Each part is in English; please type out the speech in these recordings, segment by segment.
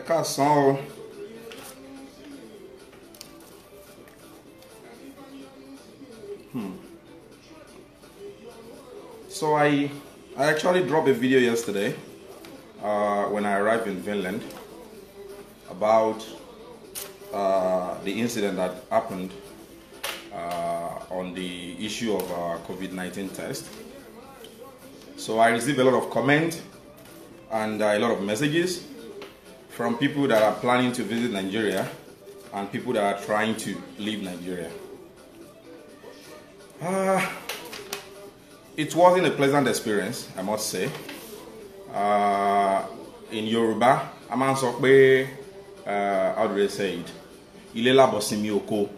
Hmm. So I, I actually dropped a video yesterday uh, when I arrived in Finland about uh, the incident that happened uh, on the issue of uh, COVID-19 test. So I received a lot of comment and uh, a lot of messages from people that are planning to visit Nigeria and people that are trying to leave Nigeria. Uh, it wasn't a pleasant experience, I must say. Uh, in Yoruba, a máa ń sọ pé ah, how do they say it? Ilé lábọ̀ oko.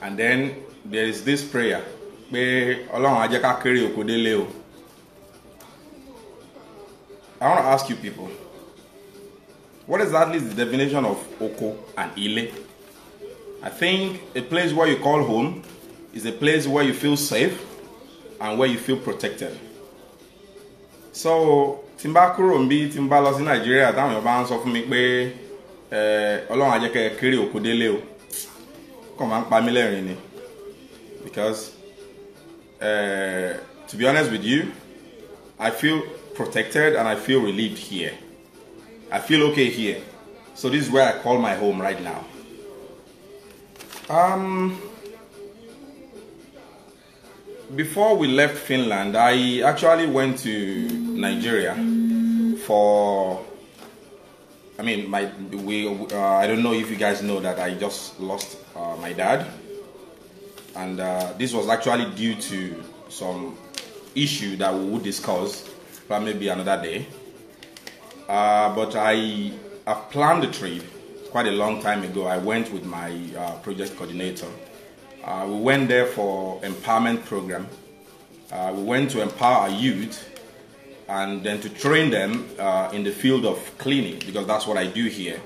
And then there is this prayer pé Ọlọ́run á jẹ́ ká oko délé o. I want to ask you people. What exactly is the definition of Oko and Ile? I think a place where you call home is a place where you feel safe and where you feel protected. So tí n bá kúrò ń bí tí n bá lọ sí Nàìjíríà táwọn èèyàn bá ń sọ fún mi pé o kàn máa pa mí lẹ́rìn ni because uh, to be honest with you I feel protected and I feel relieved here. I feel okay here. So this is where I call my home right now. Um, before we left Finland, I actually went to Nigeria for. I mean, my we. Uh, I don't know if you guys know that I just lost uh, my dad, and uh, this was actually due to some issue that we would discuss, but maybe another day. Uh, but I have planned the trip quite a long time ago. I went with my uh, project coordinator. Uh, we went there for empowerment program. Uh, we went to empower youth and then to train them uh, in the field of cleaning because that's what I do here.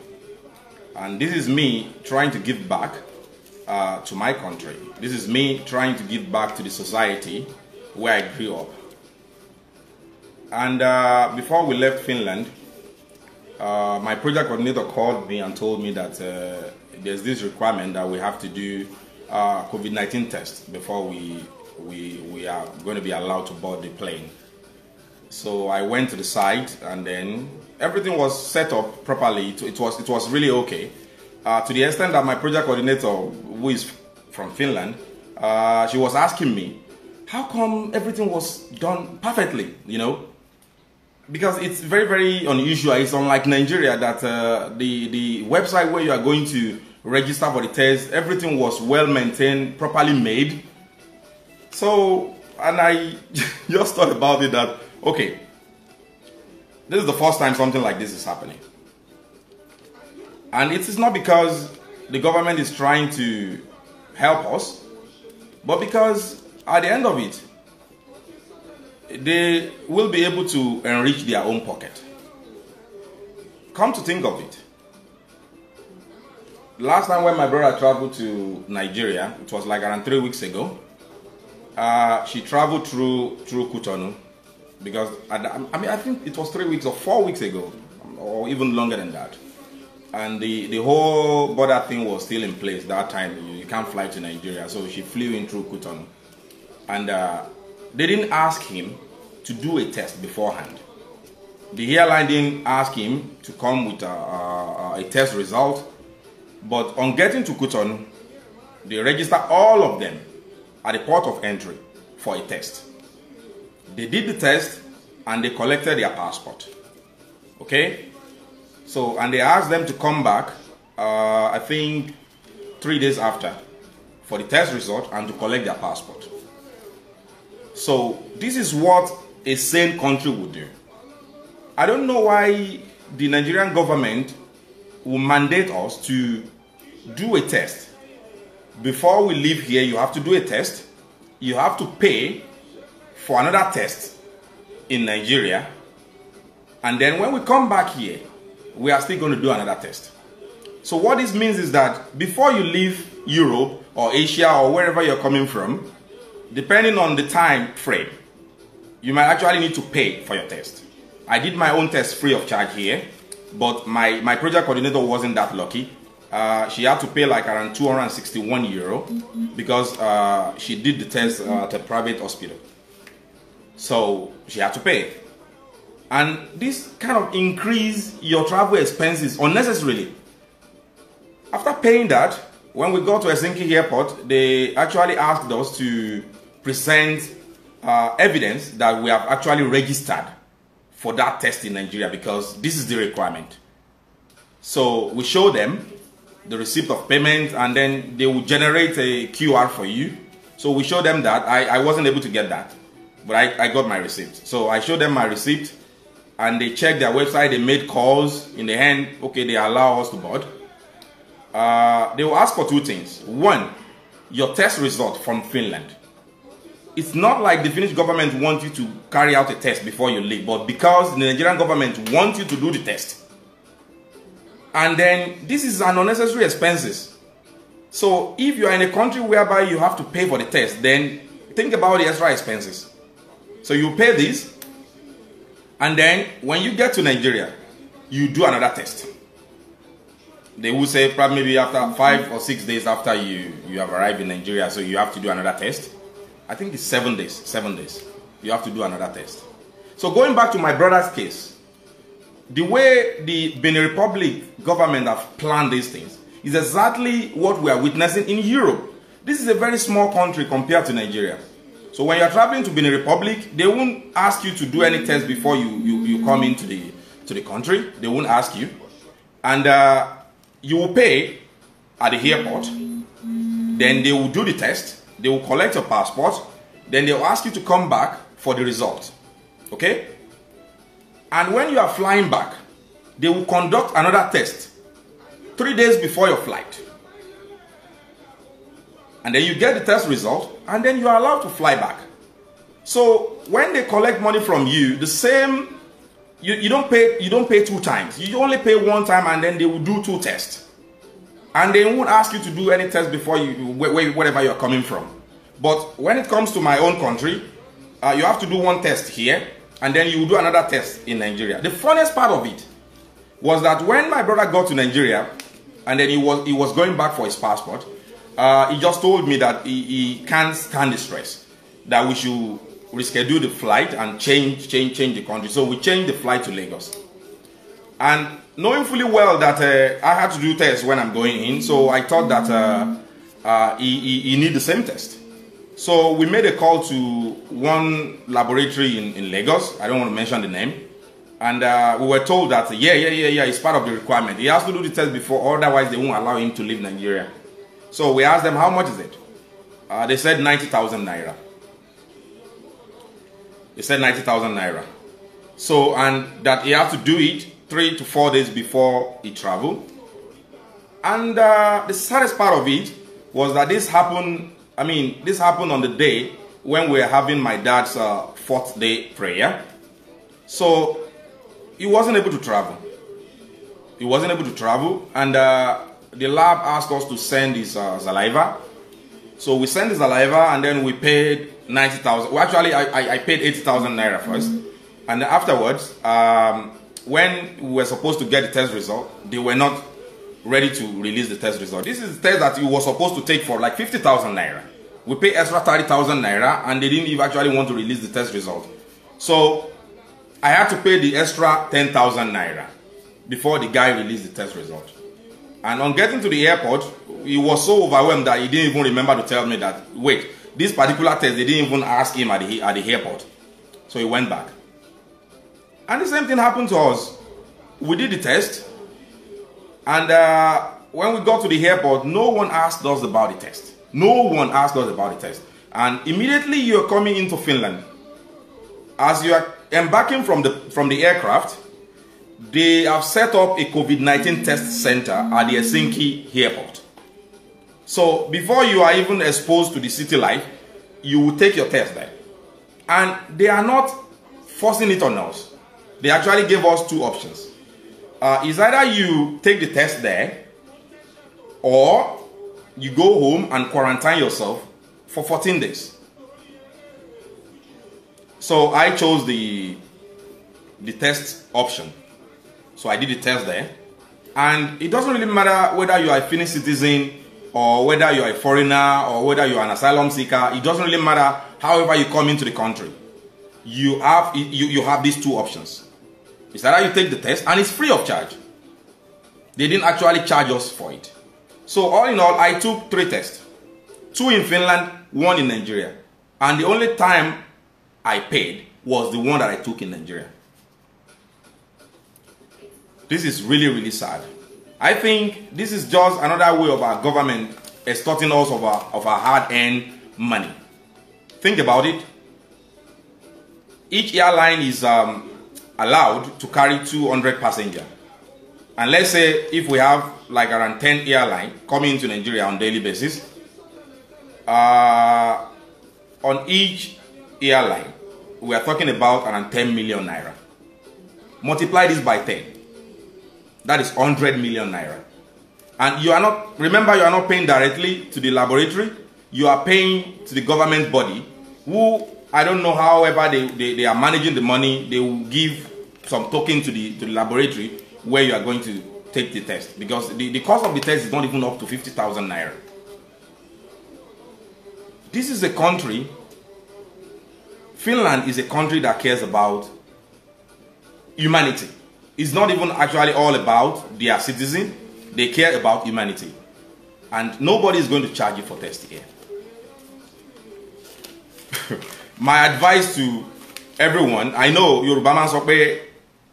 And this is me trying to give back uh, to my country. This is me trying to give back to the society where I grew up. And before we left Finland, uh, my project coordinator called me and told me that uh, there's this requirement that we have to do a uh, COVID-19 test before we, we, we are going to be allowed to board the plane. So I went to the site and then everything was set up properly. It, it was, it was really okay. Uh, to the extent that my project coordinator, who is from Finland, uh, she was asking me, how come everything was done perfectly, you know? because it's very very unusual. It's unlike Nigeria that uh, the the website where you are going to register for the test, everything was well maintained, properly made. So, and I just thought about it that okay, this is the first time something like this is happening, and it is not because the government is trying to help us, but because at the end of it, they will be able to enrich their own pocket. Come to think of it. Last time when my brother traveled to Nigeria, it was like around three weeks ago, uh, she traveled through through Kutonu because I, I mean I think it was three weeks or four weeks ago or even longer than that and the, the whole border thing was still in place that time. You, you can't fly to Nigeria, so she flew in through Kuton. And uh, they didn't ask him to do a test beforehand. The airline didn't ask him to come with a, a, a test result. But on getting to Kuton, they register all of them at the port of entry for a test. They did the test and they collected their passport. Okay? So, and they asked them to come back, uh, I think, three days after for the test result and to collect their passport. So this is what a sane country would do. I don't know why the Nigerian government will mandate us to do a test. Before we leave here, you have to do a test. You have to pay for another test in Nigeria. And then when we come back here, we are still going to do another test. So what this means is that before you leave Europe or Asia or wherever you're coming from, depending on the time frame, you might actually need to pay for your test. I did my own test free of charge here, but my, my project coordinator wasn't that lucky. Uh, she had to pay like around 261 euro because uh, she did the test uh, at a private hospital. So she had to pay. And this kind of increase your travel expenses unnecessarily. After paying that, when we got to Helsinki airport, they actually asked us to present uh, evidence that we have actually registered for that test in Nigeria because this is the requirement. So we show them the receipt of payment and then they will generate a QR for you. So we show them that. I, I wasn't able to get that, but I, I got my receipt. So I showed them my receipt and they checked their website. They made calls. In the end, okay, they allow us to board. Uh, they will ask for two things. One, your test result from Finland it's not like the Finnish government wants you to carry out a test before you leave, but because the Nigerian government wants you to do the test. And then this is an unnecessary expenses. So if you are in a country whereby you have to pay for the test, then think about the extra expenses. So you pay this, and then when you get to Nigeria, you do another test. They will say probably maybe after five or six days after you, you have arrived in Nigeria, so you have to do another test I think it's seven days. Seven days. You have to do another test. So going back to my brother's case, the way the Benin Republic government have planned these things is exactly what we are witnessing in Europe. This is a very small country compared to Nigeria. So when you're traveling to Benin Republic, they won't ask you to do any test before you, you, you come into the, to the country. They won't ask you. And uh, you will pay at the airport. Then they will do the test they will collect your passport. Then they will ask you to come back for the result. Okay? And when you are flying back, they will conduct another test three days before your flight. And then you get the test result, and then you are allowed to fly back. So when they collect money from you, the same you, you don't pay you don't pay two times. You only pay one time and then they will do two tests. And they won't ask you to do any test before you, wherever you're coming from. But when it comes to my own country, uh, you have to do one test here, and then you do another test in Nigeria. The funniest part of it was that when my brother got to Nigeria, and then he was, he was going back for his passport, uh, he just told me that he, he can't stand the stress, that we should reschedule the flight and change, change, change the country. So we changed the flight to Lagos. And knowing fully well that uh, I had to do tests when I'm going in, so I thought that uh, uh, he, he, he need the same test. So we made a call to one laboratory in, in Lagos. I don't want to mention the name. And uh, we were told that, yeah, yeah, yeah, yeah, it's part of the requirement. He has to do the test before, otherwise they won't allow him to leave Nigeria. So we asked them, how much is it? Uh, they said 90,000 Naira. They said 90,000 Naira. So, and that he has to do it three to four days before he traveled. And uh, the saddest part of it was that this happened, I mean, this happened on the day when we were having my dad's uh, fourth day prayer. So he wasn't able to travel. He wasn't able to travel. And uh, the lab asked us to send his uh, saliva. So we sent his saliva and then we paid 90,000. Well, actually, I, I, I paid 80,000 naira 1st mm -hmm. And afterwards, um, when we were supposed to get the test result, they were not ready to release the test result. This is the test that you were supposed to take for like 50,000 naira. We pay extra 30,000 naira and they didn't even actually want to release the test result. So I had to pay the extra 10,000 naira before the guy released the test result. And on getting to the airport, he was so overwhelmed that he didn't even remember to tell me that, wait, this particular test, they didn't even ask him at the, at the airport. So he went back. And the same thing happened to us. We did the test, and uh, when we got to the airport, no one asked us about the test. No one asked us about the test. And immediately you're coming into Finland. As you are embarking from the, from the aircraft, they have set up a COVID-19 test center at the Helsinki airport. So before you are even exposed to the city life, you will take your test there. And they are not forcing it on us. They actually gave us two options. Uh, it's either you take the test there or you go home and quarantine yourself for 14 days. So I chose the the test option. So I did the test there. And it doesn't really matter whether you are a Finnish citizen or whether you are a foreigner or whether you are an asylum seeker. It doesn't really matter however you come into the country. You have, you, you have these two options. Is that how you take the test? And it's free of charge. They didn't actually charge us for it. So all in all, I took three tests. Two in Finland, one in Nigeria. And the only time I paid was the one that I took in Nigeria. This is really, really sad. I think this is just another way of our government extorting us of our, of our hard-earned money. Think about it. Each airline is um, allowed to carry 200 passenger. And let's say if we have like around 10 airline coming to Nigeria on daily basis, uh, on each airline, we are talking about around 10 million naira. Multiply this by 10. That is 100 million naira. And you are not, remember, you are not paying directly to the laboratory. You are paying to the government body who I don't know, however, they, they, they are managing the money. They will give some token to the, to the laboratory where you are going to take the test because the, the cost of the test is not even up to 50,000 naira. This is a country, Finland is a country that cares about humanity. It's not even actually all about their citizen, they care about humanity. And nobody is going to charge you for test here. my advice to everyone i know yorùbá máa ń sọ pé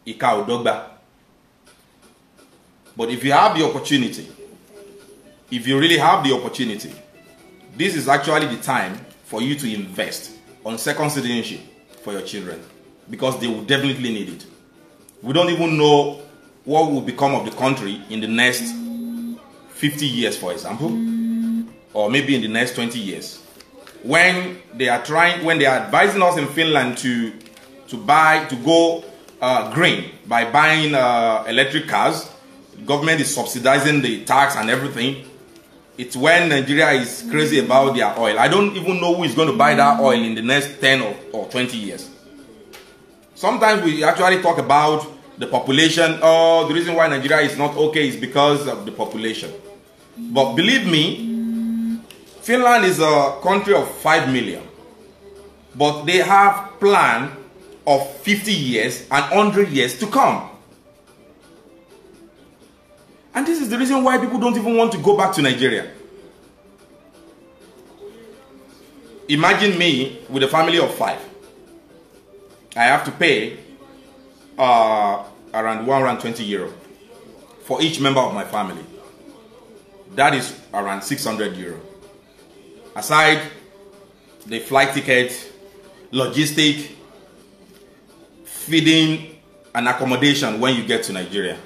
ìka ò dọ́gba but if you have the opportunity if you really have the opportunity this is actually the time for you to invest on second citizenship for your children because they will definitely need it we don't even know what will become of the country in the next 50 years for example or maybe in the next 20 years when they are trying, when they are advising us in Finland to, to buy, to go uh, green by buying uh, electric cars, government is subsidizing the tax and everything. It's when Nigeria is crazy about their oil. I don't even know who is going to buy that oil in the next 10 or, or 20 years. Sometimes we actually talk about the population. Oh, the reason why Nigeria is not okay is because of the population. But believe me, Finland is a country of 5 million, but they have plan of 50 years and 100 years to come. And this is the reason why people don't even want to go back to Nigeria. Imagine me with a family of five. I have to pay uh, around 120 euro for each member of my family. That is around 600 euro aside the flight ticket, logistic, feeding, and accommodation when you get to Nigeria.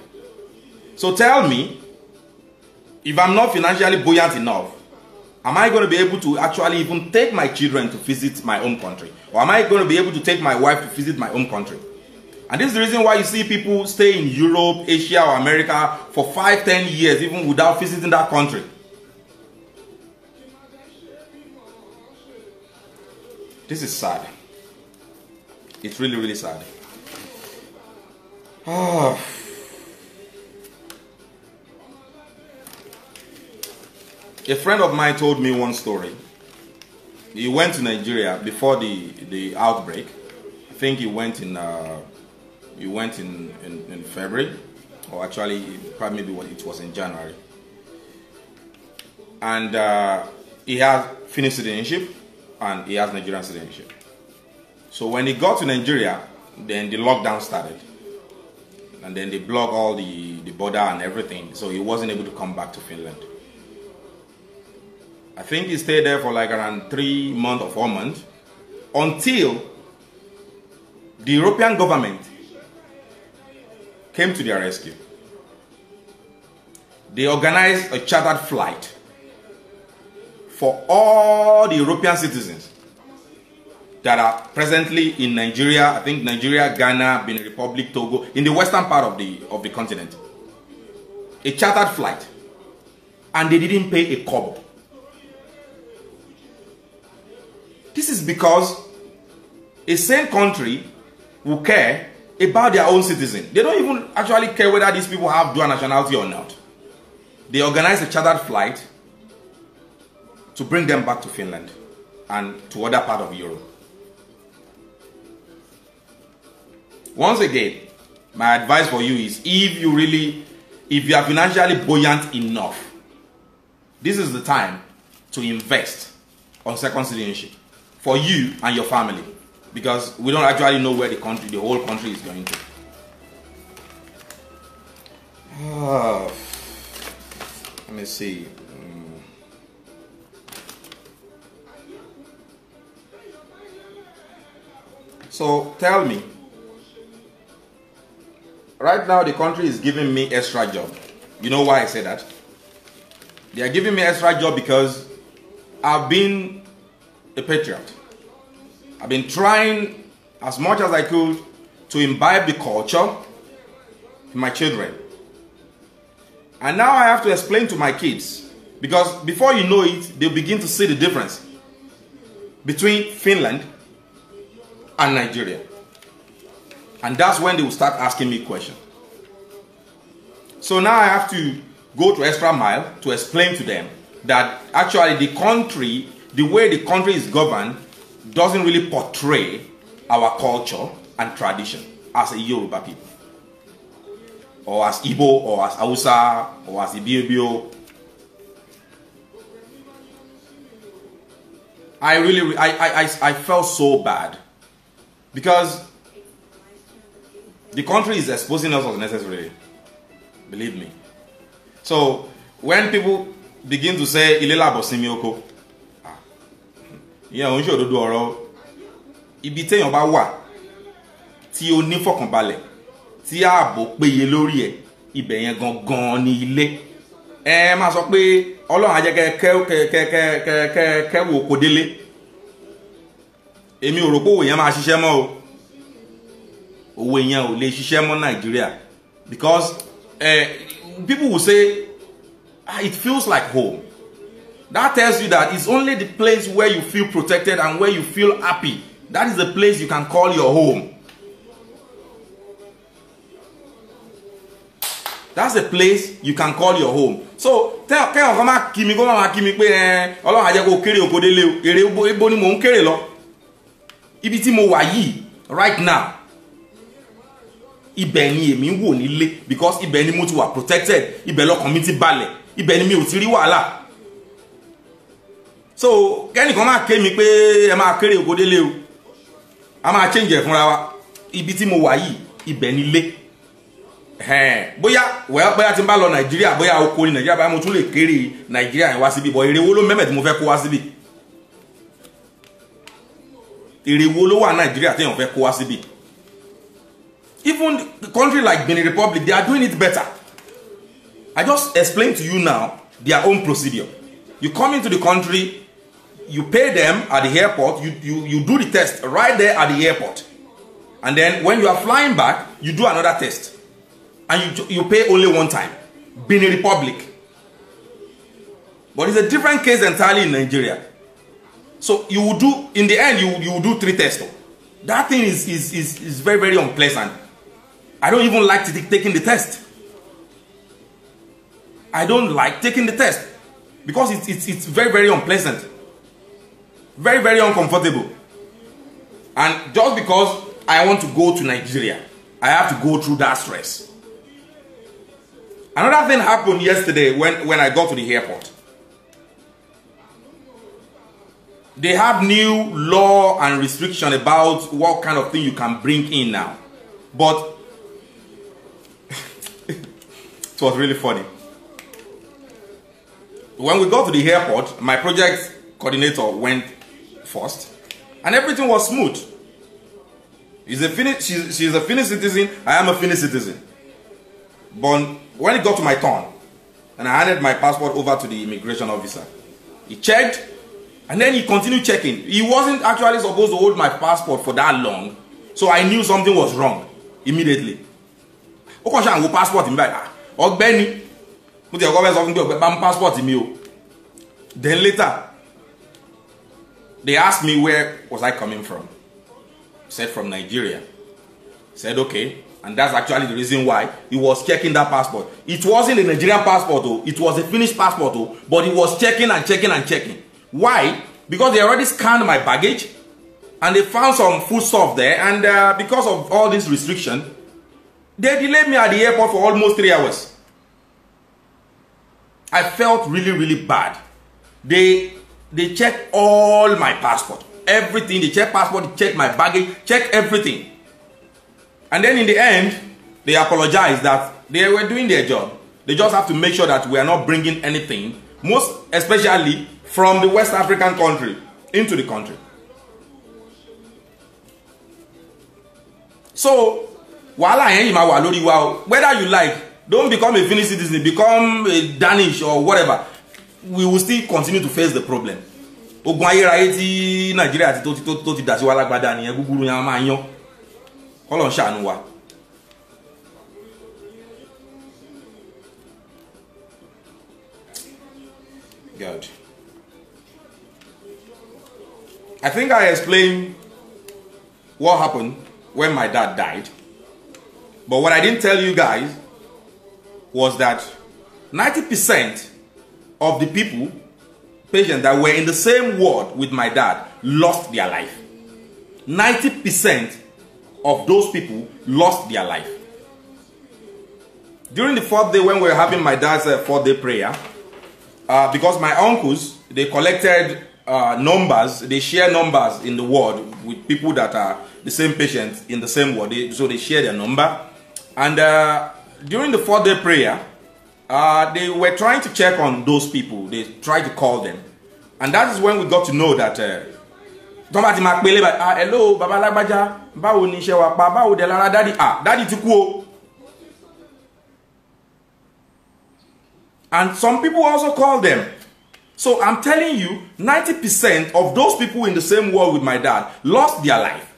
So tell me, if I'm not financially buoyant enough, am I going to be able to actually even take my children to visit my own country? Or am I going to be able to take my wife to visit my own country? And this is the reason why you see people stay in Europe, Asia, or America for five, ten years, even without visiting that country. This is sad. It's really, really sad. Oh. A friend of mine told me one story. He went to Nigeria before the, the outbreak. I think he went in uh, he went in, in, in February, or actually probably maybe it was in January. And uh, he had finished citizenship and he has Nigerian citizenship. So when he got to Nigeria, then the lockdown started. And then they blocked all the, the border and everything. So he wasn't able to come back to Finland. I think he stayed there for like around three months or four months until the European government came to their rescue. They organized a chartered flight for all the European citizens that are presently in Nigeria, I think Nigeria, Ghana, Benin Republic, Togo, in the western part of the, of the continent. A chartered flight. And they didn't pay a cobble. This is because a sane country will care about their own citizen. They don't even actually care whether these people have dual nationality or not. They organize a chartered flight to bring them back to Finland and to other part of Europe. Once again, my advice for you is if you really, if you are financially buoyant enough, this is the time to invest on second citizenship for you and your family because we don't actually know where the country, the whole country is going to. Uh, let me see. So tell me, right now the country is giving me extra job. You know why I say that? They are giving me extra job because I've been a patriot. I've been trying as much as I could to imbibe the culture in my children. And now I have to explain to my kids because before you know it, they'll begin to see the difference between Finland and Nigeria. And that's when they will start asking me questions. So now I have to go to extra mile to explain to them that actually the country, the way the country is governed, doesn't really portray our culture and tradition as a Yoruba people. Or as Ibo, or as Hausa, or as Ibiobio. I really, I, I, I felt so bad Because the country is exposing us unnecessarily. Believe me. So when people begin to say ilela bosimi oko, ah, ìyẹn òun ṣe òdodo ọ̀rọ̀ ibi téèyàn bá wà tí o ní fọkànbalẹ̀ tí ààbò péye lórí ẹ̀ ibẹ̀ yẹn gangan ni ilé ẹ máa sọ pé ọlọ́run á jẹ́ kẹ́ kẹ́ kẹ́ kẹ́ kẹ́ kẹ́ wò kó délé èmi ò rò pé òwò yẹn máa ṣiṣẹ́ mọ́ o òwò yẹn ò lè ṣiṣẹ́ mọ́ nàìjíríà because uh, people will say ah, it feels like home that tells you that it's only the place where you feel protected and where you feel happy that is the place you can call your home that's the place you can call your home so kẹ́hìn kan máa kí mi kó máa kí mi pé eh, ọlọ́run á jẹ́ kó kéré òkòdélé eré ibo ni mò ń kéré lọ ibi tí mo wà yìí right now ibẹ̀ ni èmi ń wò nílé because ibẹ̀ ni mo ti wà protected ibẹ̀ lọkàn mi ti balẹ̀ ibẹ̀ ni mi ò ti rí wàhálà so kẹ́nìkan máa ké mi pé ẹ máa kéré ògo délé o a máa change ẹ̀ fúnra wa ibi tí mo wà yìí ibẹ̀ nílé bóyá wẹ́ẹ́ bóyá tí n bá lọ nàìjíríà bóyá oko ni nàìjíríà bóyá mo tún lè kéré nàìjíríà yẹn wá síbí bọ́ èrè wo ló mẹ́mẹ́ tí mo fẹ́ kó wá síbí èrè ló wà nàìjíríà téèyàn fẹ́ kó wá síbi even a country like benin republic they are doing it better i just explain to you now their own procedure you come into the country you pay them at the airport you, you, you do the test right there at the airport and then when you are flying back you do another test and you, you pay only one time benin republic but it's a different case entirely in nigeria So you will do, in the end, you, you will do three tests. That thing is, is, is, is very, very unpleasant. I don't even like taking the test. I don't like taking the test because it's, it's, it's very, very unpleasant. Very, very uncomfortable. And just because I want to go to Nigeria, I have to go through that stress. Another thing happened yesterday when, when I got to the airport. They have new law and restriction about what kind of thing you can bring in now. But it was really funny. When we got to the airport, my project coordinator went first, and everything was smooth. She's a Finnish, she's, she's a Finnish citizen, I am a Finnish citizen. But when it got to my turn, and I handed my passport over to the immigration officer, he checked, And then he continued checking. He wasn't actually supposed to hold my passport for that long. So I knew something was wrong immediately. Ó kàn ṣàǹgó passport mi báyìí. Ah, ọ̀gbẹ́ni, mo ti ẹ̀kọ́ fẹ́ sọ fún pé ọ̀gbẹ́ bá mú passport mi o. Then later, they asked me where was I coming from. Said from Nigeria. Said okay, and that's actually the reason why he was checking that passport. It wasn't a Nigerian passport o, it was a Finnish passport o, but he was checking and checking and checking. Why? Because they already scanned my baggage and they found some food stuff there. And uh, because of all this restriction, they delayed me at the airport for almost three hours. I felt really, really bad. They they checked all my passport, everything. They checked passport, checked my baggage, checked everything. And then in the end, they apologized that they were doing their job. They just have to make sure that we are not bringing anything. Most especially from the West African country into the country. So, wàhálà yẹn yìí máa wà lórí wa o whether you like don't become a Finnish citizen become a Danish or whatever we will still continue to face the problem. ogun ayérayé tí Nàìjíríà ti tó ti dà sí wa lágbádá nìyẹn gúgúrú yẹn a máa yan kọ́lọ̀ ń ṣàánú wa. God. I think I explained what happened when my dad died. But what I didn't tell you guys was that 90% of the people, patients that were in the same ward with my dad, lost their life. 90% of those people lost their life. During the fourth day when we were having my dad's uh, fourth day prayer, uh, because my uncles, they collected uh, numbers, they share numbers in the ward with people that are the same patients in the same ward. They, so they share their number. And uh, during the four day prayer, uh, they were trying to check on those people. They tried to call them. And that is when we got to know that. Uh, tọ́ ti máa pélé báyìí ah hello baba alágbájá báwo ni iṣẹ́ wa pa báwo dẹ̀ lára dádì ah dádì ti kú o. and some people also call them So I'm telling you, 90% of those people in the same world with my dad lost their life.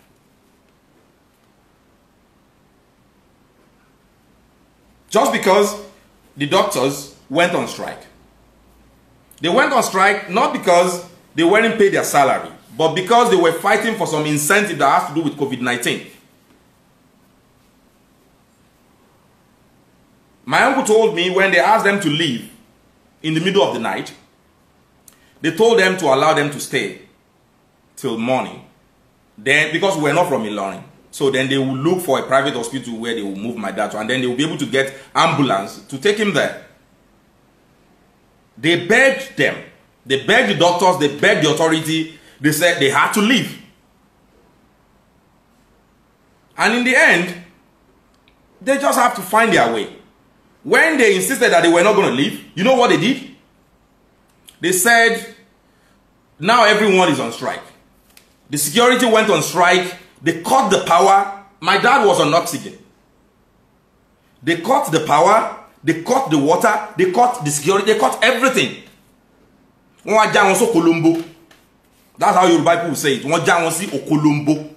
Just because the doctors went on strike. They went on strike not because they weren't paid their salary, but because they were fighting for some incentive that has to do with COVID 19. My uncle told me when they asked them to leave in the middle of the night, they told them to allow them to stay till morning. Then, because we are not from Ilorin, so then they will look for a private hospital where they will move my dad to, and then they will be able to get ambulance to take him there. They begged them. They begged the doctors. They begged the authority. They said they had to leave. And in the end, they just have to find their way. When they insisted that they were not going to leave, you know what they did? They said, now everyone is on strike. The security went on strike. They cut the power. My dad was on oxygen. They cut the power. They cut the water. They cut the security. They cut everything. Wọ́n wá já wọn sí Okolombo. That's how Yoruba people say it. Wọ́n já wọn sí Okolombo.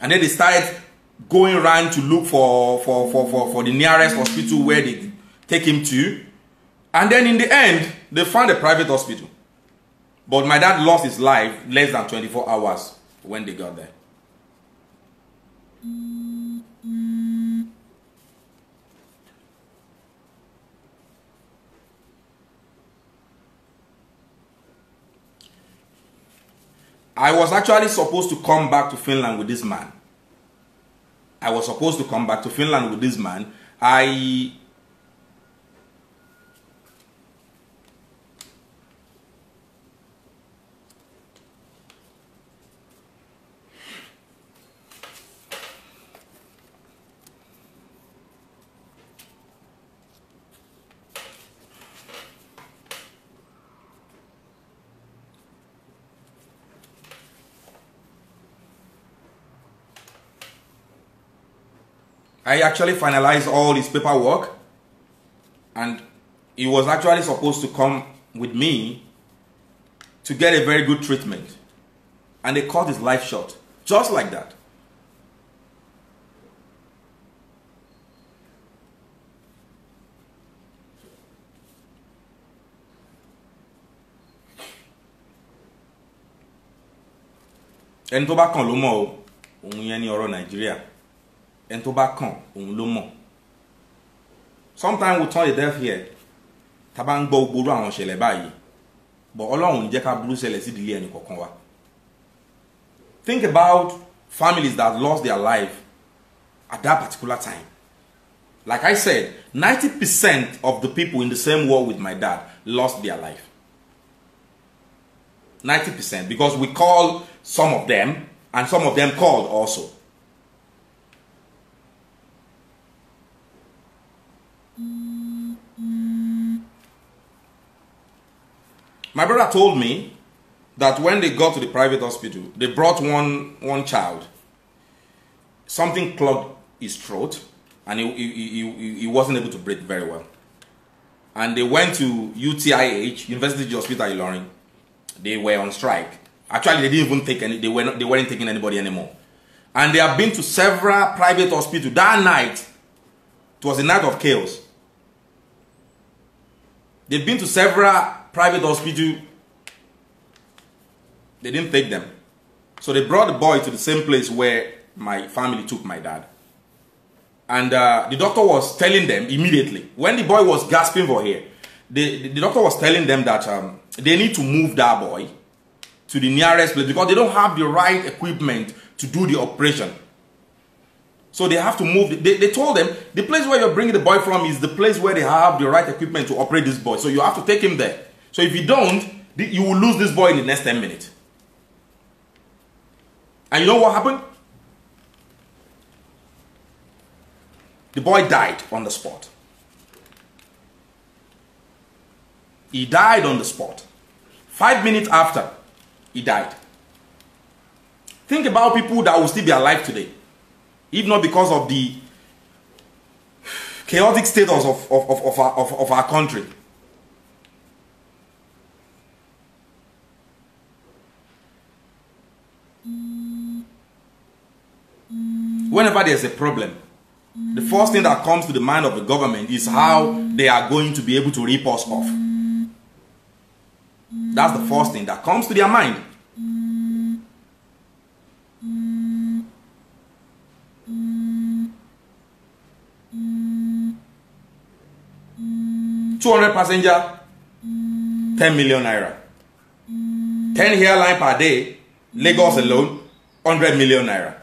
And then they started going round to look for for for for for the nearest hospital where they take him to. And then in the end, they found a private hospital. But my dad lost his life less than 24 hours when they got there. I was actually supposed to come back to Finland with this man. I was supposed to come back to Finland with this man. I I actually finalized all his paperwork and he was actually supposed to come with me to get a very good treatment. And they cut his life short, just like that. ẹni tó kàn ló mọ̀ o yẹn ní ọ̀rọ̀ Nigeria. ẹni tó bá kàn òun ló mọ̀ sometimes we turn a deaf ear tá a bá ń gbọ́ gbogbo àwọn ìṣẹ̀lẹ̀ báyìí but ọlọ́run ní jẹ́ ká burú ṣẹlẹ̀ sí ìdílé ẹnì kọ̀ọ̀kan wa think about families that lost their life at that particular time like I said ninety percent of the people in the same war with my dad lost their life Ninety percent because we call some of them and some of them called also My brother told me that when they got to the private hospital, they brought one, one child. Something clogged his throat and he, he, he, he wasn't able to breathe very well. And they went to UTIH, University Hospital Ilorin. They were on strike. Actually, they didn't even take any, they, were not, they weren't taking anybody anymore. And they have been to several private hospitals. That night, it was a night of chaos. They've been to several private hospital. They didn't take them. So they brought the boy to the same place where my family took my dad. And uh, the doctor was telling them immediately, when the boy was gasping for air, the, the doctor was telling them that um, they need to move that boy to the nearest place because they don't have the right equipment to do the operation. So they have to move. They, they told them the place where you're bringing the boy from is the place where they have the right equipment to operate this boy. So you have to take him there. So if you don't, you will lose this boy in the next 10 minutes. And you know what happened? The boy died on the spot. He died on the spot. Five minutes after, he died. Think about people that will still be alive today, if not because of the chaotic status of, of, of, of, our, of, of our country. whenever there's a problem, the first thing that comes to the mind of the government is how they are going to be able to rip us off. That's the first thing that comes to their mind. Two hundred passenger, ten million naira. Ten airline per day, Lagos alone, hundred million naira.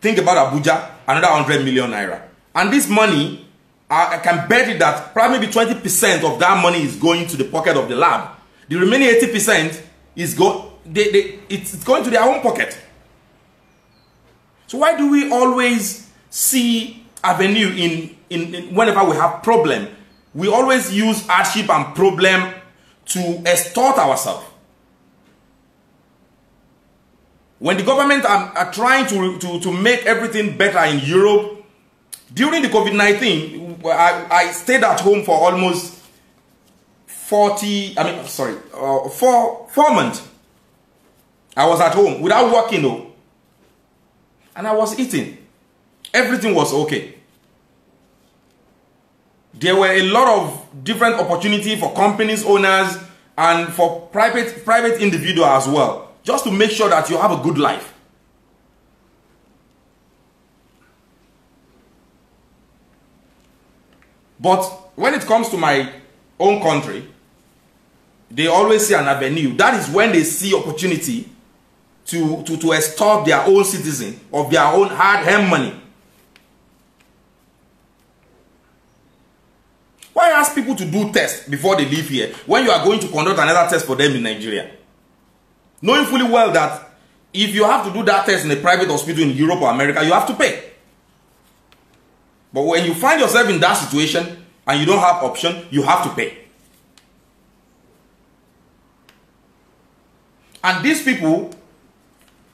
Think about Abuja, another 100 million naira. And this money, I, can bet you that probably 20% of that money is going to the pocket of the lab. The remaining 80% is go, they, they, it's, it's going to their own pocket. So why do we always see avenue in, in, in whenever we have problem? We always use hardship and problem to extort ourselves. When the government are, are trying to, to, to make everything better in Europe, during the COVID-19, I, I stayed at home for almost 40, I mean, sorry, uh, four, four months. I was at home without working though. And I was eating. Everything was okay. There were a lot of different opportunity for companies, owners, and for private, private individual as well just to make sure that you have a good life. But when it comes to my own country, they always see an avenue. That is when they see opportunity to, to, to extort their own citizen of their own hard-earned money. Why ask people to do tests before they leave here when you are going to conduct another test for them in Nigeria? knowing fully well that if you have to do that test in a private hospital in Europe or America, you have to pay. But when you find yourself in that situation and you don't have option, you have to pay. And these people,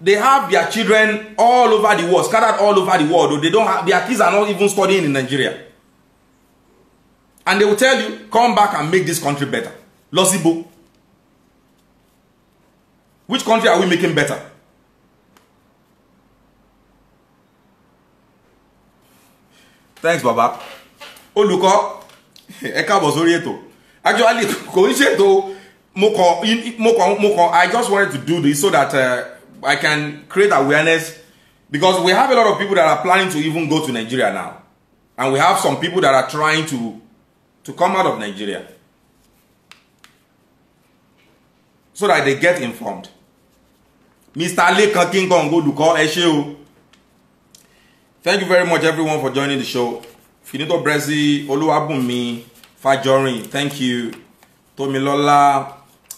they have their children all over the world, scattered all over the world. They don't have, their kids are not even studying in Nigeria. And they will tell you, come back and make this country better. Losibo. Which country are we making better? Thanks, Baba. Olùkọ́ ẹ káàbọ̀ sórí ètò. Actually, kò ń ṣètò mo I just wanted to do this so that uh, I can create awareness because we have a lot of people that are planning to even go to Nigeria now. And we have some people that are trying to to come out of Nigeria. so that they get informed. Mr. Lekan King Kong olùkọ́ ẹ ṣé o thank you very much everyone for joining the show finito bresi olúwàbùnmi fàjọrin thank you tómilọ́lá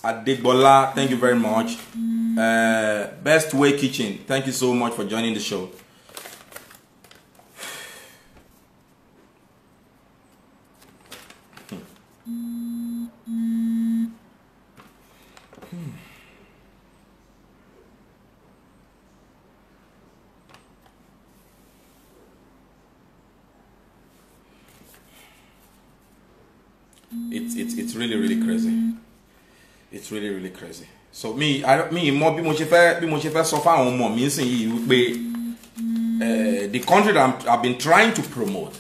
adégbọ́lá thank you very much uh, best way kitchen thank you so much for joining the show. it's really really crazy mm. it's really really crazy so me, I me more mo ṣe be mo sọ fáwọn ọmọ mi nísìnyí mm. eh, the country that I'm, I've been trying to promote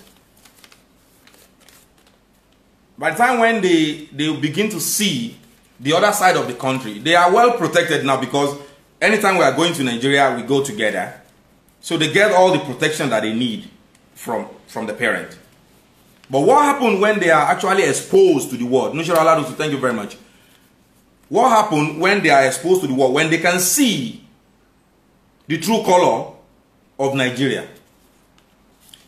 by the time when they they begin to see the other side of the country they are well protected now because anytime we are going to Nigeria we go together so they get all the protection that they need from from the parent But what happened when they are actually exposed to the world? Nushara Aladusu, thank you very much. What happened when they are exposed to the world? When they can see the true color of Nigeria?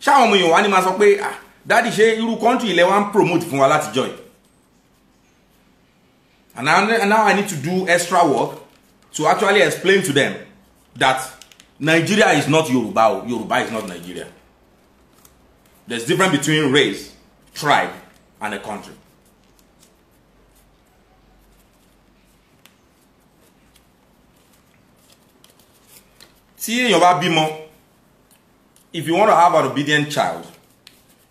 Ṣáwọn ọmọ Yorùbá ni máa sọ pé ah dáàdì ṣe irú country ilẹ̀ wa ń promote fún wa látijọ́ yìí. And now I need to do extra work to actually explain to them that Nigeria is not Yoruba o Yoruba is not Nigeria. There's difference between race, tribe, and a country. See èèyàn bímọ if you want to have an obedient child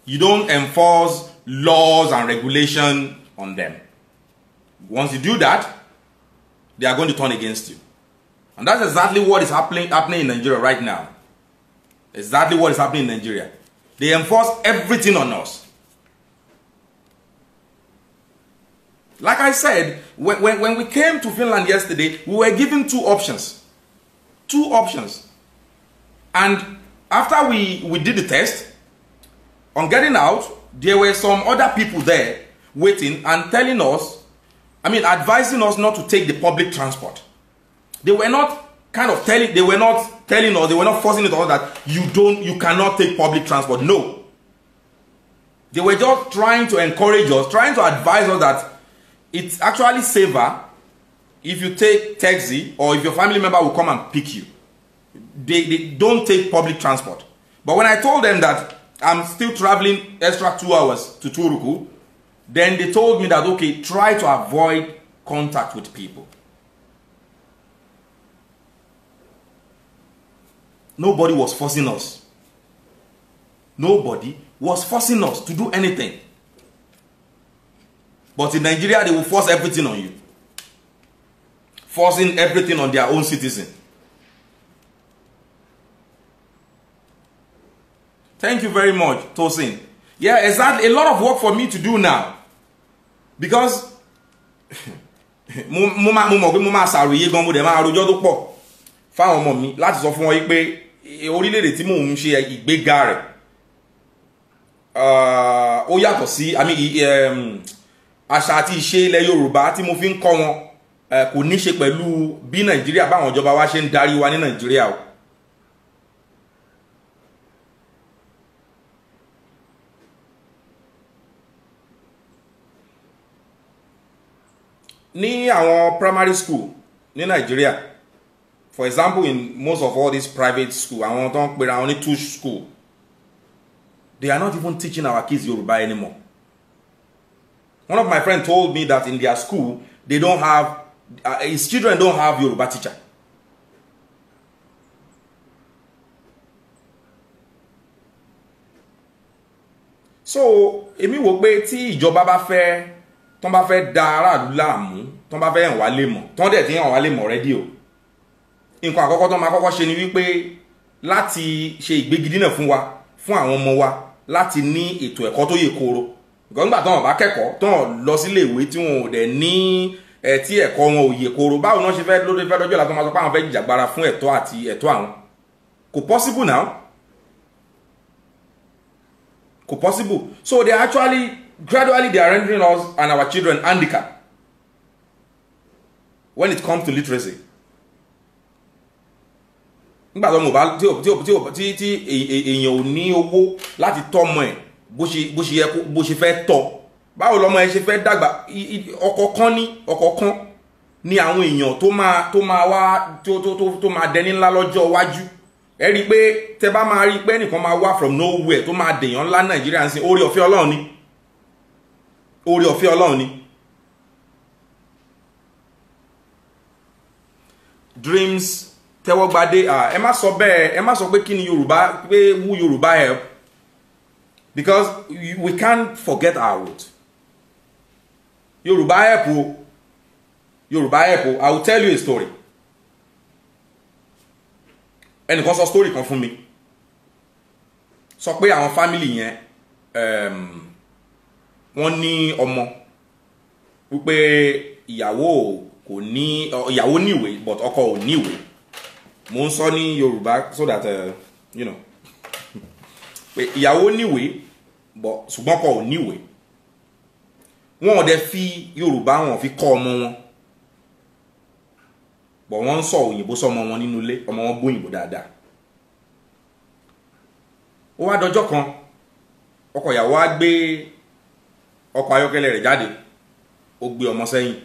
you don't enforce laws and regulations on them once you do that they are going to turn against you and that's exactly what is happening happening in Nigeria right now exactly what is happening in Nigeria they enforce everything on us. Like I said, when, when, when we came to Finland yesterday, we were given two options. Two options. And after we, we did the test, on getting out, there were some other people there waiting and telling us, I mean, advising us not to take the public transport. They were not kind of telling, they were not telling us, they were not forcing it on us that you don't, you cannot take public transport. No. They were just trying to encourage us, trying to advise us that it's actually safer if you take taxi or if your family member will come and pick you. They, they don't take public transport. But when I told them that I'm still traveling extra two hours to Turuku, then they told me that, okay, try to avoid contact with people. Nobody was forcing us. Nobody was forcing us to do anything. But in Nigeria, they will force everything on you. Forcing everything on their own citizen. Thank you very much, Tosin. Yeah, exactly. A lot of work for me to do now. Because mo máa mo mọ̀ pé mo máa ṣàròyé gan mo dẹ̀ máa rojọ́ tó pọ̀ fáwọn ọmọ mi láti sọ fún wọn pé orílẹ̀-èdè tí mò ń ṣe ìgbéga rẹ̀ uh, ó yàtọ̀ sí um, àṣà àti ìṣe ilẹ̀ Yorùbá tí mo fi ń kọ́ wọn uh, kò ní ṣe pẹ̀lú bí Nàìjíríà báwọn ìjọba wa ṣe ń darí wa ní Nàìjíríà o. ní àwọn primary school ní Nàìjíríà for example in most of all these private school àwọn tó ń pera wọn ní two school they are not even teaching our kids Yoruba anymore one of my friend told me that in their school they don't have uh, his children don't have Yoruba teacher so emi wò pé tí ìjọba bá fẹ́ tán bá fẹ́ da aráàlú láàmú tán bá fẹ́ hàn wá lè mọ̀ tán dẹ̀ ti hàn wá lè mọ̀ rẹ́díò nǹkan àkọ́kọ́ tó máa kọ́kọ́ ṣe ni wípé láti ṣe ìgbégidínà fún wa fún àwọn ọmọ wa láti ní ètò ẹ̀kọ́ tó yè kooro gbọ́ngbà tó wọn bá kẹ́kọ̀ọ́ tó wọn lọ sílé ìwé tí wọn ò dẹ̀ ní ẹtí ẹ̀kọ́ wọn ò yè kooro báwo náà ṣe fẹ́ lóde fẹ́ lọ́jọ́ ìlànà máa sọ pé àwọn fẹ́ jìjàgbara fún ẹ̀tọ́ àti ẹ̀tọ́ àwọn kò possible now kò possible so they actually gradually they are rendering us and our children handicap when it comes to literacy nígbà tó mo bá tí tí tí tí tí èèyàn ò ní owó láti tọ́mọ ẹ̀ bó ṣe bó ṣe yẹ bó ṣe fẹ́ tọ́ báwo lọmọ ẹ ṣe fẹ́ dàgbà ọ̀kọ̀ọ̀kan ní ọ̀kọ̀ọ̀kan ni àwọn èèyàn tó máa tó máa wá tó tó tó máa dẹni ńlá lọ́jọ́ iwájú ẹ rí i pé tẹ bá máa rí i pé ẹnìkan máa wá from nowhere tó máa dèèyàn ńlá nàìjíríà ń sin oore ọ̀fẹ́ ọlọ́run ni oore ọ̀fẹ́ ọlọ́run ni. dreams tẹ́wọ́gbadé ẹ má sọ bẹ́ẹ̀ ẹ má sọ pé kí ni yorùbá pé who yorùbá help because we can't forget our root yorùbá help o yorùbá help o i will tell you a story ẹnìkan sọ story kan fún mi sọ pé àwọn family yẹn ehm, wọ́n ní ọmọ wípé ìyàwó kò ní ìyàwó níwèé but ọkọ ò níwèé mo ń sọ ní yorùbá so that uh, you know pé ìyàwó níwèé bọ̀ ṣùgbọ́n kò níwèé wọn ò dẹ̀ fi Yoruba wọn fi kọ́ ọmọ wọn bọ̀ wọ́n ń sọ òyìnbó sọmọ wọn nínú ilé ọmọ wọn gbóyìnbó dáadáa ó wá dọjọ́ kan ọkọ ìyàwó á gbé ọkọ̀ ayọ́kẹ́lẹ́ rẹ̀ jáde ó gbé ọmọ sẹ́yìn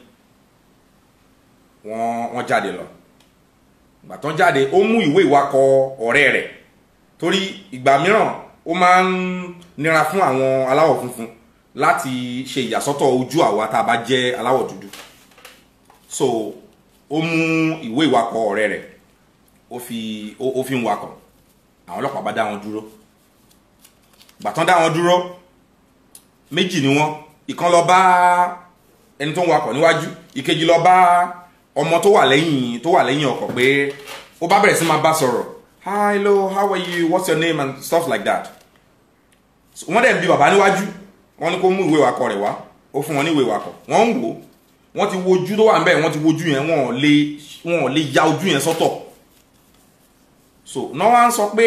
wọ́n wọ́n jáde lọ ìgbà tán jáde ó mú ìwé ìwakọ̀ ọ̀rẹ́ rẹ̀ torí ìgbà mìíràn ó máa ń nira fún àwọn aláwọ̀ funfun láti ṣe ìyàsọ́tọ̀ ojú àwa tá a bá jẹ́ aláwọ̀ dúdú so ó mú ìwé ìwakọ̀ ọ̀rẹ́ rẹ̀ ó fi ó fi ń wakọ̀ àwọn ọlọ́pàá bá dá wọn dúró ìgbà tán dá wọn dúró méjì ni wọ́n ìkan lọ bá ẹni tó ń wakọ̀ níwájú ìkejì lọ bá ọmọ tó wà lẹ́yìn tó wà lẹ́yìn ọkọ̀ pé ó bá bẹ̀rẹ̀ sí máa bá sọ̀rọ̀ hi hello how are you what's your name and stuff like that wọ́n dẹ̀ bi bàbá níwájú wọ́n ní kó mú ìwé wakọ̀ rẹ̀ wá ó fún wọn ní ìwé wakọ̀ wọ́n ń wò wọ́n ti wojú tó wà ń bẹ̀ wọ́n ti wojú yẹn wọ́n ò lè wọ́n ò lè ya ojú yẹn sọ́tọ̀ so náà wá ń sọ pé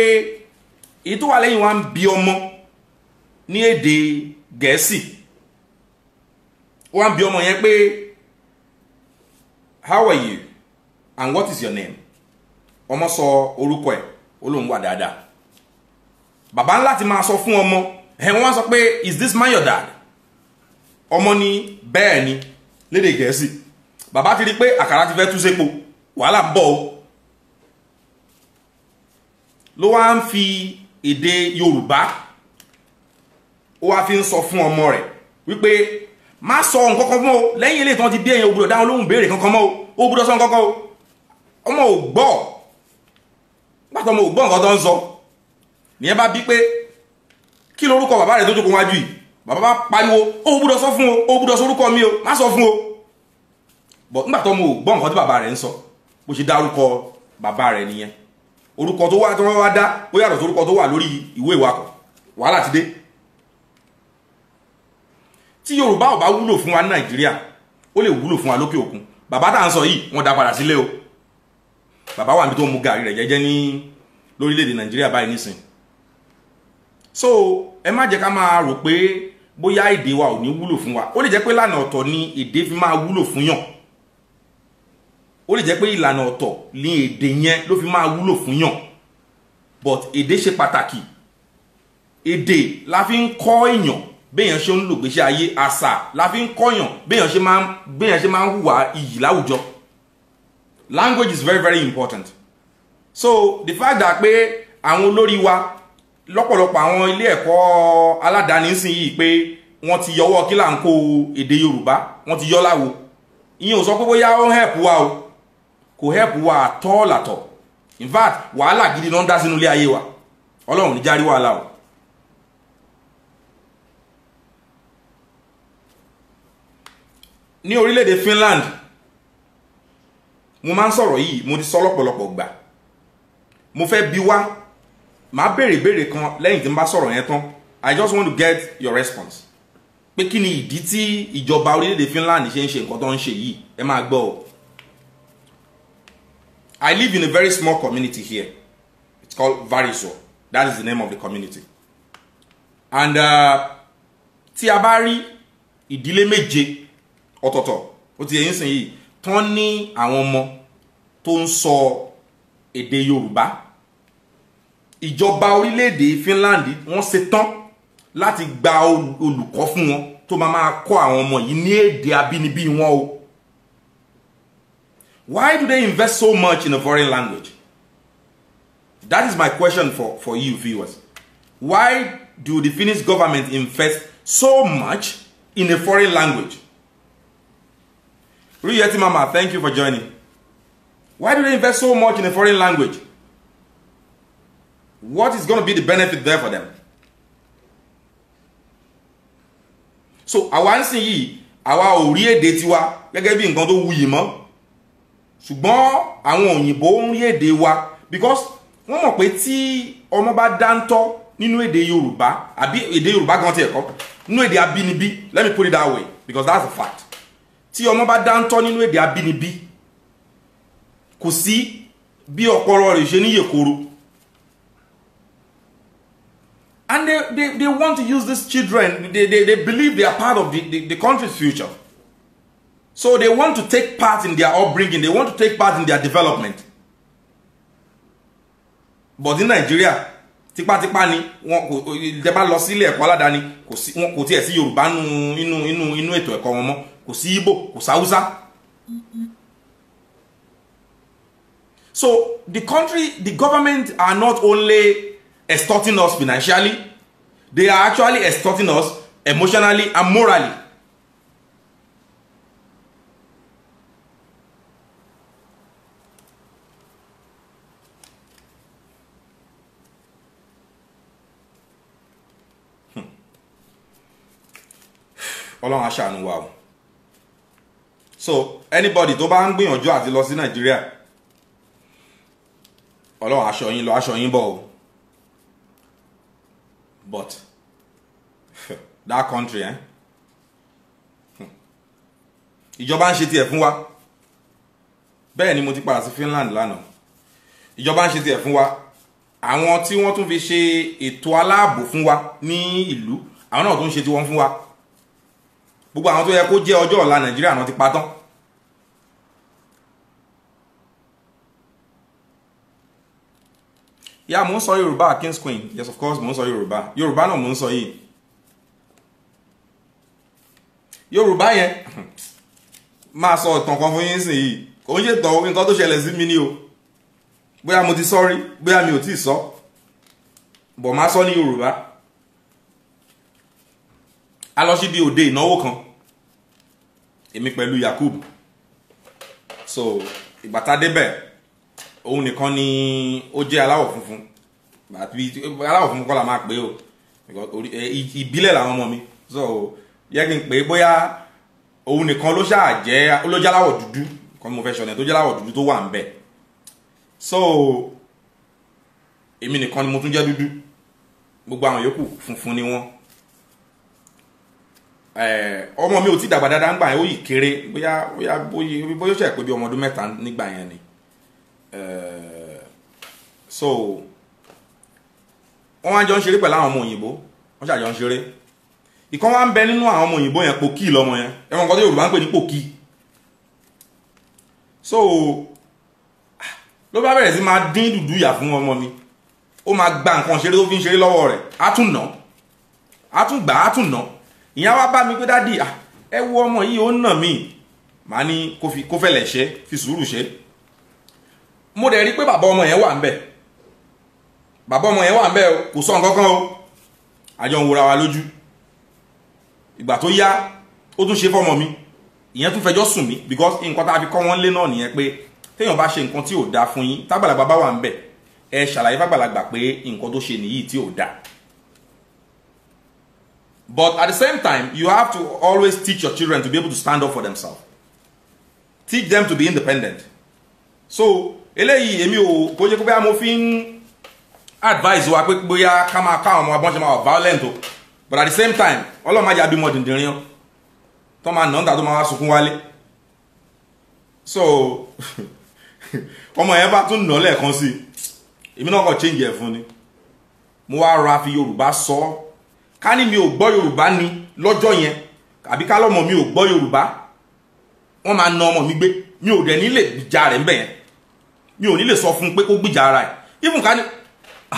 èyí tó wà lẹ́yìn wa ń bi ọmọ ní èdè gẹ̀ẹ́sì wọ́n á bi ọmọ yẹn pé how are you and what is your name ọmọ sọ orúkọ ẹ olóhùn wà dáadáa bàbá ńlá ti máa sọ fún ọmọ ẹ wọn sọ pé is this man your dad ọmọ ní bẹ́ẹ̀ ni lédè gẹ̀ẹ́sì bàbá ti rí i pé àkàrà ti fẹ́ tú sépo wàhálà ń bọ̀ o ló wá ń fi èdè yorùbá ó wá fi ń sọ fún ọmọ rẹ̀ wípé má sọ nǹkan kan fún o lẹ́yìn eléyìí tán ti bí ẹ̀yìn ògbúdọ̀ dáhùn lóhùn béèrè kankan mọ́ o ògbúdọ̀ sọ nǹkan kan o ọmọ ò gbọ́ pàtó ọmọ ò gbọ́ nǹkan tó ń sọ nìyẹn bá bí pé kí lorúkọ bàbá rẹ̀ tó jókòó wájú yìí bàbá bá pariwo ó gbúdọ̀ sọ fún o ó gbúdọ̀ sọ orúkọ mi o má sọ fún o bọ̀ nígbà tó ọmọ ò gbọ́ nǹkan tí bàbá rẹ̀ ń sọ bó ṣe dárúkọ bàbá rẹ̀ nìyẹn orúkọ tó wá tó wá dá ó yàtọ̀ sórúkọ tó wà lórí ìwé ìwakọ̀ wàhálà ti dé tí yorùbá ò bá wúlò fún wa ní nàìjíríà ó lè wúlò fún wa lókè òkun bàbá tá à ń sọ yìí wọ́n dá padà sílé o bàbá wa mi tó mu gàrí rẹ̀ jẹ́jẹ́ ní lórílẹ̀‐èdè nàìjíríà báyìí nísìn so ẹ má jẹ́ ká máa rò pé bóyá èdè wa ò ní wúlò fún wa ó lè jẹ́ pé lànà ọ̀tọ̀ ni èdè fi máa wúlò fún yàn ó lè jẹ́ pé ìlànà ọ̀tọ̀ ni èdè yẹn ló fi máa wúlò fún yàn but èdè ṣe pàtàkì èdè la fi ń kọ́ èèyàn béèyàn ṣe ń lò gbèsè ayé àṣà la fi ń kọ́yàn béèyàn ṣe máa béèyàn ṣe máa ń hùwà iyì láwùjọ language is very very important so the fact that pé àwọn olórí wa lọ́pọ̀lọpọ̀ àwọn ilé ẹ̀kọ́ aládàáni ń sìn yìí pé wọ́n ti yọwọ́ kí là ń kó èdè yorùbá wọ́n ti yọ láwo ìyẹn ò sọ pé bóyá ó ń help wa o kò help wa àtọ́ làtọ̀ in fact wàhálà gidi náà ń dá sínú ilé ayé wa ọlọ́run ní járí wàhálà o ní orílẹ̀-èdè Finland mo máa ń sọ̀rọ̀ yìí mo ti sọ lọ́pọ̀lọpọ̀ gbà mo fẹ́ bi wá màá béèrè béèrè kan lẹ́yìn tí n bá sọ̀rọ̀ yẹn tán I just want to get your response pé kí ni ìdí tí ìjọba orílẹ̀-èdè Finland ṣe ń ṣe nǹkan tó ń ṣe yìí ẹ máa gbọ́ o I live in a very small community here it's called Variso that is the name of the community and uh, tí a bá rí ìdílé méje ọ̀tọ̀ọ̀tọ̀ ó ti yẹ yín sìn yìí tán ní àwọn ọmọ tó ń sọ èdè Yorùbá ìjọba orílẹ̀-èdè Finland wọ́n ṣe tán láti gba olùkọ́ fún wọn tó máa máa kọ́ àwọn ọmọ yìí ní èdè abínibí wọn o why do they invest so much in a foreign language that is my question for for you viewers why do the Finnish government invest so much in a foreign language Ruyeti Mama, thank you for joining. Why do they invest so much in a foreign language? What is going to be the benefit there for them? So àwa ń sìn yìí àwa ò rí èdè tiwa gẹ́gẹ́ bí nǹkan tó wuyì mọ́ ṣùgbọ́n àwọn òyìnbó ń rí èdè wa because wọ́n mọ̀ pé tí ọmọ bá dáńtọ́ nínú èdè Yorùbá àbí èdè Yorùbá gan ti ẹ̀kọ́ nínú èdè abínibí let me put it that way because that's a fact tí ọmọ bá dáńtọ́ nínú èdè abínibí kò sí bí ọpọlọ rẹ̀ ṣe níyèkoro and they, they, they want to use these children they, they, they believe they are part of the, the, the country's future so they want to take part in their upbringing they want to take part in their development but ní Nàìjíríà tipátipá ni wọn kò ìjẹba lọ sílé ẹ̀kọ́ aládàáni kò tiẹ̀ sí Yorùbá nínú inú inú ètò ẹ̀kọ́ wọn mọ́ kò sí Igbo kò sáwúsá. So the country, the government are not only extorting us financially, they are actually extorting us emotionally and morally. Hmm. ọlọ́run aṣàánú wa o so anybody tó bá ń gbìyànjú àti lọ sí nàìjíríà ọlọ́run aṣọ yín lọ aṣọ yín bọ̀ o but that country eh? Hmm. ìjọba ń ṣe tiẹ̀ fún wa bẹ́ẹ̀ ni mo ti padà sí Finland lánàá ìjọba ń ṣe tiẹ̀ fún wa àwọn tí wọ́n tún fi ṣe ètò aláàbò fún wa ní ìlú àwọn náà tó ṣe tiwọn fún wa gbogbo àwọn tó yẹ kó jẹ́ ọjọ́ ọ̀la nàìjíríà náà ti pa tán. ya mò ń sọ yorùbá king's queen yes of course mò ń sọ yorùbá yorùbá náà mò ń sọ yìí yorùbá yẹn máa sọ ìtàn kan fún yín sìn yìí kò ń ṣe tọ́ nǹkan tó ṣẹlẹ̀ sí mi ni o bóyá mo ti sọ rí bóyá mi ò tí ì sọ bọ̀ máa sọ ní yorùbá a lọ síbi òde ìnáwó kan èmi pẹ̀lú Yakub so ìgbà tá a débẹ̀ òun nìkan ni ó jẹ́ aláwọ̀ funfun àti aláwọ̀ funfun kọ́ la máa pè o ìbílẹ̀ làwọn ọmọ mi so yẹ kí n pè é bóyá òun nìkan ló ṣáà jẹ́ ló jẹ́ aláwọ̀ dúdú kan mo fẹ́ sọ̀rọ̀ tó jẹ́ aláwọ̀ dúdú tó wà ń bẹ̀ so èmi nìkan ni mo tún jẹ́ dúdú gbogbo àwọn yòókù funfun ni wọ́n Eh, ọmọ mi ò tí dàgbà dáadáa ń yẹn ó yìí kéré bóyá bóyá bóyá bóyá ṣe pé bí ọmọ ọdún mẹ́ta nígbà yẹn ni eh, so wọ́n wá jọ ń ṣeré pẹ̀lú àwọn ọmọ òyìnbó wọ́n ṣàjọ ń ṣeré ìkan wá ń bẹ nínú àwọn ọmọ òyìnbó yẹn pòkì lọmọ yẹn ẹ̀wọ̀n kan tó Yorùbá ń pè ní pòkì so ló bá bẹ̀rẹ̀ sí máa dín dùdú ìyà fún ọmọ mi ó máa gba nǹkan ṣeré tó fi ń ṣeré lọ́wọ́ rẹ̀ á tún nà á tún gbà á tún nà ìyẹn wá bá mi pé dádì ẹ wo ọmọ yìí ó nà mí màá ní kó fẹlẹ̀ ṣe fi sùúrù ṣe mo dẹ̀ rí pé bàbá ọmọ yẹn wà ń bẹ̀ bàbá ọmọ yẹn wà ń bẹ̀ kò sọ nǹkan kan o àjọ ń wòra wa lójú ìgbà tó yá ó tún ṣe fọmọ mi ìyẹn tún fẹjọ́ sùn mí because nǹkan tá a fi kọ́ wọn lé náà nìyẹn pé téèyàn bá ṣe nǹkan tí ò dáa fún yín tágbàlagbà bá wà ń bẹ̀ ẹ ṣàlàyé fàgbàlagbà pé nǹkan tó ṣe nìyí tí ò dáa But at the same time, you have to always teach your children to be able to stand up for themselves. Teach them to be independent. So, eléyìí èmi ò kó jẹ́ pé bóyá mo fi ń advise wa pé bóyá ká máa ká àwọn ọmọ abọ́nṣe máa wà violent o but at the same time ọlọ́run máa jẹ́ abímọ dìndìnrín o tó máa nà ń tà tó máa wá sunkún wálé so ọmọ yẹn bá tún nà lẹ́ẹ̀kan sí i èmi náà kàn change ẹ̀ fún ni mo wá ra fi Yorùbá sọ ọ́ ká ní mi ò gbọ́ yorùbá ni lọ́jọ́ yẹn àbí ká lọ́mọ mi ò gbọ́ yorùbá wọ́n máa na ọmọ mi gbé mi ò dẹ̀ nílè gbìjà rẹ̀ ń bẹ̀ yẹn mi ò nílè sọ fún un pé kó gbìjà ara ẹ̀ even ká ní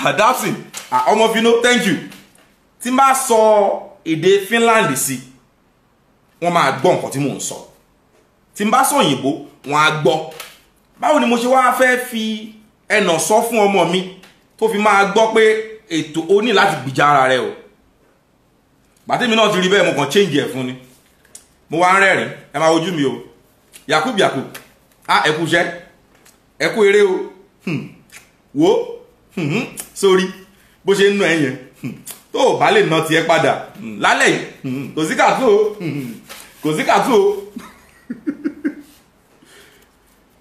adapting ah, ah, ọmọ fino thank you tí n bá sọ èdè Finland sí wọ́n máa gbọ́ nǹkan tí mò ń sọ tí n bá sọ òyìnbó wọ́n á gbọ́ báwo ni mo ṣe wáá fẹ́ fi ẹnà sọ fún ọmọ mi tó fi máa gbọ́ pé ètò o ní láti gbìjà ara rẹ o gbàtẹ́mi náà ti rí bẹ́ẹ̀ mo kàn change ẹ̀ fún ni mo wá ń rẹ́rìn ẹ máa wojú mi o yakub yakub a ah, ẹ kú iṣẹ́ ẹ eré o hmm. wo hmm, hmm. sórí bó ṣe ń nà ẹ yẹn tó o bá lè nà tiẹ̀ padà lálẹ́ yìí kò sí kàtó o kò sí kàtó o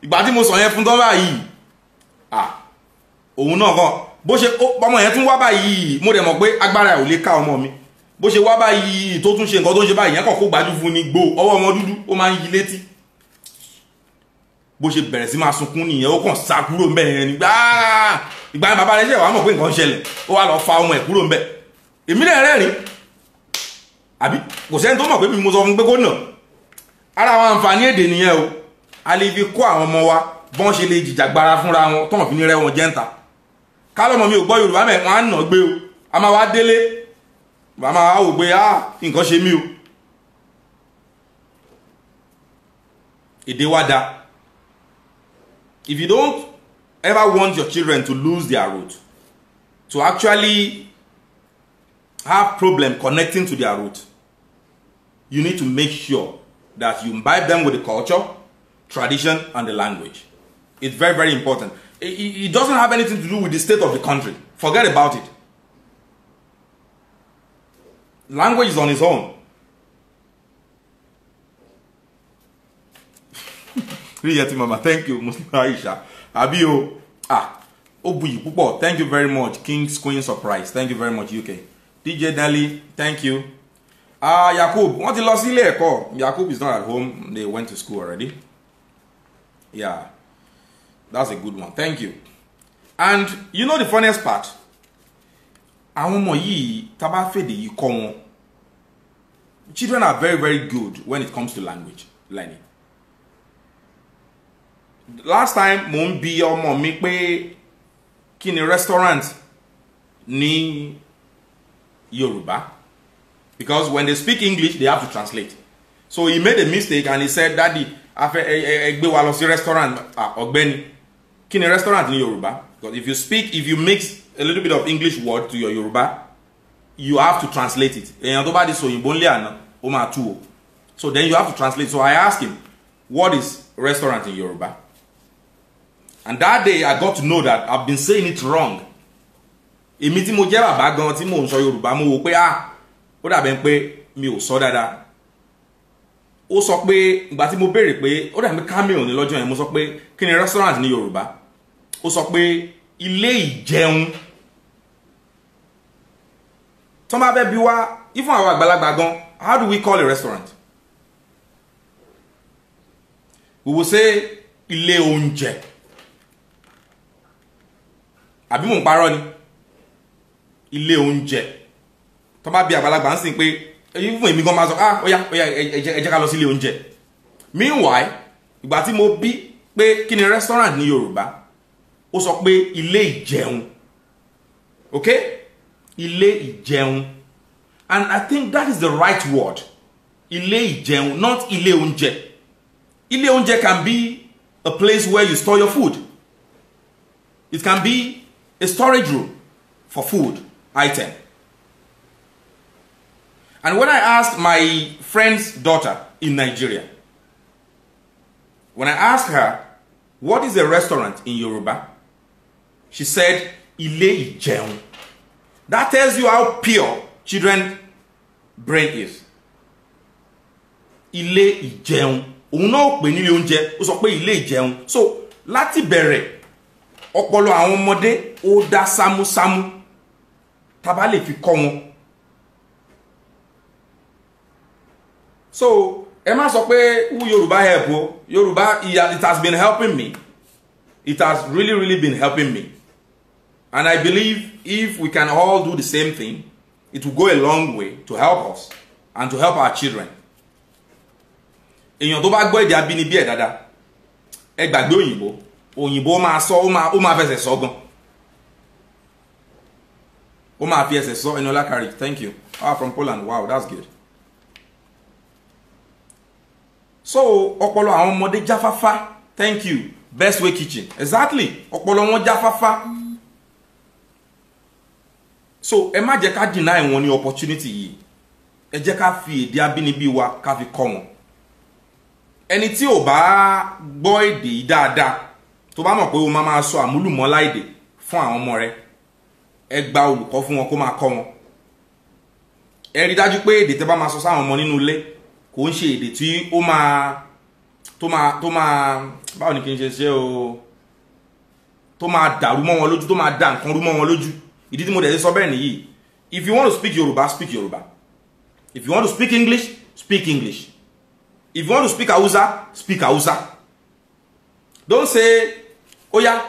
ìgbà tí mo sọ yẹn fún tán báyìí ah. òun náà kàn bó ṣe ọmọ yẹn tún wá báyìí mo dẹ̀ mọ̀ pé agbára ò lè ká ọmọ mi bó ṣe wá báyìí tó tún ṣe nǹkan tó ń ṣe báyìí yẹn kàn kó gbájú fún ni gbó ọwọ́ ọmọ dúdú ó máa ń yí létí bó ṣe bẹ̀rẹ̀ sí máa sunkún nìyẹn ó kàn sá kúrò ńbẹ̀ yẹn nígbà ìgbà yẹn bàbá rẹ̀ ṣe wàá mọ̀ pé nǹkan ṣẹlẹ̀ ó wá lọ fa ọmọ ẹ̀ kúrò ńbẹ̀ èmi náà rẹ́rìn àbí kò sẹ́ni tó mọ̀ pé mi mo sọ fún pé kó nà ara àwọn àǹfààní èdè nìyẹn o a lè fi kó àwọn ọmọ wa bọ́n ṣe lè jìjàgbara fúnra wọn tọ́wọ̀n fi ní rẹ́ wọn jẹ́ǹta kálọ́mọ mi ò gbọ́ Yorùbá mẹ́ wọn á nà gbé o a máa wá délé màá máa wò pé ah nǹkan ṣe mí o èdè wa da if you don't ever want your children to lose their root to actually have problem connecting to their root you need to make sure that you imbibe them with the culture tradition and the language it's very very important it, it doesn't have anything to do with the state of the country forget about it Language is on its own. Riyati Mama, thank you, Muslim Aisha. Àbí ah, ó buyì thank you very much, Kings Queen Surprise, thank you very much, UK. DJ Dali, thank you. Ah, uh, Yakub, What ti lost sí ilé Yakub is not at home, they went to school already. Yeah, that's a good one, thank you. And you know the funniest part? Àwọn ọmọ yìí, tá a bá fèdè yìí children are very very good when it comes to language learning last time mo ń bi ọmọ mi pé kí ni restaurant ní Yorùbá because when they speak English they have to translate so he made a mistake and he said daddy afẹ ẹ ẹ gbé wa lọ sí restaurant ah, ọ̀gbẹ́ni kí ni restaurant ni Yoruba, because if you speak if you mix a little bit of English word to your Yoruba." you have to translate it èèyàn tó bá di sòyìnbó ńlẹ̀ àná ó máa tú o so then you have to translate so I asked him what is restaurant in Yoruba and that day I got to know that I've been saying it wrong èmi tí mo jẹ́ bàbá gan tí mò ń sọ Yorùbá mo wò pé ah ó dàbẹ̀ pé mi ò sọ dáadáa ó sọ pé ìgbà tí mo béèrè pé ó dàbẹ̀ cameo ní lọ́jọ́ yẹn mo sọ pé kí ni restaurant ní Yorùbá ó sọ pé ilé ìjẹun tó máa bẹ́ bí wá even àwọn àgbàlagbà gan how do we call a restaurant we will say ilé oúnjẹ àbí mò ń parọ́ ni ilé oúnjẹ tó bá bí àgbàlagbà ń sìn pé even èmi gan máa sọ ah oya oya ẹ jẹ́ ká lọ sí ilé oúnjẹ meanwhile ìgbà tí mo bí pé kí ni restaurant ní Yorùbá ó sọ pé ilé ìjẹun okay ilé ìjẹun and I think that is the right word ilé ìjẹun not ilé oúnjẹ ilé oúnjẹ can be a place where you store your food it can be a storage room for food item and when I asked my friend's daughter in Nigeria, when I asked her, what is a restaurant in Yoruba? She said, Ile Ijeun. That tells you how pure children brain is. Ilé ìjẹun. Òun náà pè ní ilé oúnjẹ, ó sọ pé ilé ìjẹun. So láti bẹ̀rẹ̀ ọpọlọ àwọn ọmọdé ó dá sámúsámú tá lè fi kọ́ wọn. So ẹ má sọ pé who Yorùbá help o Yorùbá it has been helping me it has really really been helping me And I believe if we can all do the same thing, it will go a long way to help us and to help our children. èèyàn tó bá gbọ́ èdè abínibí ẹ̀ dáadáa ẹ gbàgbé òyìnbó òyìnbó ó máa sọ ó máa fẹsẹ̀ sọ gan ó máa fi ẹsẹ̀ sọ Eniola Carrick thank you ah from Poland wow that's good. so ọpọlọ àwọn ọmọdé jáfáfá thank you best way kitchen exactly ọpọlọ wọn jáfáfá. Mm -hmm so ẹ má jẹ́ ká deny wọn ní opportunity yìí ẹ jẹ́ ká fi èdè abínibí wa ká fi kọ́ wọn ẹni tí ò bá gbọ́ èdè yìí dáadáa tó bá mọ̀ pé o máa máa sọ àmúlùmọ́lá èdè fún àwọn ọmọ rẹ ẹ gba olùkọ́ fún wọn kó máa kọ́ wọn ẹ rí dájú pé èdè tẹ bá máa sọ sáwọn ọmọ nínú ilé kò ń ṣe èdè tí ó máa tó máa tó máa báwo ni kí n ṣe ṣe o tó máa dàrú mọ́ wọn lójú tó máa da nǹkan rú mọ́ wọn lójú ìdí tí mo dẹ̀ sọ bẹ́ẹ̀ nìyí if you want to speak Yoruba, speak Yoruba. if you want to speak English speak English if you want to speak Hausa speak Hausa don't say oya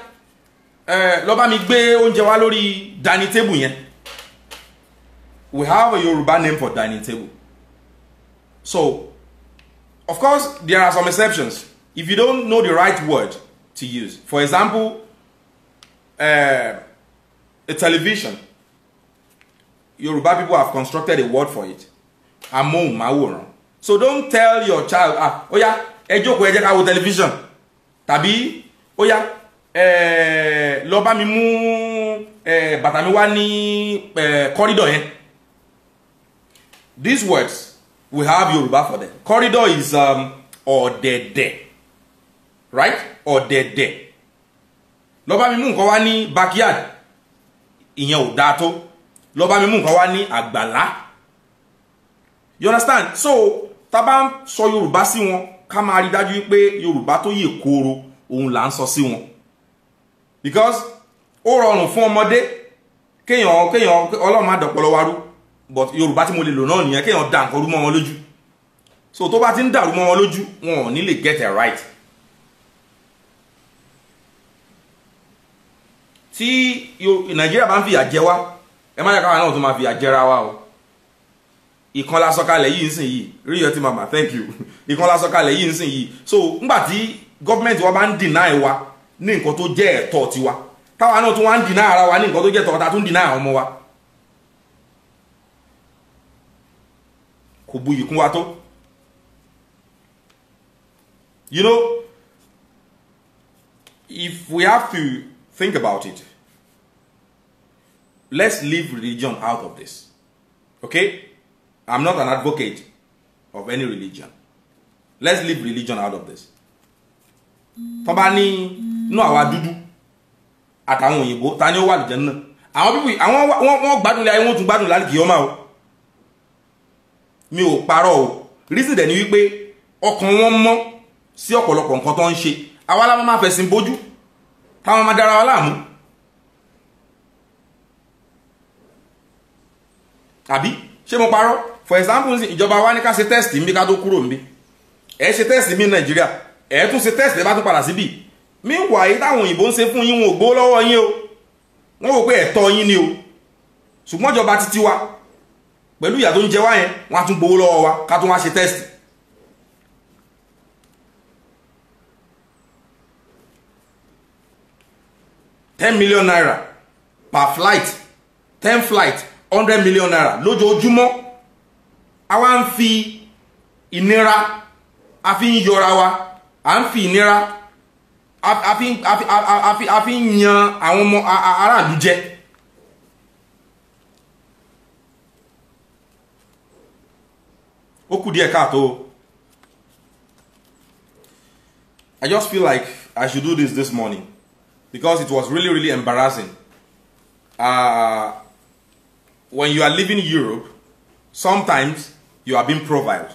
ẹ lọ bá mi gbé oúnjẹ wá lórí dining table yẹn we have a Yoruba name for dining table so of course there are some exceptions if you don't know the right word to use for example. Uh, a television Yoruba people have constructed a word for it amóhùnmáwòrán so don't tell your child ah ó yá ẹ jókòó ẹ jẹ́ ká wo television tàbí Oya, yá eh, lọ bá mi mú eh, bàtà mi wá ní eh, corridor yẹn these words we have Yoruba for them corridor is um, ọ̀dẹ̀dẹ̀ right ọ̀dẹ̀dẹ̀ lọ bá mi mú nǹkan wá ní backyard ìyẹn ò dáa tó lọ bá nǹkan wá ní àgbàlá you understand so tá bá ń sọ yorùbá sí wọn ká máa rí dájú wípé yorùbá tó yè kooro òun là ń sọ sí wọn because ó rọrùn fún ọmọdé kéèyàn kéèyàn ọlọ́run má dọ̀pọ̀lọ́ wa rú but yorùbá tí mo lè lò náà nìyẹn kéèyàn dà nǹkan rú mọ́ wọn lójú so tó bá ti ń dàrú mọ́ wọn lójú wọn ò ní lè get it right tí nàìjíríà bá ń fìyà jẹ wá ẹ má yà káwa náà tún máa fìyà jẹra wá o ìkan la sọ̀kalẹ̀ yìí nsìn yìí rí yọtí màmá thank you ìkan la sọ̀kalẹ̀ yìí nsìn yìí so ngbà tí gọ́ọ̀mẹ̀ntì wa bá ń deny wa ní nǹkan tó jẹ́ ẹ̀tọ́ tiwa táwa náà tó wá ń deny ara wa ní nǹkan tó jẹ́ ẹ̀tọ́ ta tún deny àwọn ọmọ wa kò buyì kún wa tó you know if we have to Think about it. Let's leave religion out of this. Okay? I'm not an advocate of any religion. Let's leave religion out of this. Tọ́ba ní inú àwa dúdú àtàwọn òyìnbó ta ni ó wà lùjẹ́ náà. Àwọn bíbí àwọn wọ́n gbádùn ilé ayé wọ́n tún gbádùn lálùkì ọmọ o. Mi ò parọ́ o. Reason dẹ̀ ni wípé ọkàn wọn mọ́ sí ọ̀pọ̀lọpọ̀ nǹkan tó ń ṣe. Àwa la máa fẹ̀sìn bójú táwọn máa dára wa láàmú àbí ṣé mo parọ́ for example ìjọba wa ní ká ṣe test mi ká tó kúrò mi ẹ ṣe test mi nàìjíríà ẹ tún ṣe test ẹ bá tún padà síbí mi wà yí táwọn òyìnbó ń ṣe fún yín wọn ò gbó lọ́wọ́ yín o wọ́n wò pé ẹ̀tọ́ yín ni o ṣùgbọ́n ìjọba títí wa pẹ̀lú ìyà tó ń jẹ wá yẹn wọ́n á tún gbowó lọ́wọ́ wa ká tún wá ṣe test ten million naira per flight ten flight hundred million naira lójoojúmọ́ a wá ń fi ìnira a fi ń yọra wa à ń fi ìnira a fi ń yan àwọn ọmọ aráàlú jẹ. ó kù díẹ̀ káàtó o. I just feel like I should do this this morning. because it was really, really embarrassing. Uh, when you are leaving Europe, sometimes you are being profiled.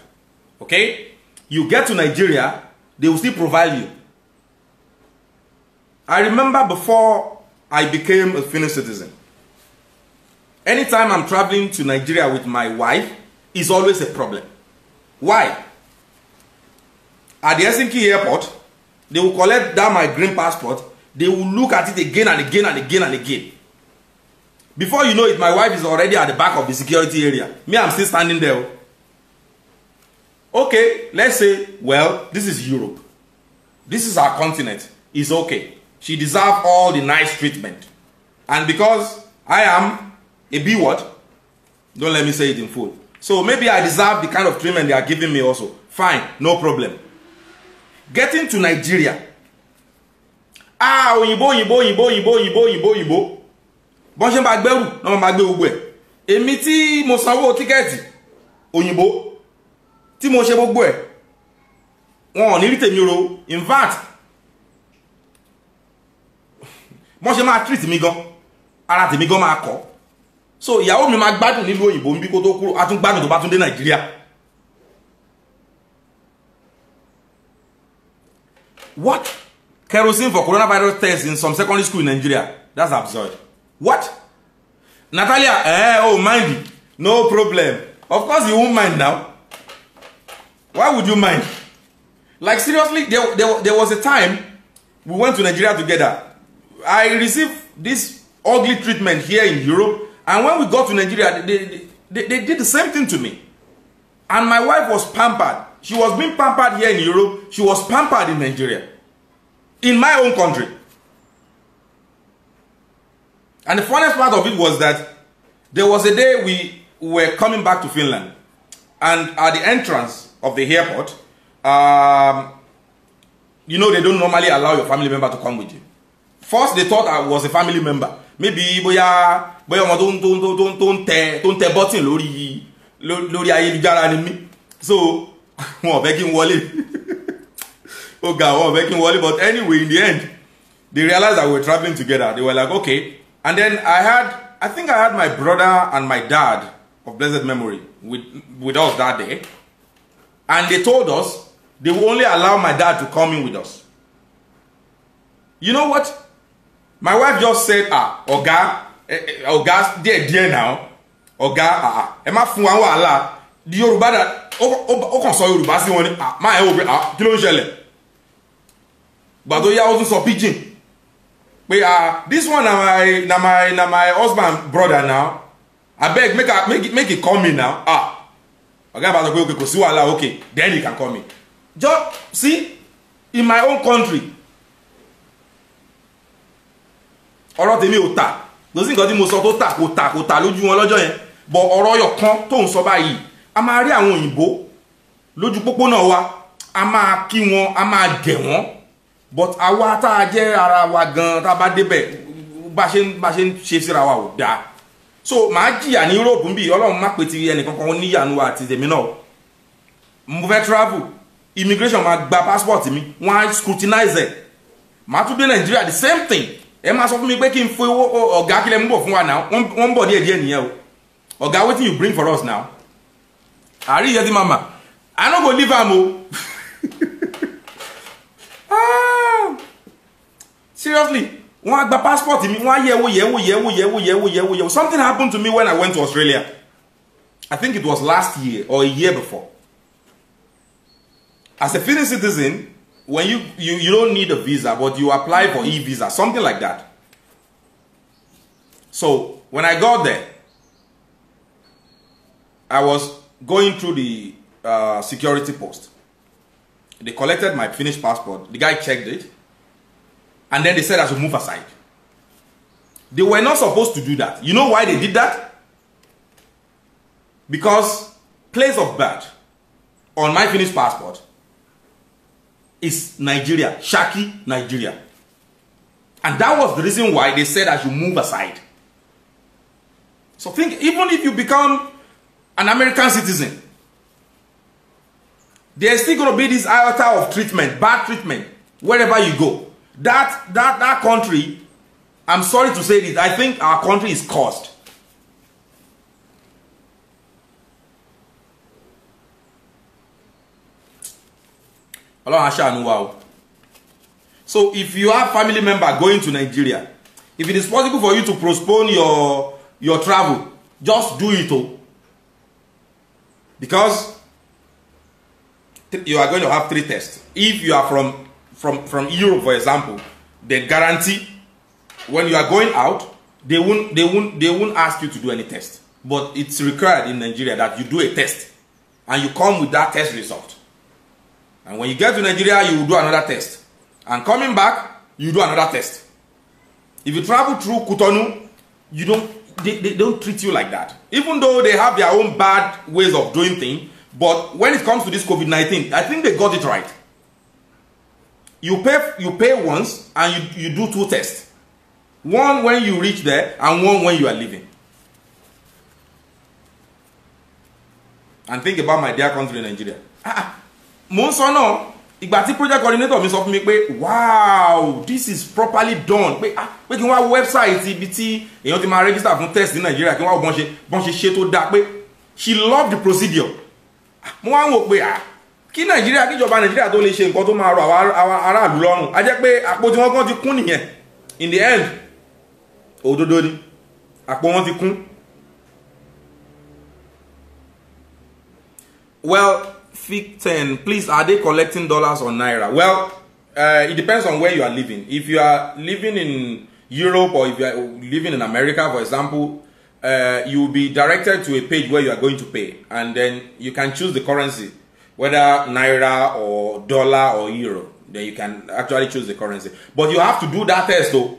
Okay? You get to Nigeria, they will still profile you. I remember before I became a Finnish citizen, anytime I'm traveling to Nigeria with my wife, is always a problem. Why? At the Helsinki airport, they will collect down my green passport they will look at it again and again and again and again before you know it my wife is already at the back of the security area me i'm still standing there oh. okay let's say well this is europe this is our continent it's okay she deserve all the nice treatment and because i am a b what? don't let me say it in full so maybe i deserve the kind of treatment they are giving me also fine no problem getting to nigeria ah òyìnbó òyìnbó òyìnbó òyìnbó òyìnbó òyìnbó òyìnbó bọ́n ṣe ń bá gbẹ́rù náà máa gbé gbogbo ẹ̀ èmi tí mo sanwó tíkẹ́ẹ̀tì òyìnbó tí mo ṣe gbogbo ẹ̀ wọn ò ní rí tèmi ro in fact bọ́n ṣe máa treat mi gan ara tèmi gan máa kọ́ so ìyàwó mi máa gbádùn nílùú òyìnbó níbi kó tó kúrò a tún gbádùn tó bá tún dé nàìjíríà what kerosene for coronavirus tests in some secondary school in Nigeria. That's absurd. What? Natalia, eh, oh, mind it. No problem. Of course you won't mind now. Why would you mind? Like seriously, there, there, there was a time we went to Nigeria together. I received this ugly treatment here in Europe. And when we got to Nigeria, they, they, they, they did the same thing to me. And my wife was pampered. She was being pampered here in Europe. She was pampered in Nigeria in my own country. And the funniest part of it was that there was a day we were coming back to Finland, and at the entrance of the airport, um, you know they don't normally allow your family member to come with you. First, they thought I was a family member. Maybe bóyá bóyá ọmọ tó ń tó ń tó ń tó ń tẹ tó ń tẹ bọ́tìn lórí lórí ayélujára ni mí. So wọn ò fẹ́ kí n wọlé. Oh God, àwọn making kí but anyway in the end they realized that we were traveling together they were like okay and then I had I think I had my brother and my dad of blessed memory with with us that day and they told us they will only allow my dad to come in with us you know what my wife just said ah oga oga there there now oga ah, ah ẹ má fún wa wàhálà di yorùbá dà o kàn sọ yorùbá sí wọn ni ah ma e wò pé ah kilo ló ń gbado ya ụzụsọ pidgin pe ah this one na my na my na my husband brother now abeg make i make make he call me now ah oga ibadan pe okay ko sí wàhálà okay then he can call me just see in my own country ọrọ tèmi ò tà kò sí nǹkan tí mo sọ tó tà kò tà kò tà lójú wọn lọ́jọ́ yẹn bọ̀ ọ̀rọ̀ ọyọ̀ kan tó ń sọ báyìí a máa rí àwọn òyìnbó lójú pópónà wa a máa kí wọn a máa dẹ̀ wọn. but àwa tá a jẹ́ ara wa gan tá a bá débẹ̀ bá ṣe ń bá ṣe ń ṣe síra wa ò dáa so màá jìyà ní Europe ń bì ọlọ́run má pe ti ẹnìkankan níyànú àti tèmi náà mo fẹ́ travel immigration máa gba passport mi wọ́n á scrutinize ẹ̀ màá tún dé Nàìjíríà the same thing ẹ máa sọ fún mi pé kí n fún owó ọ̀gá kílẹ̀ ń bọ̀ fún wa náà wọ́n ń bọ̀ díẹ̀ díẹ̀ nìyẹn o ọ̀gá wetin you bring for us now àríyẹ́ ti máa mà i no go leave am o. seriously one á gba passport mi wọ́n á yẹ̀wò yẹ̀wò yẹ̀wò yẹ̀wò yẹ̀wò yẹ̀wò yẹ̀wò something happened to me when I went to Australia I think it was last year or a year before as a Finnish citizen when you, you you don't need a visa but you apply for e-visa something like that so when I got there I was going through the uh, security post. They collected my Finnish passport. The guy checked it and then they said I should move aside. They were not supposed to do that. You know why they did that? Because place of birth on my Finnish passport is Nigeria, Shaki, Nigeria. And that was the reason why they said I should move aside. So think, even if you become an American citizen, there's still going to be this iota of treatment, bad treatment, wherever you go. that that that country i'm sorry to say this i think our country is cursed ọlọ́run aṣáánú wa o so if you have family member going to nigeria if it is possible for you to postpone your your travel just do it o because you are going to have three tests if you are from from, from Europe, for example, they guarantee when you are going out, they won't, they, won't, they won't ask you to do any test. But it's required in Nigeria that you do a test and you come with that test result. And when you get to Nigeria, you do another test. And coming back, you do another test. If you travel through Kutonu, you don't, they, they don't treat you like that. Even though they have their own bad ways of doing things, but when it comes to this COVID-19, I think they got it right. you pay you pay once and you, you do two tests one when you reach there and one when you are leaving and think about my dear country Nigeria ah, ah. mo ń sọ náà ìgbà tí project coordinator mi sọ fún mi pé wow this is properly done pé ah pé kí n wá website ibi tí èèyàn ti máa register fún test ní Nigeria kí n wá bọ́n ṣe bọ́n ṣe ṣe tó dáa pé she loved the procedure ah, mo wá ń wò pé ah kí nàìjíríà kíjọba nàìjíríà tó lè ṣe nǹkan tó máa rọ àwọn aráàlú lọ́rùn a jẹ́ pé àpò tí wọ́n kàn ti kún nìyẹn in the end òdodo ni àpò wọn ti kún. well fic ten please are they collecting dollars or naira well uh, it depends on where you are living if you are living in Europe or if you are living in America for example uh, you will be directed to a page where you are going to pay and then you can choose the currency whether naira or dollar or euro then you can actually choose the currency but you have to do that test though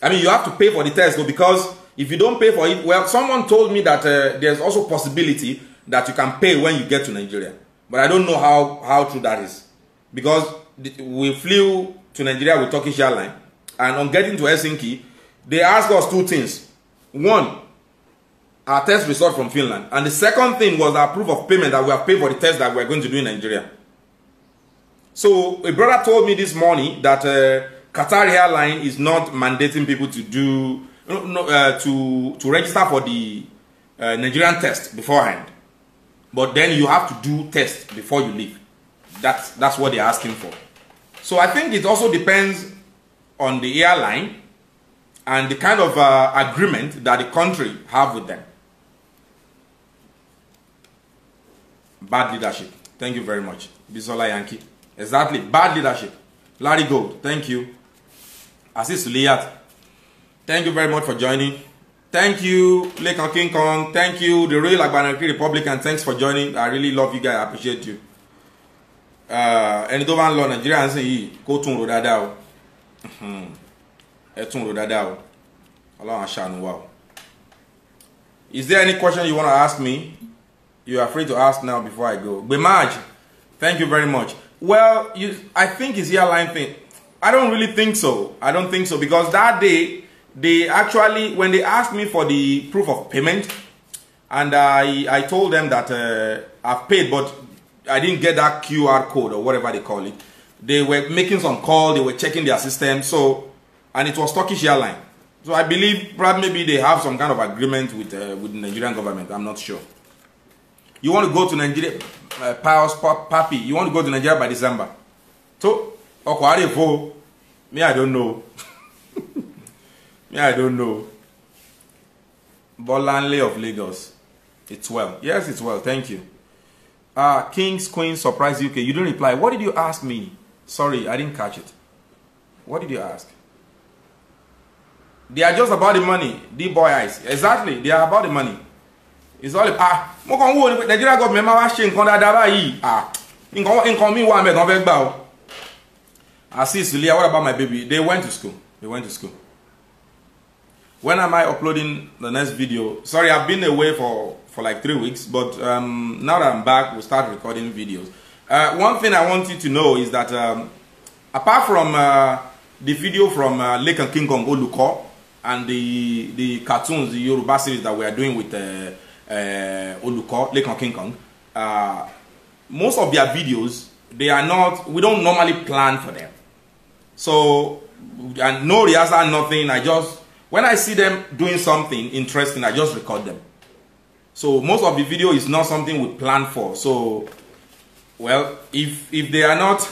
i mean you have to pay for the test though because if you don't pay for it well someone told me that uh, there's also possibility that you can pay when you get to nigeria but i don't know how how true that is because we flew to nigeria with turkish airline and on getting to helsinki they asked us two things one our test result from Finland. And the second thing was our proof of payment that we have paid for the test that we are going to do in Nigeria. So a brother told me this morning that uh, Qatar Airline is not mandating people to do no, uh, to to register for the uh, Nigerian test beforehand. But then you have to do test before you leave. That's that's what they're asking for. So I think it also depends on the airline and the kind of uh, agreement that the country have with them. bad leadership. Thank you very much. Bisola Yankee. Exactly. Bad leadership. Larry Gold. Thank you. Asis Liyat. Thank you very much for joining. Thank you, Lekan King Kong. Thank you, the real Agbanaki Republican. Thanks for joining. I really love you guys. I appreciate you. Uh, ẹni tó Nigeria, ń lọ Go ń sìn yìí kó tún ro dáadáa hmm. o. Is there any question you want to ask me? You are free to ask now before I go. Bemaj, thank you very much. Well, you, I think it's the airline thing. I don't really think so. I don't think so because that day, they actually, when they asked me for the proof of payment, and I, I told them that uh, I've paid, but I didn't get that QR code or whatever they call it. They were making some call, they were checking their system, so, and it was Turkish Airline. So I believe probably maybe they have some kind of agreement with, uh, with the Nigerian government. I'm not sure. you want to go to nigeria uh, piles papi you want to go to nigeria by december So, tó ọkọ̀ àrèfo me i don't know me i don't know bolanle of lagos it's well yes it's well thank you uh, kings Queens, surprise uk you don't reply what did you ask me sorry i didn't catch it what did you ask they are just about the money D boy eyes exactly they are about the money it's all ah mo kàn ń wò ní pé Nigeria government máa wá ṣe nǹkan dáadáa báyìí ah nǹkan nǹkan mi wà mẹ́ẹ̀ tán fẹ́ gbà o Asis Liya what about my baby they went to school they went to school when am I uploading the next video sorry I've been away for for like three weeks but um, now that I'm back we'll start recording videos uh, one thing I want you to know is that um, apart from uh, the video from uh, Lake and King Kong Oluko and the the cartoons the Yoruba series that we are doing with uh, Eh, Oluko, Lekan King Kong, uh, most of their videos, they are not, we don't normally plan for them. So, and no rehearsal, nothing. I just, when I see them doing something interesting, I just record them. So most of the video is not something we plan for. So, well, if if they are not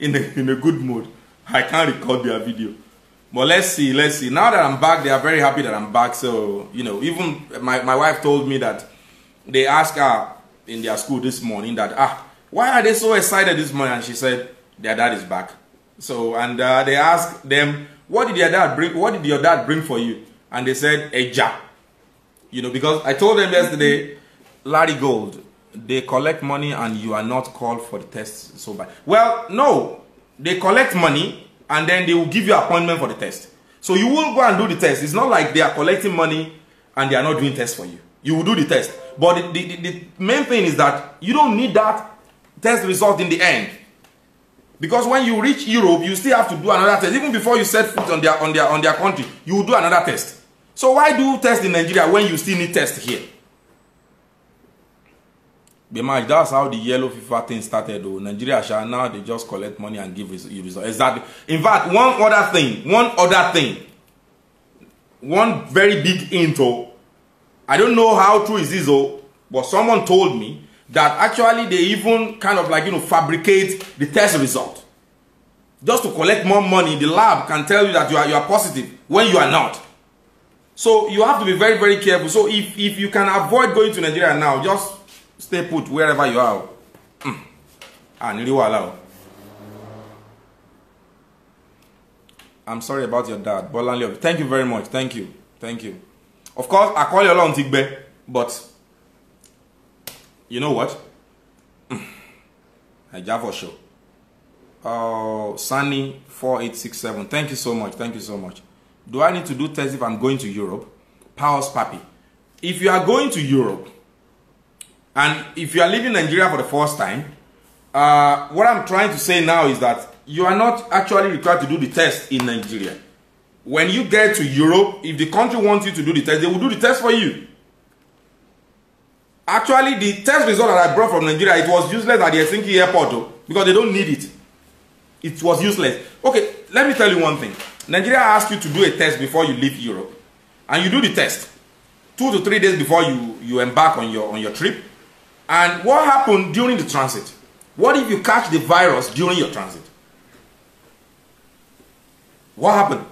in a, in a good mood, I can't record their video. But let's see, let's see. Now that I'm back, they are very happy that I'm back. So, you know, even my, my wife told me that they asked her in their school this morning that, ah, why are they so excited this morning? And she said, their dad is back. So, and uh, they asked them, what did your dad bring? What did your dad bring for you? And they said, a jar. You know, because I told them yesterday, Larry Gold, they collect money and you are not called for the test. So bad. Well, no, they collect money and then they will give you appointment for the test. So you will go and do the test. It's not like they are collecting money and they are not doing tests for you. You will do the test. But the, the, the main thing is that you don't need that test result in the end. Because when you reach Europe, you still have to do another test. Even before you set foot on their, on their, on their country, you will do another test. So why do test in Nigeria when you still need test here? Bimaj, that's how the yellow FIFA thing started though. Nigeria shall now they just collect money and give you results. Exactly. In fact, one other thing, one other thing, one very big into. I don't know how true is this though, but someone told me that actually they even kind of like you know fabricate the test result just to collect more money. The lab can tell you that you are you are positive when you are not. So you have to be very very careful. So if if you can avoid going to Nigeria now, just stay put wherever you are àní hmm. rí wàhálà o. i'm sorry about your dad bolanle obi thank you very much thank you thank you of course àkọọ́lẹ̀ ọlọ́run ti gbẹ but you know what naija hmm. for sure Oh, uh, sani four eight six seven thank you so much thank you so much do i need to do test if i'm going to europe powers papi if you are going to europe And if you are leaving Nigeria for the first time, uh, what I'm trying to say now is that you are not actually required to do the test in Nigeria. When you get to Europe, if the country wants you to do the test, they will do the test for you. Actually, the test result that I brought from Nigeria, it was useless at the Helsinki airport though, because they don't need it. It was useless. Okay, let me tell you one thing. Nigeria asks you to do a test before you leave Europe. And you do the test two to three days before you, you embark on your, on your trip and what happened during the transit? What if you catch the virus during your transit? What happened?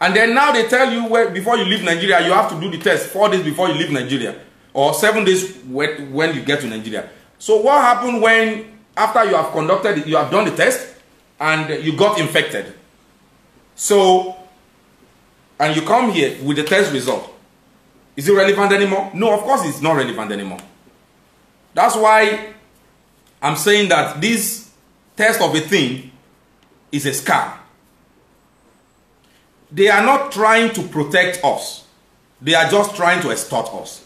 And then now they tell you where, before you leave Nigeria, you have to do the test four days before you leave Nigeria or seven days when you get to Nigeria. So what happened when, after you have conducted, you have done the test and you got infected? So, and you come here with the test result. Is it relevant anymore? No, of course it's not relevant anymore. That's why I'm saying that this test of a thing is a scam. They are not trying to protect us. They are just trying to extort us.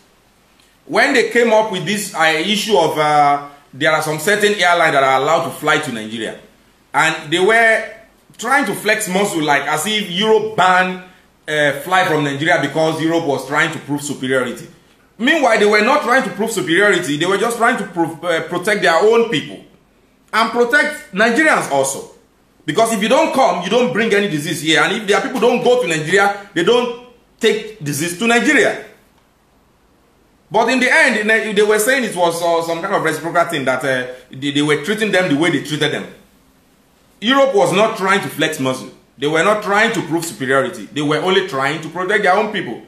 When they came up with this uh, issue of uh, there are some certain airlines that are allowed to fly to Nigeria, and they were trying to flex muscle like as if Europe banned uh, fly from Nigeria because Europe was trying to prove superiority. Meanwhile, they were not trying to prove superiority, they were just trying to pro uh, protect their own people and protect Nigerians also. Because if you don't come, you don't bring any disease here. And if their people don't go to Nigeria, they don't take disease to Nigeria. But in the end, uh, they were saying it was uh, some kind of reciprocal thing that uh, they, they, were treating them the way they treated them. Europe was not trying to flex muscle. They were not trying to prove superiority. They were only trying to protect their own people.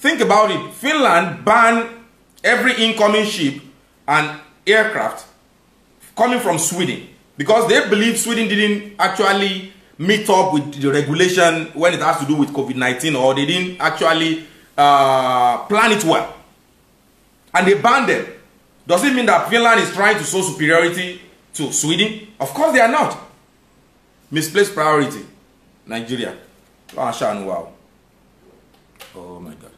Think about it. Finland banned every incoming ship and aircraft coming from Sweden because they believe Sweden didn't actually meet up with the regulation when it has to do with COVID-19 or they didn't actually uh, plan it well. And they banned them. Does it mean that Finland is trying to show superiority to Sweden? Of course they are not. Misplaced priority. Nigeria. Wow. Oh my God.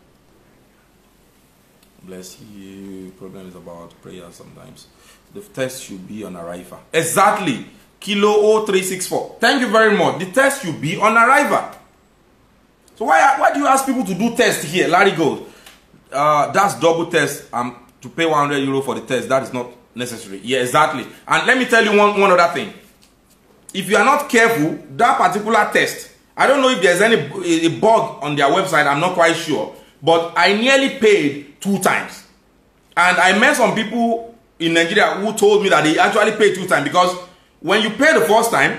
Bless you. Problem is about prayer sometimes. The test should be on arrival. Exactly. Kilo 0364. Thank you very much. The test should be on arrival. So why why do you ask people to do test here? Larry goes, uh, that's double test. I'm um, to pay 100 euro for the test. That is not necessary. Yeah, exactly. And let me tell you one, one other thing. If you are not careful, that particular test, I don't know if there's any a bug on their website. I'm not quite sure. But I nearly paid two times and i met some people in nigeria who told me that they actually pay two times because when you pay the first time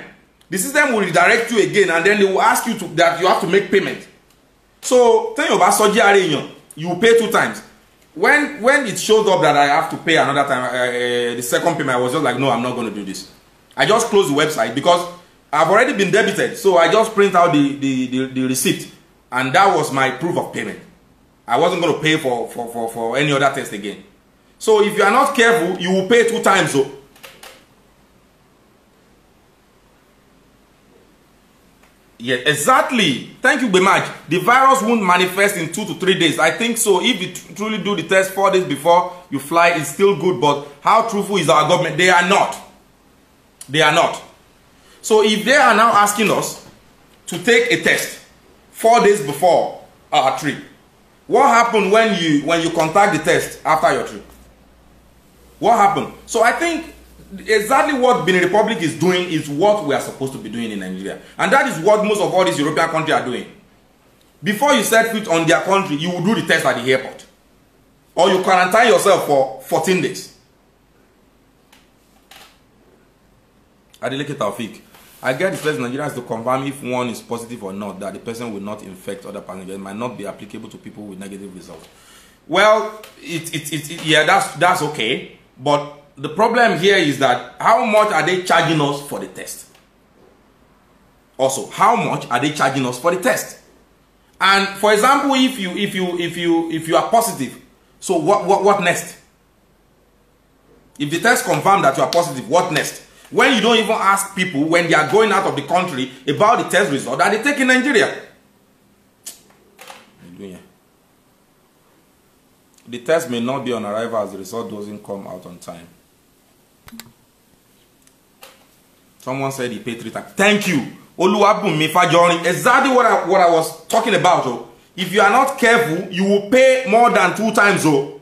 the system will redirect you again and then they will ask you to that you have to make payment so tell you about ara èèyàn you pay two times when when it showed up that i have to pay another time uh, uh, the second payment i was just like no i'm not going to do this i just closed the website because i've already been debited so i just print out the the the, the receipt and that was my proof of payment I wasn't going to pay for, for, for, for any other test again. So if you are not careful, you will pay two times. So. Oh. Yeah, exactly. Thank you, much. The virus won't manifest in two to three days. I think so. If you truly do the test four days before you fly, it's still good. But how truthful is our government? They are not. They are not. So if they are now asking us to take a test four days before our uh, trip, What happened when you when you contact the test after your trip? What happened? So I think exactly what Benin Republic is doing is what we are supposed to be doing in Nigeria. And that is what most of all these European countries are doing. Before you set foot on their country, you will do the test at the airport. Or you quarantine yourself for 14 days. Adeleke Taufik. I get the person Nigerians to confirm if one is positive or not, that the person will not infect other passengers. It might not be applicable to people with negative results. Well, it, it, it, it yeah, that's, that's okay. But the problem here is that how much are they charging us for the test? Also, how much are they charging us for the test? And for example, if you if you if you if you are positive, so what what, what next? If the test confirms that you are positive, what next? when you don't even ask people when they are going out of the country about the test result that they take in Nigeria. The test may not be on arrival as the result doesn't come out on time. Someone said he paid three times. Thank you. Oluwabunmi Fajorin. Exactly what I, what I was talking about. Oh. If you are not careful, you will pay more than two times. Oh.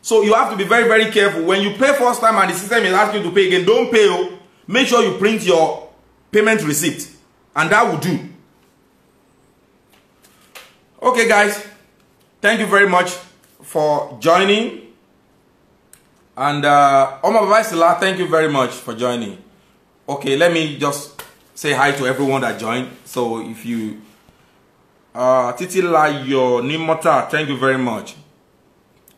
So you have to be very, very careful. When you pay first time and the system is asking you to pay again, don't pay. Oh make sure you print your payment receipt and that will do okay guys thank you very much for joining and uh Oma Babaisila thank you very much for joining okay let me just say hi to everyone that joined so if you uh Titilayo Nimota thank you very much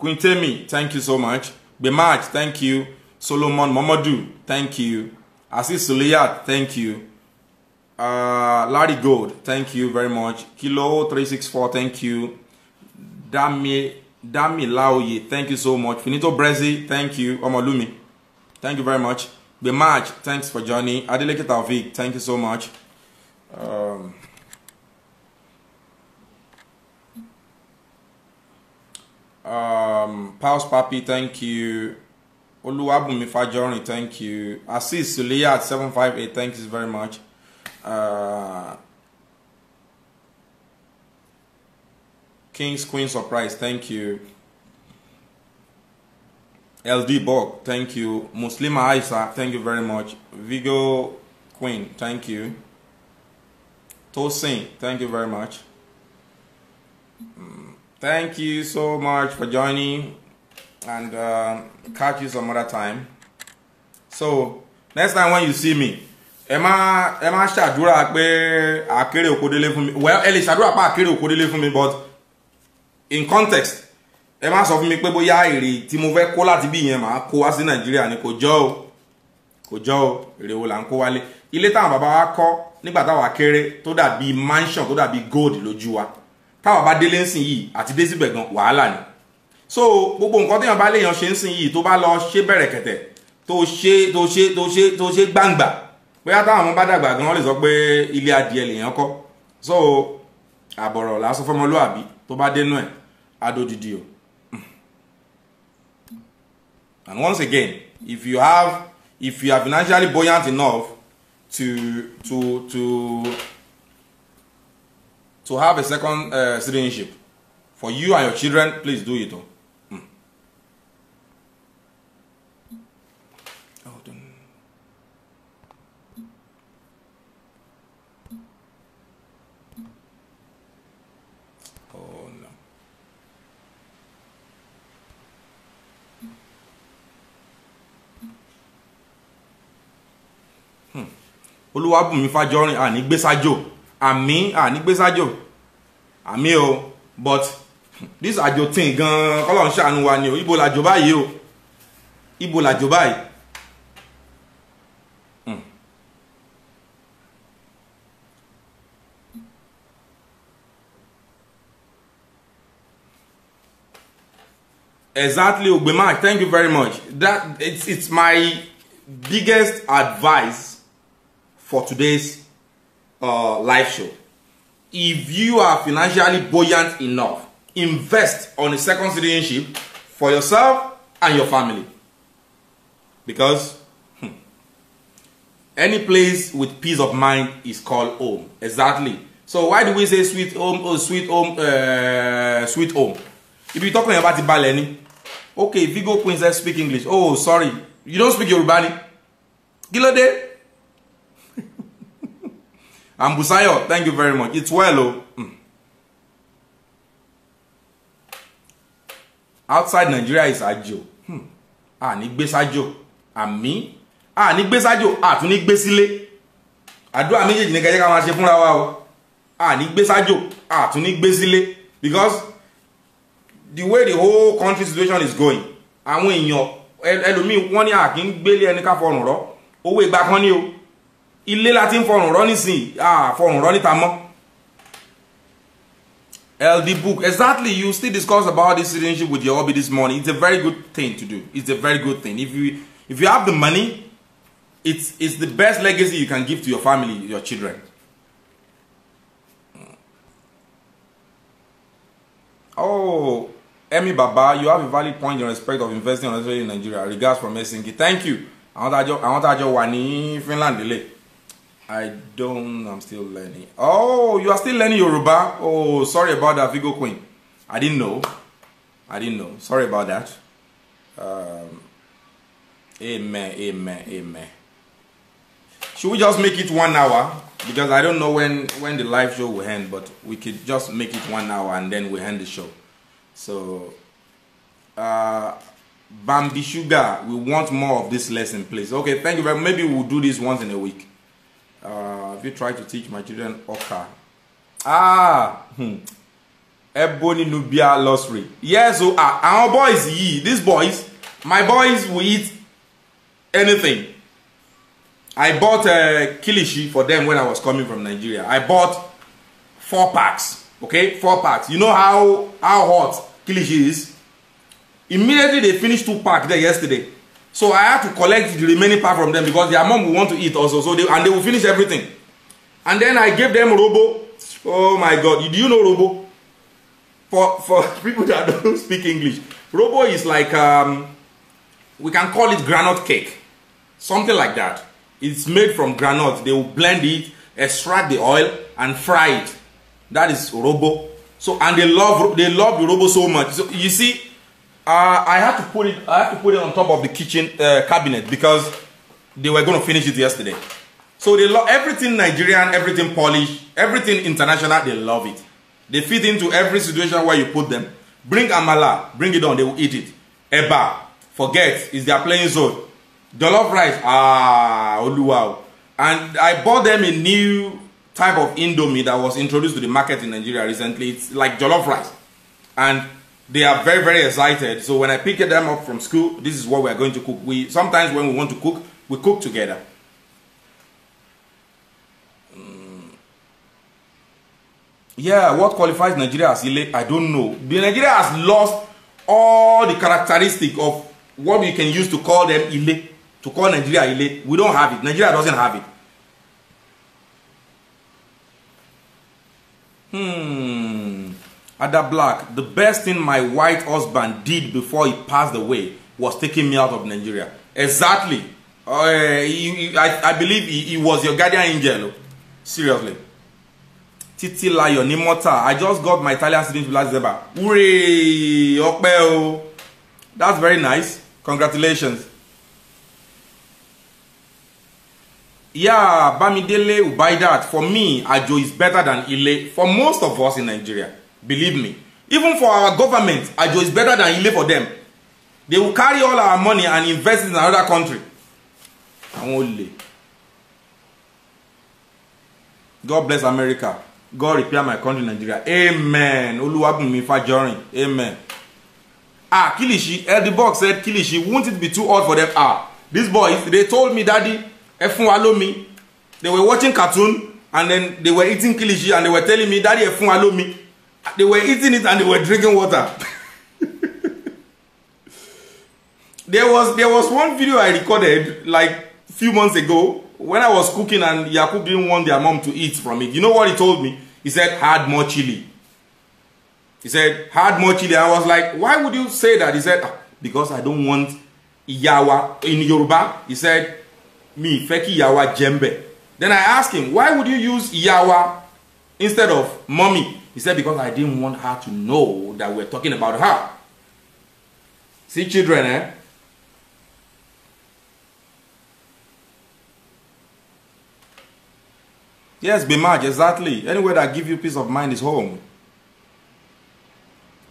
Quintemi thank you so much Bemaj thank you Solomon Momodu, thank you Asis thank you. Uh, Larry Gold, thank you very much. Kilo364, thank you. Dami, Dami Laoye, thank you so much. Finito Brezi, thank you. Omolumi, thank you very much. Bemaj, thanks for joining. Adeleke Taufik, thank you so much. Um, um, Paus Papi, thank you. Oluwabunmi Fajori, thank you. Assis Sulia at 758, thank you very much. Uh, Kings Queen Surprise, thank you. LD Bog, thank you. Muslima Aisa, thank you very much. Vigo Queen, thank you. Tosin, thank you very much. Mm, thank you so much for joining. and um, catch you some other time. So next time when you see me, Emma, Emma, shadura má akere pé àkéré òkòdélé fún well ẹ shadura pa akere àkéré òkòdélé fún mi but in context Emma, má sọ fún mi pé bóyá èrè tí mo fẹ́ kó láti bí ìyẹn màá kó wá sí nàìjíríà ni kò jọ o kò jọ o èrè wo là ń kó wálé ilé táwọn bàbá wa kọ́ nígbà táwa kéré tó dàbí mansion tó dàbí gold lójú wa táwa bá délé ń sìn yìí àti dé síbẹ̀ gan wàhálà ni so gbogbo nǹkan téèyàn bá léèyàn ṣe ń sìn yìí tó bá lọ ṣe bẹ̀rẹ̀ kẹ̀tẹ̀ tó ṣe tó ṣe tó ṣe tó ṣe gbangba bóyá táwọn ọmọ bá dàgbà gan wọn lè sọ pé ilé adìẹ lèèyàn kọ́ so àbọ̀rọ̀ lásán fọmọlúàbí tó bá dénú ẹ̀ adódìdì o and once again if you have if you are financially buoyant enough to to to to have a second uh, citizenship for you and your children please do it o. Oh. olúwàbùnmi fájọrin àní gbésájò àmì àní gbésájò àmì o but this àjò tí gan kọ́lọ́run ṣàánú wa ni o ibo làjò báyìí o ibo làjò báyìí. Hmm. exactly ogbemak thank you very much that it's, it's my biggest advice for today's uh, live show. If you are financially buoyant enough, invest on a second citizenship for yourself and your family. Because hmm, any place with peace of mind is called home. Exactly. So why do we say sweet home, oh, sweet home, uh, sweet home? If you're talking about the Baleni, okay, Vigo Princess speak English. Oh, sorry, you don't speak Yorùbá ni. Kí Ambusayo, thank you very much. It's well, oh. Outside Nigeria is ajo. Hmm. A ní gbé And me, ah, ní gbé sájò. Ah, tún ní gbé sílé. Àdúrà méjèèjì ní kẹjẹ́ ká máa ṣe fúnra wa o. A ní gbé sájò. A tún ní gbé sílé. Because the way the whole country situation is going, àwọn èèyàn ẹlòmíì wọ́n ní àkíngbélé ẹni ká fọrùn rọ́. Owó ìgbà kan ní o ilé láti ń fọrùn rọ́ nísìnyí ah fọrùn rọ́ níta mọ́ LD book exactly you still discuss about this relationship with your hobby this morning it's a very good thing to do it's a very good thing if you if you have the money it's it's the best legacy you can give to your family your children oh Emi Baba you have a valid point in respect of investing honestly in Nigeria regards from Helsinki thank you àwọn tá a jọ wà ní Finland delay. I don't, I'm still learning. Oh, you are still learning Yoruba? Oh, sorry about that, Vigo Queen. I didn't know. I didn't know. Sorry about that. Um, amen, amen, amen. Should we just make it one hour? Because I don't know when, when the live show will end, but we could just make it one hour and then we end the show. So, uh, Bambi Sugar, we want more of this lesson, please. Okay, thank you very much. Maybe we'll do this once in a week. uh, if you try to teach my children Oka? ah hmm. ebony nubia luxury. yes o ah àwọn boys yìí these boys my boys will eat anything i bought uh, kilishi for them when i was coming from nigeria i bought four packs okay four packs you know how how hot kilishi is immediately they finish two packs there yesterday So I had to collect the remaining part from them because their mom will want to eat also. So they, and they will finish everything. And then I gave them Robo. Oh my God. Do you know Robo? For, for people that don't speak English, Robo is like, um, we can call it granite cake. Something like that. It's made from granite. They will blend it, extract the oil, and fry it. That is Robo. So, and they love, they love the Robo so much. So you see, Uh, I had to put it. I had to put it on top of the kitchen uh, cabinet because they were going to finish it yesterday. So they love everything Nigerian, everything Polish, everything international. They love it. They fit into every situation where you put them. Bring amala, bring it on. They will eat it. Eba, forget is their playing zone. Jollof rice, ah, wow. And I bought them a new type of indomie that was introduced to the market in Nigeria recently. It's like jollof rice, and they are very very excited so when i pick them up from school this is what we are going to cook we sometimes when we want to cook we cook together mm. yeah what qualifies nigeria as elite i don't know the nigeria has lost all the characteristic of what we can use to call them elite to call nigeria elite we don't have it nigeria doesn't have it hmm Ada Black, the best thing my white husband did before he passed away was taking me out of Nigeria. Exactly. Uh, he, he, I, I, believe he, he, was your guardian angel. Oh. Seriously. Titi Lion, Nimota. I just got my Italian citizenship last December. Hooray! That's very nice. Congratulations. Yeah, Bamidele that For me, Ajo is better than Ile. For most of us in Nigeria. Believe me. Even for our government, Ajo is better than Ile for them. They will carry all our money and invest in another country. Àwọn olè. God bless America. God repair my country Nigeria. Amen. Oluwabunmi Fajorin. Amen. Ah, Kilishi, Eddie Box said, Kilishi, won't it be too hard for them? Ah, these boys, they told me, Daddy, Efun Alomi. They were watching cartoon and then they were eating Kilishi and they were telling me, Daddy, Efun Alomi. They were eating it and they were drinking water. there was there was one video I recorded like few months ago when I was cooking and Yakub didn't want their mom to eat from it. You know what he told me? He said, had more chili. He said, had more chili. I was like, why would you say that? He said, ah, because I don't want Yawa in Yoruba. He said, me, Feki Yawa Jembe. Then I asked him, why would you use Yawa instead of mommy? He said, because I didn't want her to know that we're talking about her. See, children, eh? Yes, be Bimaj, exactly. Anywhere that give you peace of mind is home.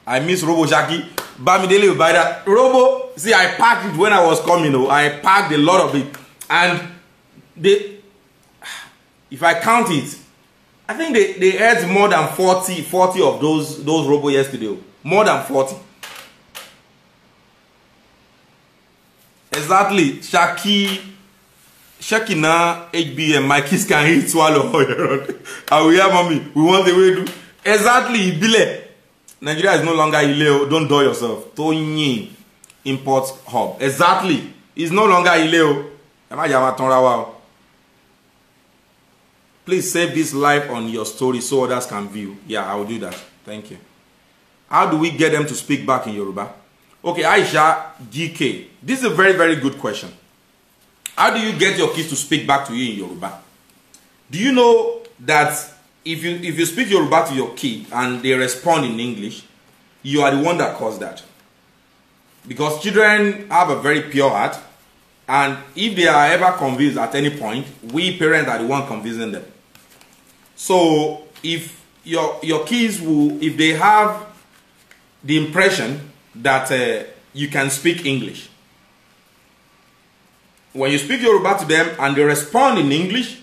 I miss Robo Jackie. Bamidele by that. Robo, see, I packed it when I was coming. Oh, I packed a lot of it. And they, if I count it, I think they, they had more than 40, 40 of those, those robo yesterday. Oh. More than 40. Exactly. Shaki, Shakina, HBM, my kids can eat swallow. I will hear mommy. We want the way to. Exactly. Ibile. Nigeria is no longer Ileo. Oh. Don't do yourself. Tony, Import Hub. Exactly. It's no longer Ileo. Am I Yamaton Please save this live on your story so others can view. Yeah, I'll do that. Thank you. How do we get them to speak back in Yoruba? Okay, Aisha GK. This is a very, very good question. How do you get your kids to speak back to you in Yoruba? Do you know that if you if you speak Yoruba to your kid and they respond in English, you are the one that caused that. Because children have a very pure heart, and if they are ever convinced at any point, we parents are the one convincing them. So if your your kids will, if they have the impression that uh, you can speak English, when you speak Yoruba to them and they respond in English,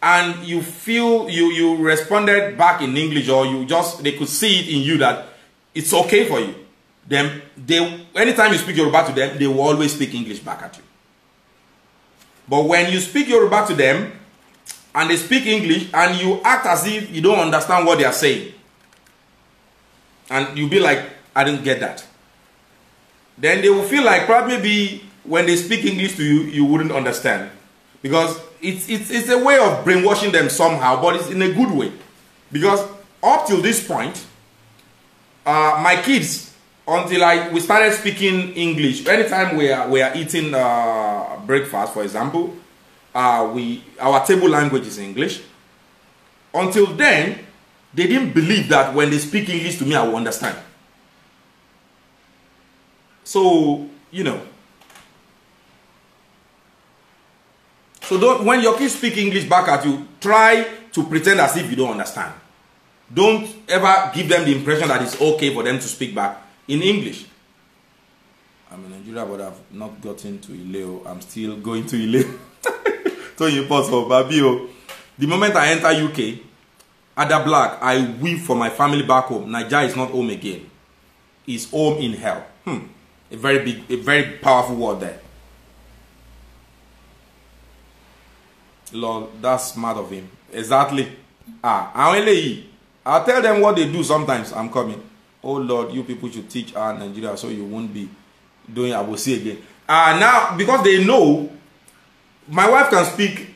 and you feel you you responded back in English or you just they could see it in you that it's okay for you. Then they anytime you speak Yoruba to them, they will always speak English back at you. But when you speak Yoruba to them and they speak English and you act as if you don't understand what they are saying. And you'll be like, I didn't get that. Then they will feel like probably be when they speak English to you, you wouldn't understand. Because it's, it's, it's a way of brainwashing them somehow, but it's in a good way. Because up till this point, uh, my kids, until I, we started speaking English, anytime we are, we are eating uh, breakfast, for example, uh, we our table language is English. Until then, they didn't believe that when they speak English to me, I will understand. So you know. So don't, when your kids speak English back at you, try to pretend as if you don't understand. Don't ever give them the impression that it's okay for them to speak back in English. I'm in Nigeria, but I've not gotten to Ileo. I'm still going to Ileo. Toyin pause for babi The moment I enter UK, Ada Black, I weep for my family back home. Niger is not home again. It's home in hell. Hmm. A very big, a very powerful word there. Lord, that's mad of him. Exactly. Ah, àwọn eléyìí. I tell them what they do sometimes. I'm coming. Oh Lord, you people should teach our Nigeria so you won't be doing Abosi again. Ah, now because they know my wife can speak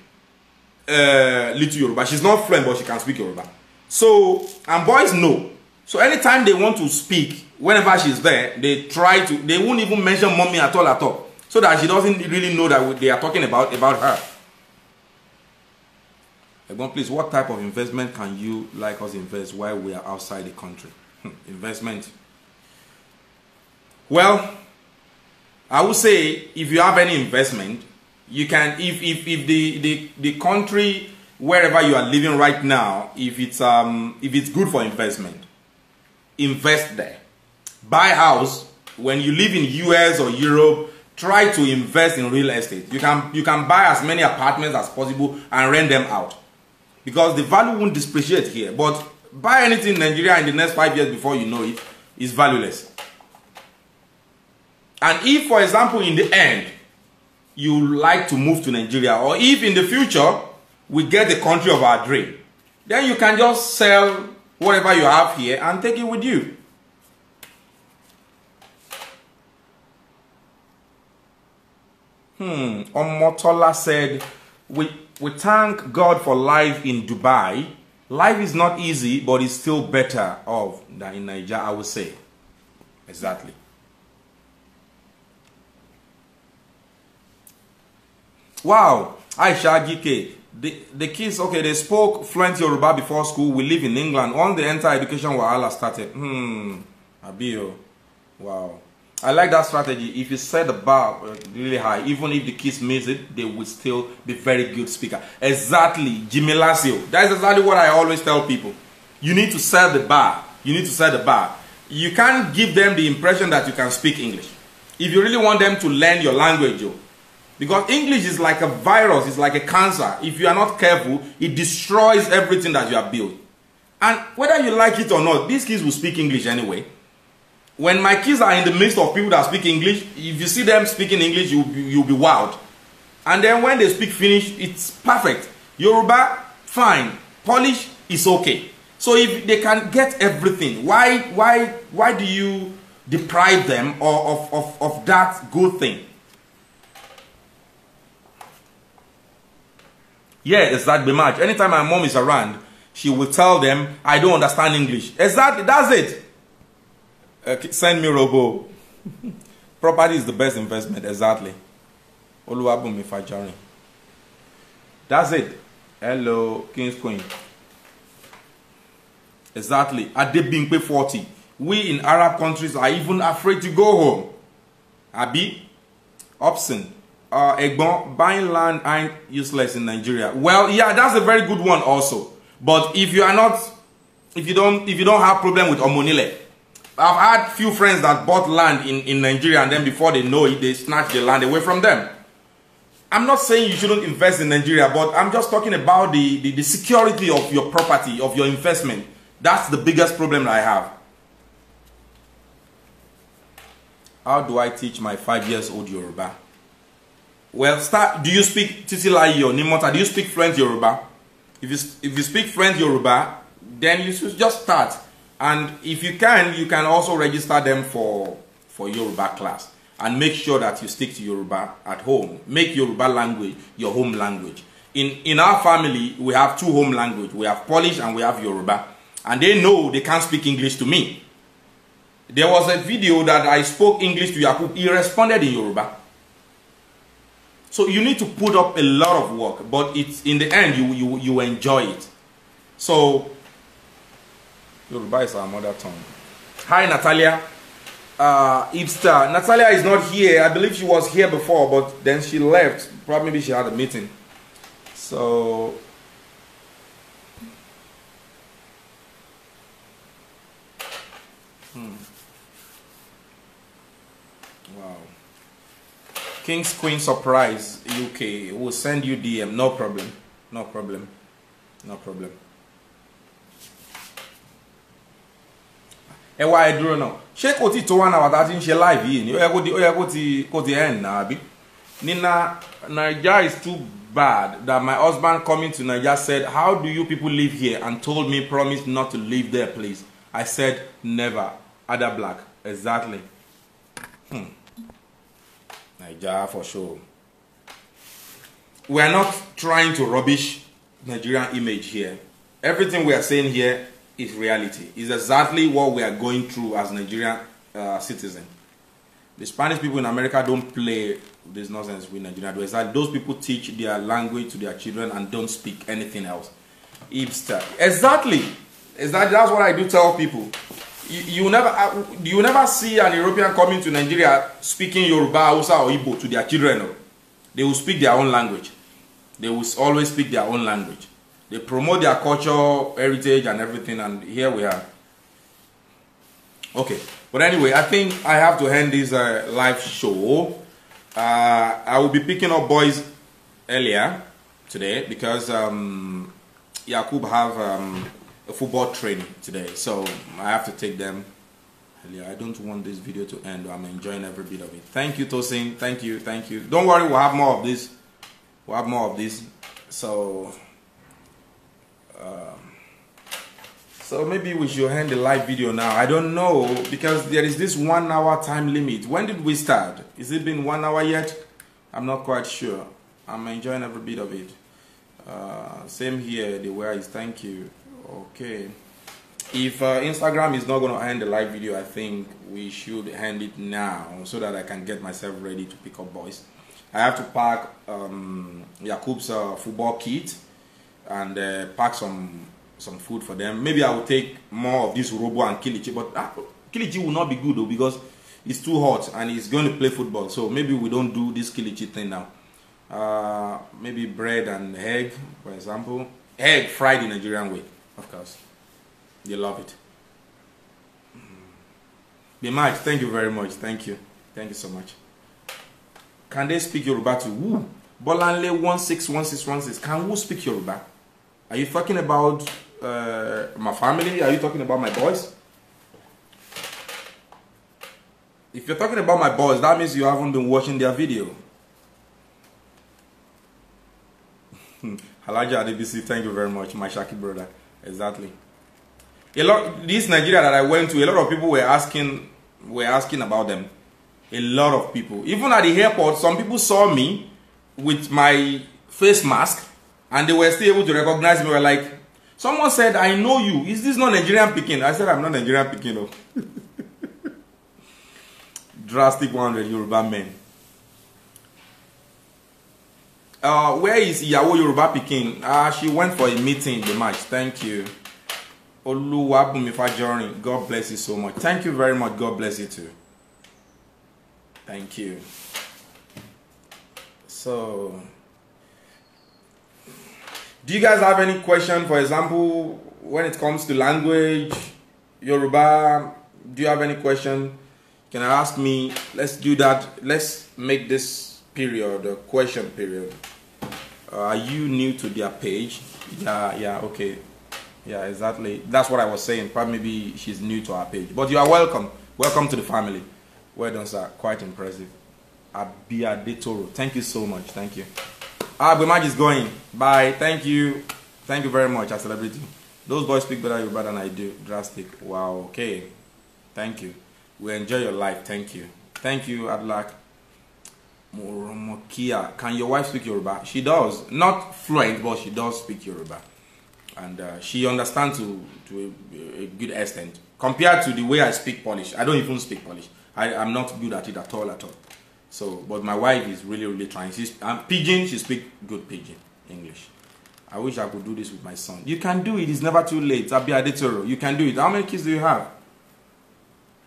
uh, little Yoruba. She's not fluent, but she can speak Yoruba. So, and boys know. So anytime they want to speak, whenever she's there, they try to, they won't even mention mommy at all at all. So that she doesn't really know that they are talking about, about her. Again, please, what type of investment can you like us invest while we are outside the country? Hmm, investment. Well, I would say if you have any investment, you can if if if the the the country wherever you are living right now if it's um if it's good for investment invest there buy house when you live in US or Europe try to invest in real estate you can you can buy as many apartments as possible and rent them out because the value won't depreciate here but buy anything in Nigeria in the next five years before you know it is valueless and if for example in the end you like to move to Nigeria, or if in the future we get the country of our dream, then you can just sell whatever you have here and take it with you. Hmm. Omotola said, we, we thank God for life in Dubai. Life is not easy, but it's still better off than in Nigeria, I would say. Exactly. Wow. Aisha GK. The, the kids, okay, they spoke fluent Yoruba before school. We live in England. All the entire education wahala started. Hmm. Abio. Wow. I like that strategy. If you set the bar uh, really high, even if the kids miss it, they will still be very good speaker. Exactly, Jimmy Lazio. That's exactly what I always tell people. You need to set the bar. You need to set the bar. You can't give them the impression that you can speak English. If you really want them to learn your language, oh, because English is like a virus, it's like a cancer. If you are not careful, it destroys everything that you have built. And whether you like it or not, these kids will speak English anyway. When my kids are in the midst of people that speak English, if you see them speaking English, you'll be, you'll be wild. And then when they speak Finnish, it's perfect. Yoruba, fine. Polish, is okay. So if they can get everything, why, why, why do you deprive them of, of, of that good thing? Yeah, it's that much. Anytime my mom is around, she will tell them, I don't understand English. Exactly, that's it. Uh, send me Robo. Property is the best investment, exactly. Oluwabumi Fajari. That's it. Hello, King's Queen. Exactly. Adebimpe 40. We in Arab countries are even afraid to go home. Abi? Option. uh, Egbon, buying land ain't useless in Nigeria. Well, yeah, that's a very good one also. But if you are not, if you don't, if you don't have problem with Omonile, I've had few friends that bought land in, in Nigeria and then before they know it, they snatch the land away from them. I'm not saying you shouldn't invest in Nigeria, but I'm just talking about the, the, the security of your property, of your investment. That's the biggest problem I have. How do I teach my five years old Yoruba? Well, start. Do you speak Titilayi or Nimota? Do you speak French Yoruba? If you, if you speak French Yoruba, then you should just start. And if you can, you can also register them for, for Yoruba class. And make sure that you stick to Yoruba at home. Make Yoruba language your home language. In, in our family, we have two home language. We have Polish and we have Yoruba. And they know they can't speak English to me. There was a video that I spoke English to Yakub. He responded in Yoruba. So you need to put up a lot of work, but it's in the end you you you enjoy it. So Yoruba is our mother tongue. Hi Natalia. Uh Ipster. Natalia is not here. I believe she was here before, but then she left. Probably she had a meeting. So King's Queen Surprise UK will send you DM. No problem. No problem. No problem. ẹ wá ẹ now? náà ṣé to one hour tá a she ń ṣe live yìí ni ó yẹ kó ti kó end náà àbí. Nina, Nigeria is too bad that my husband coming to Nigeria said, how do you people live here? And told me, promise not to leave their place. I said, never. Other Black. Exactly. Hmm. Yeah, for sure. We are not trying to rubbish Nigerian image here. Everything we are saying here is reality. Is exactly what we are going through as Nigerian uh, The Spanish people in America don't play this nonsense with Nigerian. It's like those people teach their language to their children and don't speak anything else. Hipster. Exactly. Exactly. That's what I do tell people you, never uh, you never see an European coming to Nigeria speaking Yoruba, Hausa, or Igbo to their children. No? They will speak their own language. They will always speak their own language. They promote their culture, heritage, and everything. And here we are. Okay, but anyway, I think I have to end this uh, live show. Uh, I will be picking up boys earlier today because um, Yakub have. Um, a football training today. So I have to take them. I don't want this video to end. I'm enjoying every bit of it. Thank you, Tosin. Thank you. Thank you. Don't worry, we'll have more of this. We'll have more of this. So, um, so maybe we should end the live video now. I don't know because there is this one hour time limit. When did we start? Is it been one hour yet? I'm not quite sure. I'm enjoying every bit of it. Uh, same here, the way is. Thank you okay if uh, Instagram is not going to end the live video, I think we should end it now so that I can get myself ready to pick up boys. I have to pack um, Jakub's uh, football kit and uh, pack some some food for them. Maybe I will take more of this Robo and Kilichi, but uh, Kilichi will not be good though because it's too hot and he's going to play football. So maybe we don't do this Kilichi thing now. Uh, maybe bread and egg, for example. Egg fried in Nigerian way. Of course. you love it. Mm. Be much. Thank you very much. Thank you. Thank you so much. Can they speak Yoruba to woo? Bolanle 161616. Can who speak Yoruba? Are you talking about uh, my family? Are you talking about my boys? If you're talking about my boys, that means you haven't been watching their video. Halaja DBC, thank you very much, my Shaki brother. Exactly. A lot. This Nigeria that I went to, a lot of people were asking were asking about them. A lot of people. Even at the airport, some people saw me with my face mask, and they were still able to recognize me. were like, someone said, "I know you. Is this not Nigerian picking?" I said, "I'm not Nigerian picking." Oh. Drastic 100 Yoruba men. Uh, where is Ìyàwó Yorùbá picking? Uh, ah, she went for a meeting in the match. Thank you. Oluwabunmi Fajorin, God bless you so much. Thank you very much. God bless you too. Thank you. So, do you guys have any question? For example, when it comes to language, Yoruba, do you have any question? Can I ask me? Let's do that. Let's make this period a question period. Uh, are you new to their page? Yeah, yeah, okay. Yeah, exactly. That's what I was saying. Probably maybe she's new to our page. But you are welcome. Welcome to the family. Well done, sir. Quite impressive. Abia De Toro. Thank you so much. Thank you. Ah, Bimaj is going. Bye. Thank you. Thank you very much, I celebrate you. Those boys speak better than I do. Drastic. Wow. Okay. Thank you. We enjoy your life. Thank you. Thank you, Adlak. Moromokia. Can your wife speak Yoruba? She does. Not fluent, but she does speak Yoruba. And uh, she understands to, to a, a, good extent. Compared to the way I speak Polish, I don't even speak Polish. I, am not good at it at all, at all. So, but my wife is really, really trying. She's um, Pidgin, she speaks good Pidgin English. I wish I could do this with my son. You can do it. It's never too late. I'll be Adetoro. You can do it. How many kids do you have?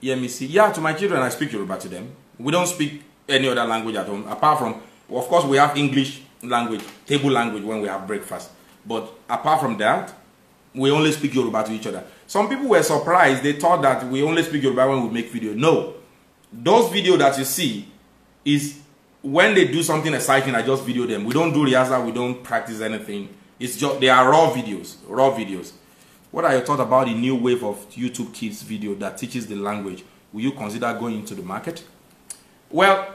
Yeah, me see. Yeah, to my children, I speak Yoruba to them. We don't speak any other language at home apart from of course we have english language table language when we have breakfast but apart from that we only speak yoruba to each other some people were surprised they thought that we only speak yoruba when we make video no those video that you see is when they do something exciting i just video them we don't do rehearsal we don't practice anything it's just they are raw videos raw videos what are your thoughts about the new wave of youtube kids video that teaches the language will you consider going into the market well,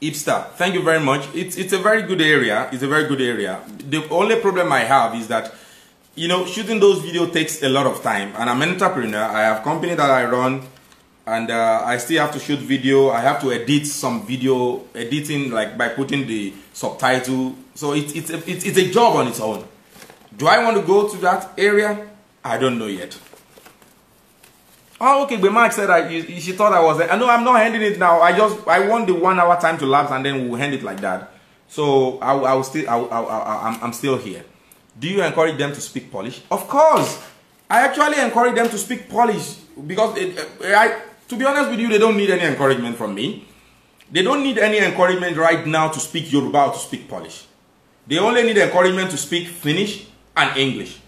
Ipster, thank you very much. It's it's a very good area. It's a very good area. The only problem I have is that, you know, shooting those videos takes a lot of time. And I'm an entrepreneur. I have company that I run, and uh, I still have to shoot video. I have to edit some video editing, like by putting the subtitle. So it's it's a, it's, it's a job on its own. Do I want to go to that area? I don't know yet. Oh, okay. But Mark said that you, she thought I was. I know I'm not handing it now. I just I want the one hour time to lapse, and then we'll hand it like that. So I, I will still I, I, I, I'm still here. Do you encourage them to speak Polish? Of course, I actually encourage them to speak Polish because it, eh, I, to be honest with you, they don't need any encouragement from me. They don't need any encouragement right now to speak Yoruba or to speak Polish. They only need encouragement to speak Finnish and English.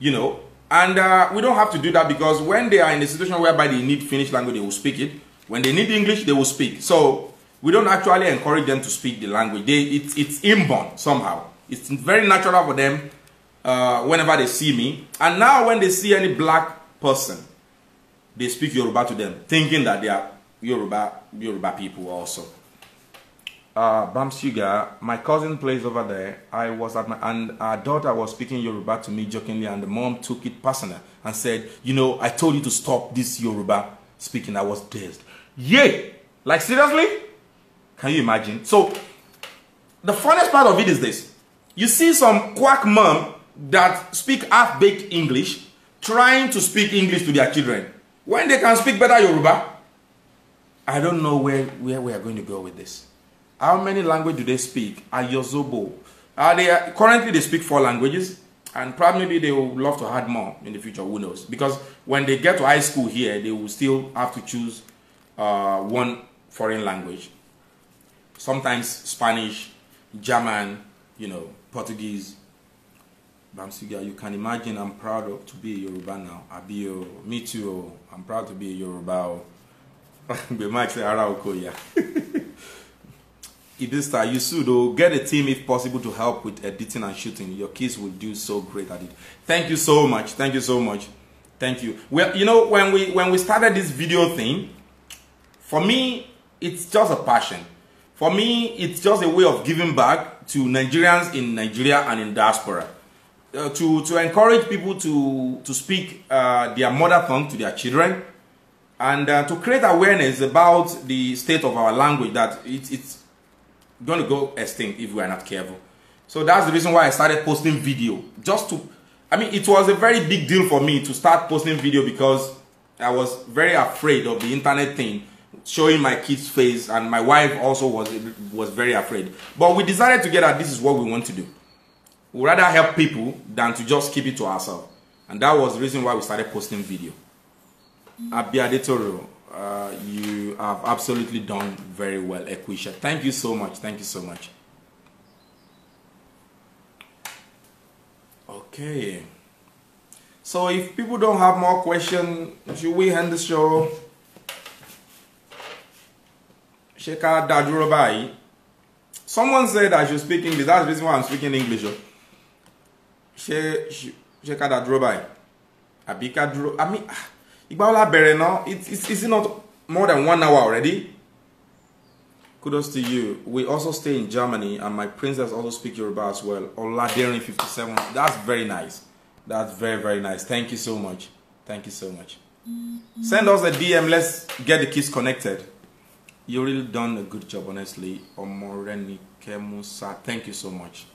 You know, and uh, we don't have to do that because when they are in a situation whereby they need Finnish language, they will speak it. When they need English, they will speak. So we don't actually encourage them to speak the language. They, it's, it's inborn somehow. It's very natural for them uh, whenever they see me. And now when they see any black person, they speak Yoruba to them, thinking that they are Yoruba, Yoruba people also uh, Bamsuga, my cousin plays over there. I was at my, and our daughter was speaking Yoruba to me jokingly, and the mom took it personal and said, You know, I told you to stop this Yoruba speaking. I was dazed. Yay! Like, seriously? Can you imagine? So, the funniest part of it is this you see some quack mom that speak half baked English trying to speak English to their children when they can speak better Yoruba. I don't know where, where we are going to go with this. How many languages do they speak? Ayozobo. Uh, are they currently they speak four languages, and probably they would love to add more in the future. Who knows? Because when they get to high school here, they will still have to choose uh, one foreign language. Sometimes Spanish, German, you know, Portuguese. Bamsiga, you can imagine I'm proud of, to be a Yoruba now. Abio, me too. I'm proud to be a Yoruba. Be Max Araokoya. this time, you should oh, get a team if possible to help with editing and shooting. Your kids will do so great at it. Thank you so much. Thank you so much. Thank you. Well, you know, when we when we started this video thing, for me, it's just a passion. For me, it's just a way of giving back to Nigerians in Nigeria and in diaspora. Uh, to, to encourage people to, to speak uh, their mother tongue to their children and uh, to create awareness about the state of our language that it, it's, going to go extinct if we are not careful. So that's the reason why I started posting video. Just to, I mean, it was a very big deal for me to start posting video because I was very afraid of the internet thing, showing my kids' face, and my wife also was, was very afraid. But we decided together this is what we want to do. we rather help people than to just keep it to ourselves. And that was the reason why we started posting video. Abia Toro. Uh, you have absolutely done very well, Equisha. Thank you so much. Thank you so much. Okay. So if people don't have more questions, should we end the show? Sheka Dajurobai. Someone said I should speak English. That's the reason why I'm speaking English. Oh. Sheka Dajurobai. Abika Duro. I mean. Ah, Igbaola Bere now, it's, not more than one hour already. Kudos to you. We also stay in Germany and my princess also speak Yoruba as well. Oladerin 57. That's very nice. That's very, very nice. Thank you so much. Thank you so much. Send us a DM. Let's get the kids connected. You really done a good job, honestly. Omoreni Kemusa. Thank you so much.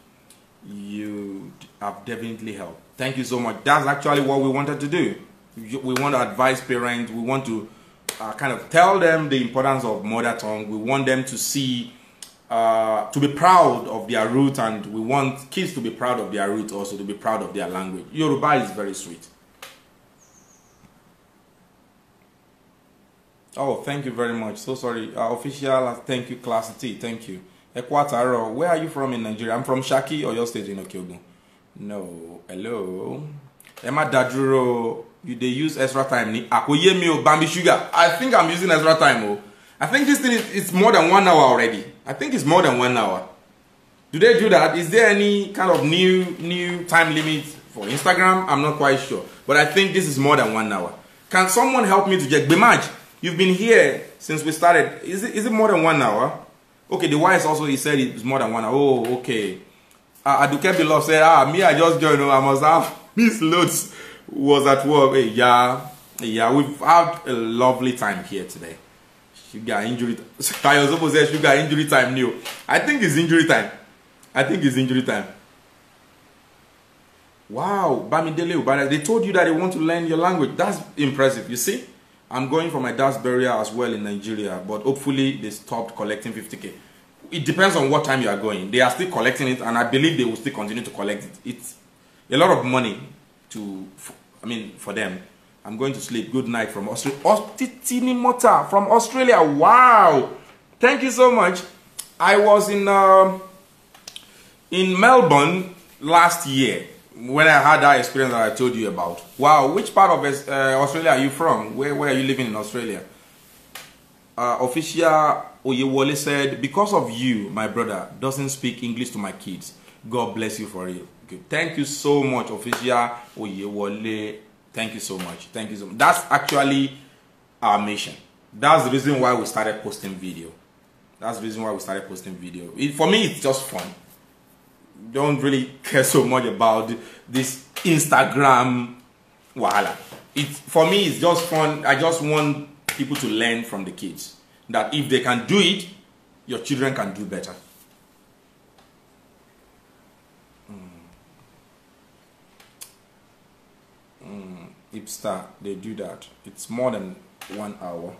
You have definitely helped. Thank you so much. That's actually what we wanted to do we want to advise parents, we want to uh, kind of tell them the importance of mother tongue. We want them to see, uh, to be proud of their roots, and we want kids to be proud of their roots, also to be proud of their language. Yoruba is very sweet. Oh, thank you very much. So sorry. Uh, official, uh, thank you, Class T. Thank you. Ekwataro, where are you from in Nigeria? I'm from Shaki or your state in Okyogun. No. Hello. Emma Daduro, you they use extra time ni àkóyé mi o bambi sugar i think i'm using extra time o i think this thing is it's more than one hour already i think it's more than one hour do they do that is there any kind of new new time limit for instagram i'm not quite sure but i think this is more than one hour can someone help me to check bimaj you've been here since we started is it is it more than one hour okay the wise also he said it's more than one hour oh okay uh, aduke beloved said ah me i just joined oh i must have missed loads was at work. yeah, yeah, we've had a lovely time here today. Sugar injury. Tayo Zobo says sugar injury time new. I think it's injury time. I think it's injury time. Wow, Bamidele Ubana. They told you that they want to learn your language. That's impressive. You see, I'm going for my dad's barrier as well in Nigeria, but hopefully they stopped collecting 50k. It depends on what time you are going. They are still collecting it, and I believe they will still continue to collect it. It's a lot of money to, I mean, for them. I'm going to sleep. Good night from Australia. Mota from Australia. Wow. Thank you so much. I was in, um, in Melbourne last year when I had that experience that I told you about. Wow, which part of uh, Australia are you from? Where, where are you living in Australia? Uh, official Oyewole said, because of you, my brother, doesn't speak English to my kids. God bless you for real. Okay, thank you so much, Official Oyewole. Thank you so much. Thank you so much. That's actually our mission. That's the reason why we started posting video. That's the reason why we started posting video. It, for me, it's just fun. Don't really care so much about this Instagram wahala. It for me, it's just fun. I just want people to learn from the kids that if they can do it, your children can do better. Hipster, they do that. It's more than one hour.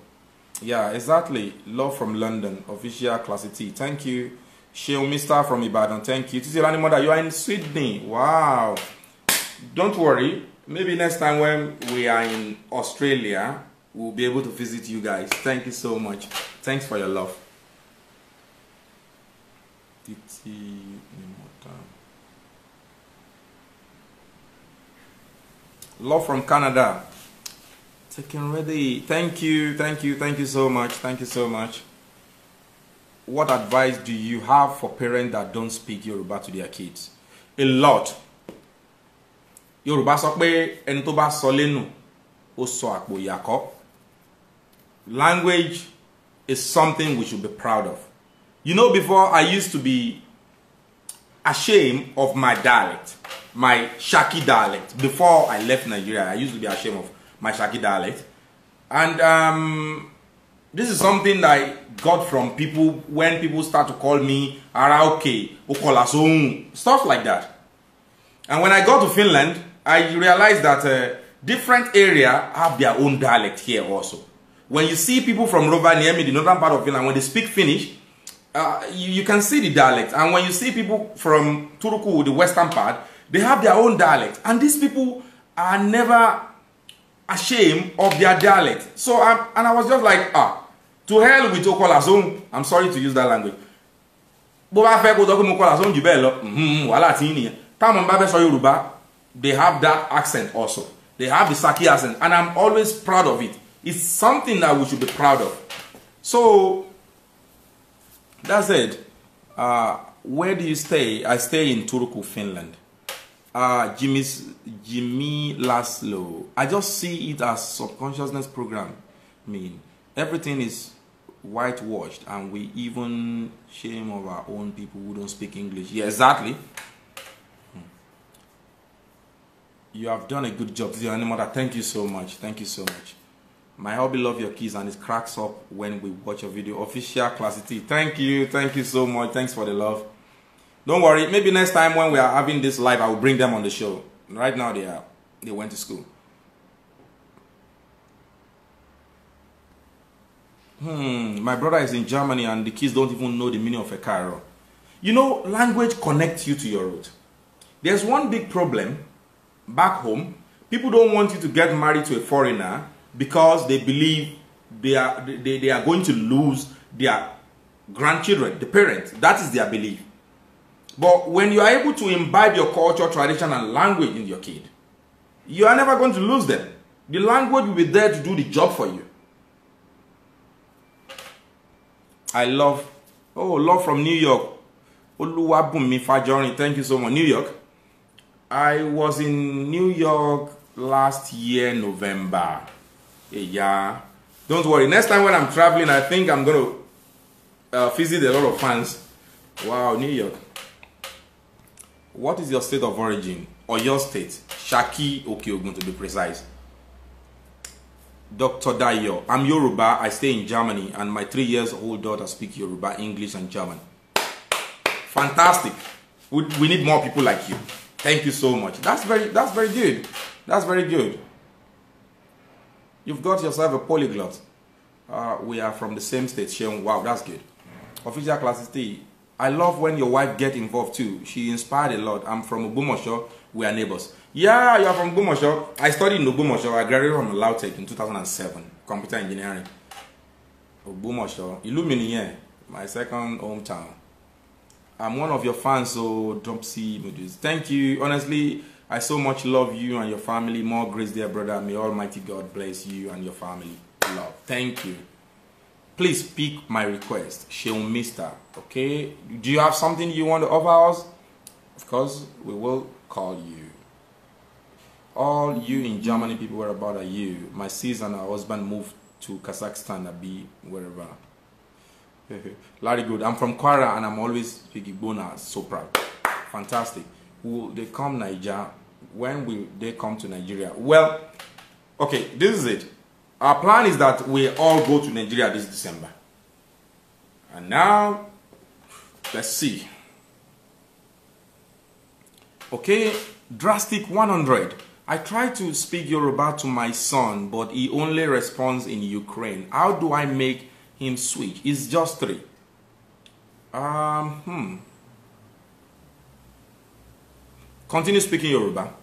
Yeah, exactly. Love from London, official classy tea. Thank you. Sheomi mister from Ibadan, thank you. Tisilani Mother, you are in Sydney. Wow. Don't worry. Maybe next time when we are in Australia, we'll be able to visit you guys. Thank you so much. Thanks for your love. Titi. Love from Canada. Taking ready. Thank you, thank you, thank you so much, thank you so much. What advice do you have for parents that don't speak Yoruba to their kids? A lot. Yorùbá sọ pé solẹnu, oṣọ̀ akbo yáko. Language is something we should be proud of. You know, before I used to be ashamed of my dialect my Shaki dialect. Before I left Nigeria, I used to be ashamed of my Shaki dialect. And um, this is something that I got from people when people start to call me Arauke, Okolasoun, stuff like that. And when I got to Finland, I realized that uh, different area have their own dialect here also. When you see people from Rovaniemi, the northern part of Finland, when they speak Finnish, uh, you, you, can see the dialect. And when you see people from Turku, the western part, they have their own dialect. And these people are never ashamed of their dialect. So, I, and I was just like, ah, to hell with Okolazon. I'm sorry to use that language. Bó bá fẹ́ Okolazon jù bẹ́ẹ̀ lọ, hmm. tí nìyẹn. bá fẹ́ Yorùbá, they have that accent also. They have the Saki accent. And I'm always proud of it. It's something that we should be proud of. So, that said, uh, where do you stay? I stay in Turku, Finland uh, Jimmy's, Jimmy Laszlo. I just see it as subconsciousness program. I mean, everything is whitewashed, and we even shame of our own people who don't speak English. Yeah, exactly. Hmm. You have done a good job, dear mother. Thank you so much. Thank you so much. My hobby love your kids and it cracks up when we watch a video. Official class T. Thank you. Thank you so much. Thanks for the love. Don't worry. Maybe next time when we are having this live, I will bring them on the show. Right now, they are they went to school. Hmm. My brother is in Germany, and the kids don't even know the meaning of a car. You know, language connects you to your root. There's one big problem back home. People don't want you to get married to a foreigner because they believe they are they, they are going to lose their grandchildren, the parents. That is their belief. But when you are able to imbibe your culture, tradition, and language in your kid, you are never going to lose them. The language will be there to do the job for you. I love, oh, love from New York. Oluwabunmi Fajorin, thank you so much. New York. I was in New York last year, November. Yeah. Don't worry. Next time when I'm traveling, I think I'm going to uh, visit a lot of fans. Wow, New York. What is your state of origin or your state? Shaki Okeogun to be precise. Dr. Dayo, I'm Yoruba. I stay in Germany, and my three years old daughter speaks Yoruba, English, and German. Fantastic. We, we need more people like you. Thank you so much. That's very that's very good. That's very good. You've got yourself a polyglot. Uh, we are from the same state, Sheung. Wow, that's good. Official classes I love when your wife get involved too. She inspired a lot. I'm from Ogbomoso. We are neighbors. Yeah, you are from Ogbomoso. I studied in Ogbomoso. I graduated from Lautech in 2007, computer engineering. Ogbomoso, Illuminien, my second hometown. I'm one of your fans, so don't see me this. Thank you. Honestly, I so much love you and your family. More grace, dear brother. May Almighty God bless you and your family. Love. Thank you please pick my request, Sheung Mister. Okay, do you have something you want to offer us? Of course, we will call you. All you in Germany people, where about are you? My sis and her husband moved to Kazakhstan, Abi, wherever. Larry Good, I'm from Kwara and I'm always Piggy Bona, so proud. Fantastic. Will they come Niger? When will they come to Nigeria? Well, okay, this is it. Our plan is that we all go to Nigeria this December. And now, let's see. Okay, drastic 100. I try to speak Yoruba to my son, but he only responds in Ukraine. How do I make him switch? It's just three. Um, hmm. Continue speaking Yoruba.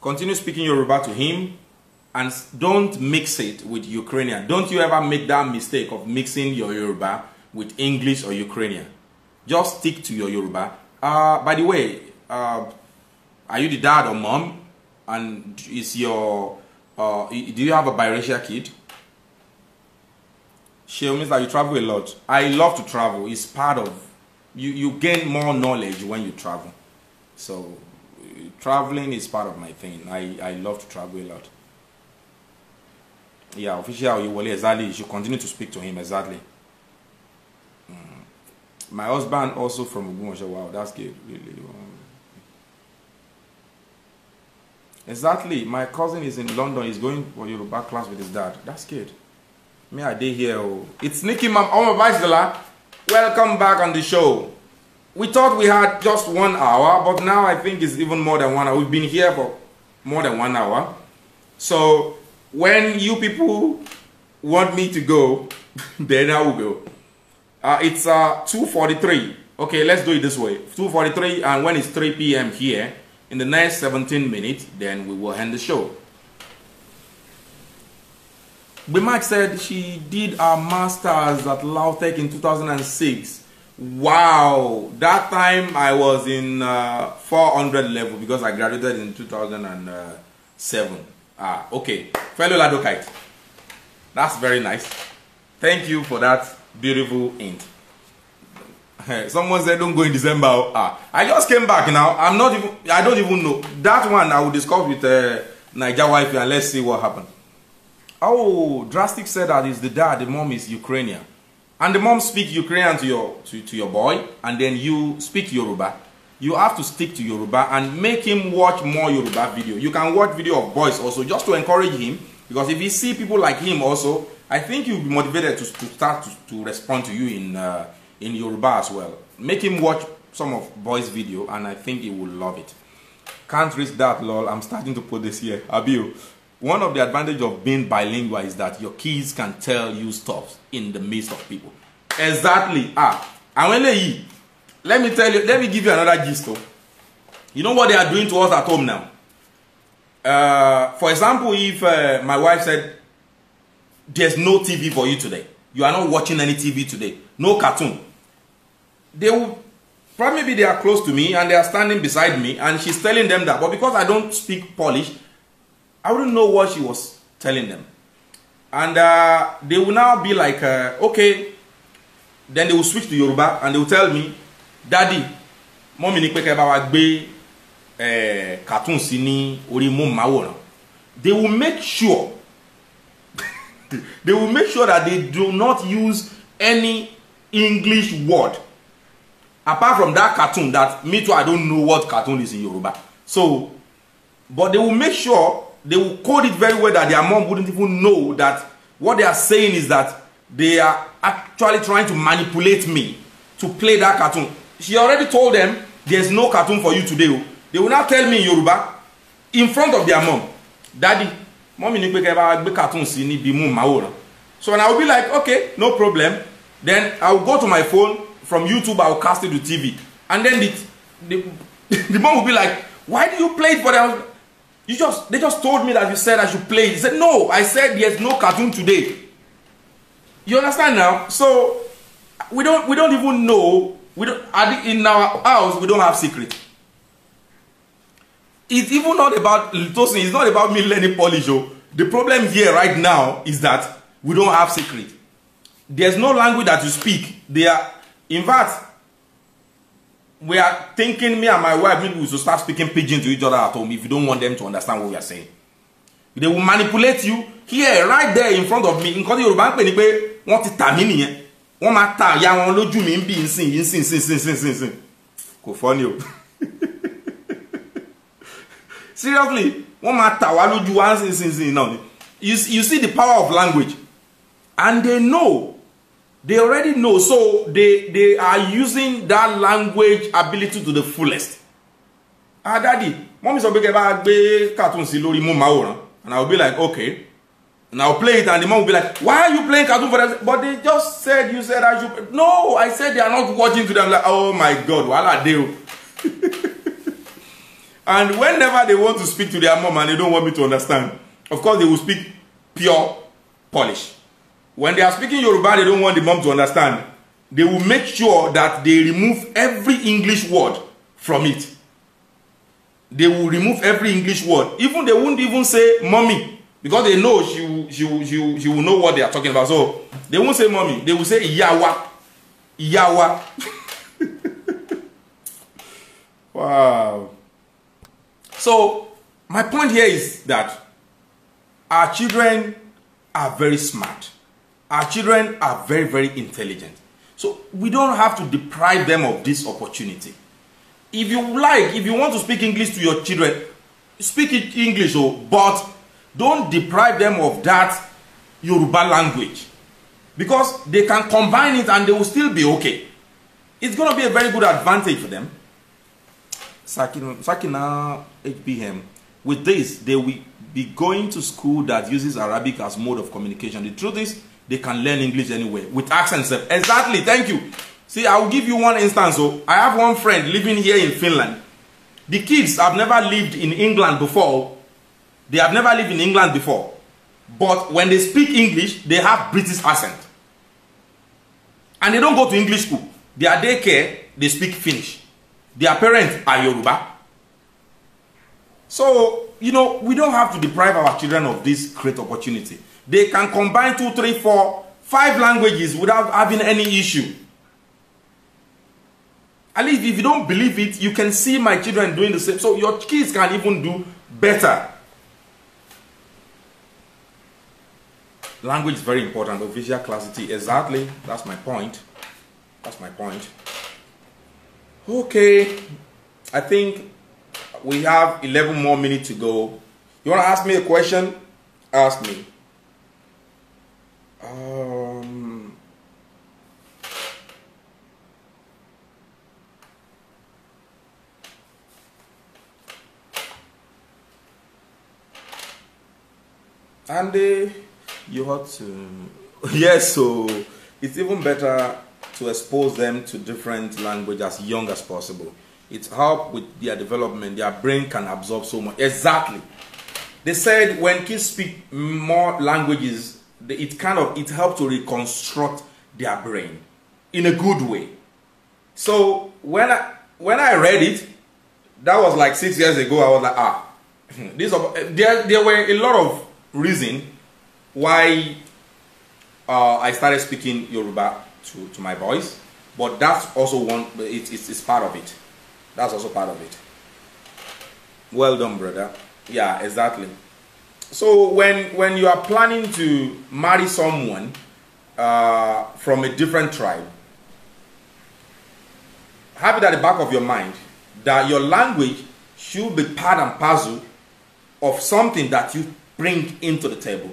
Continue speaking Yoruba to him and don't mix it with Ukrainian. Don't you ever make that mistake of mixing your Yoruba with English or Ukrainian. Just stick to your Yoruba. Uh, by the way, uh, are you the dad or mom? And is your uh, do you have a biracial kid? She means that you travel a lot. I love to travel. It's part of you. You gain more knowledge when you travel. So uh, traveling is part of my thing. I, I love to travel a lot yeah, official Oyewole, exactly. You should continue to speak to him, exactly. Mm. My husband also from Ogunwose. Wow, that's good, really. Exactly. My cousin is in London. He's going for Yoruba class with his dad. That's good. Me, I did here. Oh. It's Nikki Mam Omabaisdala. Oh, Welcome back on the show. We thought we had just one hour, but now I think it's even more than one hour. We've been here for more than one hour. So when you people want me to go, then I will go. Uh, it's uh, 2.43. Okay, let's do it this way. 2.43 and uh, when it's 3 p.m. here, in the next 17 minutes, then we will end the show. Bimak said she did her master's at Lautech in 2006. Wow, that time I was in uh, 400 level because I graduated in 2007. Ah, okay. Fellow Ladokite, that's very nice. Thank you for that beautiful hint. Someone said don't go in December. Ah, I just came back now. I'm not even. I don't even know that one. I will discuss with uh, Niger wife and let's see what happened. Oh, drastic said that is the dad. The mom is Ukrainian, and the mom speak Ukrainian to your to, to your boy, and then you speak Yoruba. you have to stick to Yoruba and make him watch more Yoruba video. You can watch video of boys also just to encourage him because if you see people like him also, I think you'll be motivated to, to start to, to, respond to you in, uh, in Yoruba as well. Make him watch some of boys video and I think he will love it. Can't reach that lol, I'm starting to put this here. Abiu, one of the advantage of being bilingual is that your kids can tell you stuff in the midst of people. Exactly. Ah, and when they let me tell you, let me give you another gist. Though. You know what they are doing to us at home now? Uh, for example, if uh, my wife said, There's no TV for you today, you are not watching any TV today, no cartoon, they will probably they are close to me and they are standing beside me, and she's telling them that. But because I don't speak Polish, I wouldn't know what she was telling them. And uh, they will now be like, uh, Okay, then they will switch to Yoruba and they will tell me, dádì mọ́mí ni pé kẹ́ bá wa gbé cartoon sí ní orí móhùnmáwòrán they will make sure they will make sure that they do not use any English word apart from that cartoon that me too I don't know what cartoon is in Yoruba so but they will make sure they will code it very well that their mom wouldn't even know that what they are saying is that they are actually trying to manipulate me to play that cartoon she already told them there's no cartoon for you today o oh. they will now tell me in Yoruba in front of their mom daddy mommy ní pé kẹ́ ẹ bá gbé cartoon sí níbi mú màwòrán so and i will be like okay no problem then i will go to my phone from YouTube i will cast it to TV and then the the, the mom will be like why do you play it for them you just they just told me that you said i should play it he said no i said there's no cartoon today you understand now so we don't we don't even know we don't in our house we don't have secret it's even not about tosin it's not about me learning polish o oh. the problem here right now is that we don't have secret there's no language that you speak they are in fact we are thinking me and my wife maybe we should start speaking pidgin to each other at home if you don't want them to understand what we are saying they will manipulate you here right there in front of me nǹkan tí yorùbá ń pè ní pé wọ́n ti tà mí nìyẹn wọ́n máa ta àyà wọn lójú mi ń bì ń sìn yìí ń sìn sìn kò fọ́ ni o seriously wọ́n máa ta wá lójú wa ń sìn náà ni you, see the power of language and they know they already know so they they are using that language ability to the fullest ah daddy mọ́mí sọ pé kẹ́ bá gbé cartoon sí lórí mú màwòrán and i will be like okay And I'll play it, and the mom will be like, Why are you playing cartoon for them? But they just said you said I should. No, I said they are not watching to them. Like, oh my God, what wala deal. and whenever they want to speak to their mom and they don't want me to understand, of course they will speak pure Polish. When they are speaking Yoruba, they don't want the mom to understand. They will make sure that they remove every English word from it. They will remove every English word. Even they won't even say mommy because they know she will, she will, she will, she will know what they are talking about so they won't say mummy. they will say yawa yawa wow so my point here is that our children are very smart our children are very very intelligent so we don't have to deprive them of this opportunity if you like if you want to speak english to your children speak english o oh, but Don't deprive them of that Yoruba language. Because they can combine it and they will still be okay. It's going to be a very good advantage for them. Sakina, HBM, with this, they will be going to school that uses Arabic as mode of communication. The truth is, they can learn English anyway with accents. Exactly. Thank you. See, I will give you one instance. So oh. I have one friend living here in Finland. The kids have never lived in England before oh. They have never lived in England before. But when they speak English, they have British accent. And they don't go to English school. Their daycare, they speak Finnish. Their parents are Yoruba. So, you know, we don't have to deprive our children of this great opportunity. They can combine two, three, four, five languages without having any issue. At least if you don't believe it, you can see my children doing the same. So your kids can even do better Language is very important, official classity. Exactly, that's my point. That's my point. Okay, I think we have 11 more minutes to go. You want to ask me a question? Ask me. Um, Andy you have to. Yes, so it's even better to expose them to different language as young as possible. It helps with their development. Their brain can absorb so much. Exactly. They said when kids speak more languages, it kind of it helps to reconstruct their brain in a good way. So when I when I read it, that was like six years ago. I was like, ah, this. There there were a lot of reason why uh, I started speaking Yoruba to, to my boys, but that's also one, it, it's, it's part of it. That's also part of it. Well done, brother. Yeah, exactly. So when, when you are planning to marry someone uh, from a different tribe, have it at the back of your mind that your language should be part and parcel of something that you bring into the table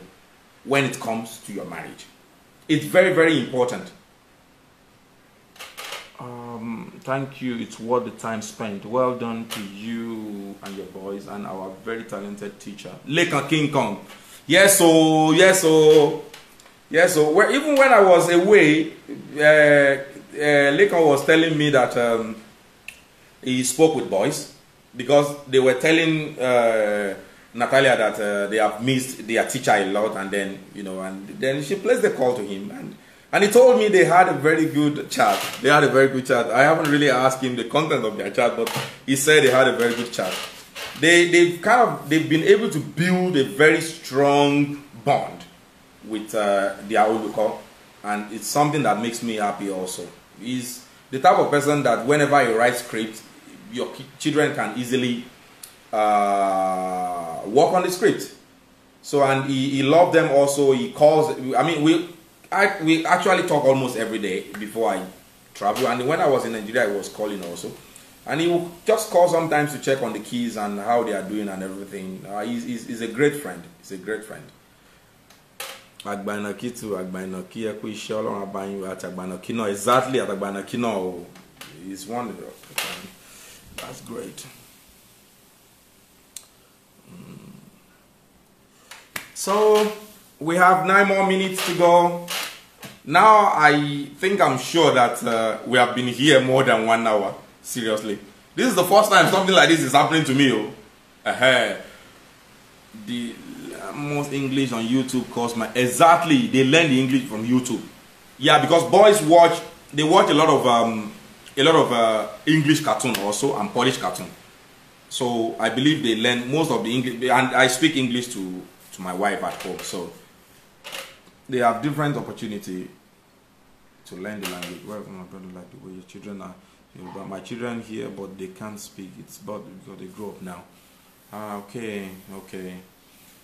when it comes to your marriage. It's very, very important. Um, thank you. It's worth the time spent. Well done to you and your boys and our very talented teacher, Leka King Kong. Yes, oh, yes, oh, yes, oh. Well, even when I was away, uh, uh, was telling me that um, he spoke with boys because they were telling uh, Natalia that uh, they have missed their teacher a lot, and then you know, and then she placed the call to him, and and he told me they had a very good chat. They had a very good chat. I haven't really asked him the content of their chat, but he said they had a very good chat. They they've kind of they've been able to build a very strong bond with uh, their Oluko, and it's something that makes me happy. Also, he's the type of person that whenever you write scripts, your children can easily uh, work on the script. So and he, he loved them also. He calls. I mean, we I, we actually talk almost every day before I travel. And when I was in Nigeria, I was calling also. And he will just call sometimes to check on the keys and how they are doing and everything. Uh, he's, he's, he's a great friend. He's a great friend. agbanaki to agbanaki ẹ kú iṣẹ́ Ọlọ́run agbanaki No, exactly àti agbanaki No, o wonderful that's great. So we have nine more minutes to go. Now I think I'm sure that uh, we have been here more than one hour. Seriously. This is the first time something like this is happening to me. Oh. Uh -huh. The most English on YouTube course my exactly they learn the English from YouTube. Yeah, because boys watch they watch a lot of um, a lot of uh, English cartoon also and Polish cartoon. So I believe they learn most of the English and I speak English to to my wife at home. So they have different opportunity to learn the language. Well, my brother, like the way your children are. You know, but my children here, but they can't speak. It's but because they grow up now. Ah, okay, okay.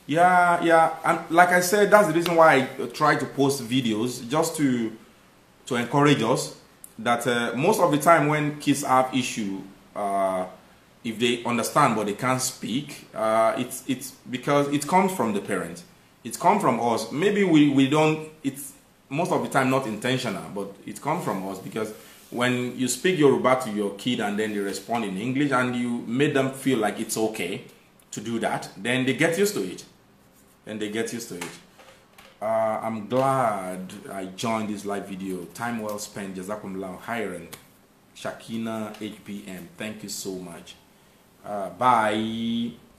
Yeah, yeah. And like I said, that's the reason why I try to post videos just to to encourage us that uh, most of the time when kids have issue. Uh, if they understand but they can't speak, uh, it's it's because it comes from the parent. It comes from us. Maybe we, we don't. It's most of the time not intentional, but it comes from us because when you speak Yoruba to your kid and then they respond in English and you made them feel like it's okay to do that, then they get used to it. Then they get used to it. Uh, I'm glad I joined this live video. Time well spent. Jazakumullah. Hiring. Shakina HPM. Thank you so much. uh, by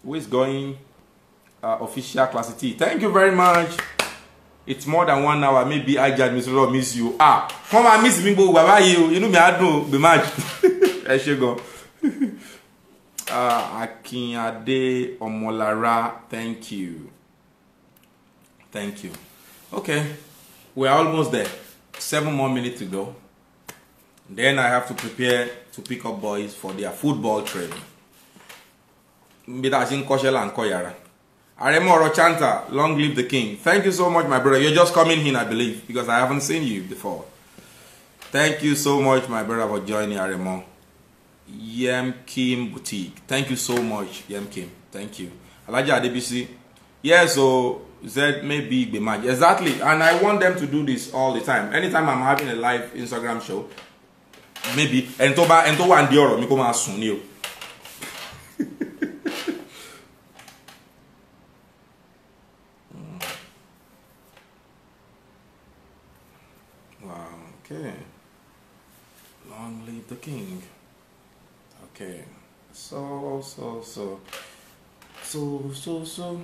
who is going uh, official class T. Thank you very much. It's more than one hour. Maybe I just miss you. Miss you. Ah, come and miss me, but baba you. You know me. I don't be much. I should go. uh, Akinade Omolara. Thank you. Thank you. Okay, we're almost there. Seven more minutes to go. Then I have to prepare to pick up boys for their football training bí tá a ṣe ń kọ́ṣẹ́ là ń kọ́ yàrá àrẹ̀mọ ọ̀rọ̀ chanter long live the king thank you so much my brother you're just coming in i believe because i haven't seen you before thank you so much my brother for joining àrẹ̀mọ yem kim boutique thank you so much yem kim thank you alhaji adebisi yes o z maybe igbe match exactly and i want them to do this all the time anytime i'm having a live instagram show maybe ẹni tó bá ẹni tó wà ní ọ̀rọ̀ mi kó máa sùn ní o. Okay. Long live the king. Okay. So so so so so so.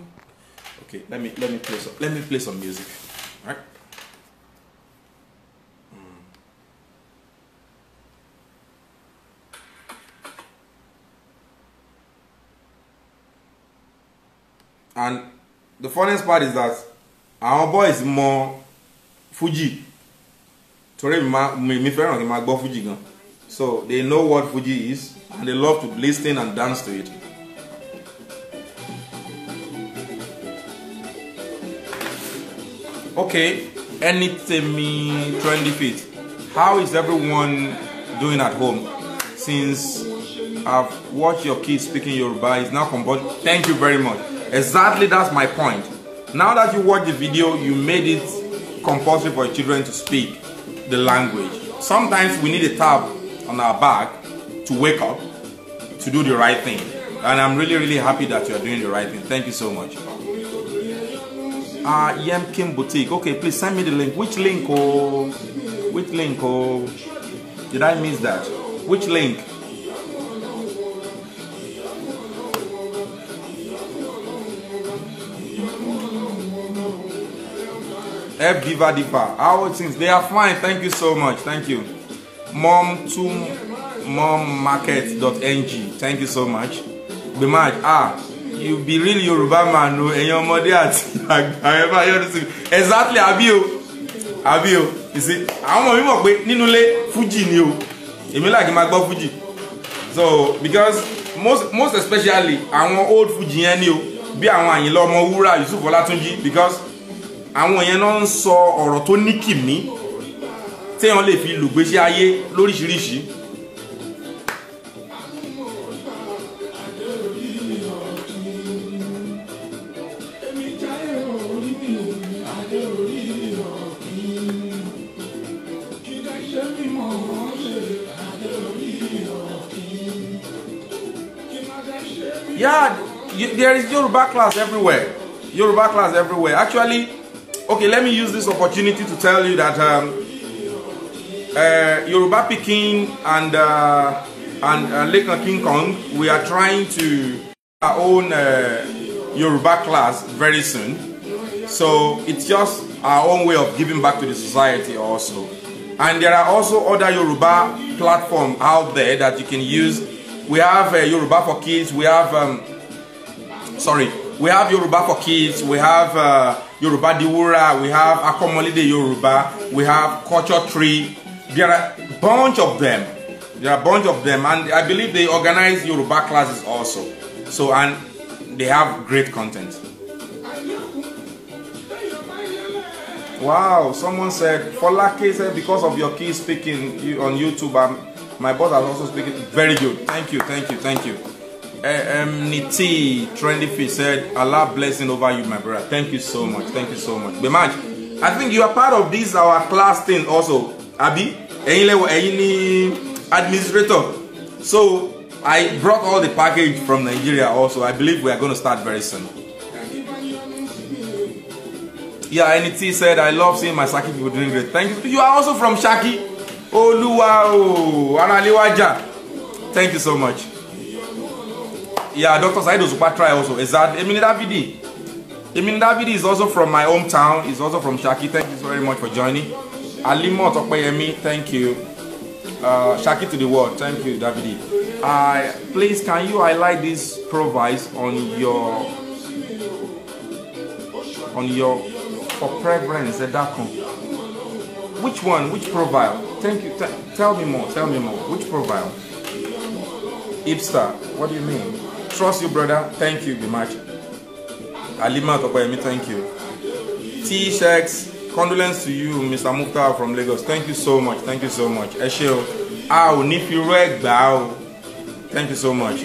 Okay, let me let me play some let me play some music. All right. Hmm. And the funniest part is that our boy is more Fuji torí mi fẹ́ràn kí n gbọ́ fújì gan so they know what fuji is and they love to listen and dance to it. okay anything me trendy fit how is everyone doing at home since i've watched your kids speaking yoruba it's now compulsory thank you very much exactly that's my point now that you watch the video you made it compulsory for children to speak the language. Sometimes we need a tap on our back to wake up, to do the right thing. And I'm really, really happy that you are doing the right thing. Thank you so much. Uh, Kim Boutique. Okay, please send me the link. Which link? Oh, which link? Oh, did I miss that? Which link? F Diva Diva. How things? They are fine. Thank you so much. Thank you. Mom to mommarket.ng. Thank you so much. Be mad. Ah, you be real Yoruba man no and your mother at however you understand. Exactly, abi o. Àbí o. You see, àwọn ọmọ more mọ̀ pé Fuji ni o. Èmi like máa gbọ́ Fuji. So, because most most especially àwọn old Fuji yẹn ni o. Bí àwọn Àyìnlá Ọmọwúrà Yusuf Ọlátúnjí because àwọn yẹn náà ń sọ ọ̀rọ̀ tó ní kìmí téèyàn lè fi lùgbésí ayé lóríṣiríṣi. Yeah, there is Yoruba class everywhere. Yoruba class everywhere. Actually, Okay, let me use this opportunity to tell you that um, uh, Yoruba Peking and, uh, and uh, Lake King Kong, we are trying to our own uh, Yoruba class very soon. So it's just our own way of giving back to the society also. And there are also other Yoruba platform out there that you can use. We have uh, Yoruba for kids. We have, um, sorry, we have Yoruba for kids. We have uh, Yoruba Diwura, we have Akomolide Yoruba, we have Culture Tree. There are a bunch of them. There are a bunch of them, and I believe they organize Yoruba classes also. So, and they have great content. Wow, someone said, "For lucky, said, because of your kids speaking on YouTube, I'm, um, my brother is also speaking. Very good. Thank you, thank you, thank you. um, Niti Trendyfi said, Allah blessing over you, my brother. Thank you so much. Thank you so much. Bemaj, I think you are part of this, our class thing also. Abi, administrator. So, I brought all the package from Nigeria also. I believe we are going to start very soon. Yeah, NT said, I love seeing my Saki people doing great. Thank you. You are also from Shaki. Oluwa, oh, Araliwaja. Thank you so much. Yeah, Dr. Said Ozupa try also. Is that Emin Davidi? Emin Davidi is also from my hometown. He's also from Shaki. Thank you very much for joining. Alimo Tokpeyemi, thank you. Uh, Shaki to the world. Thank you, Davidi. Uh, please, can you highlight this provides on your on your for preference at Which one? Which profile? Thank you. T tell me more. Tell me more. Which profile? Hipster. What do you mean? trust you brother thank you very much alima tọpẹyẹmí thank you t-shirts condolence to you mr mukhtar from lagos thank you so much thank you so much ẹ ṣe o a ò ní thank you so much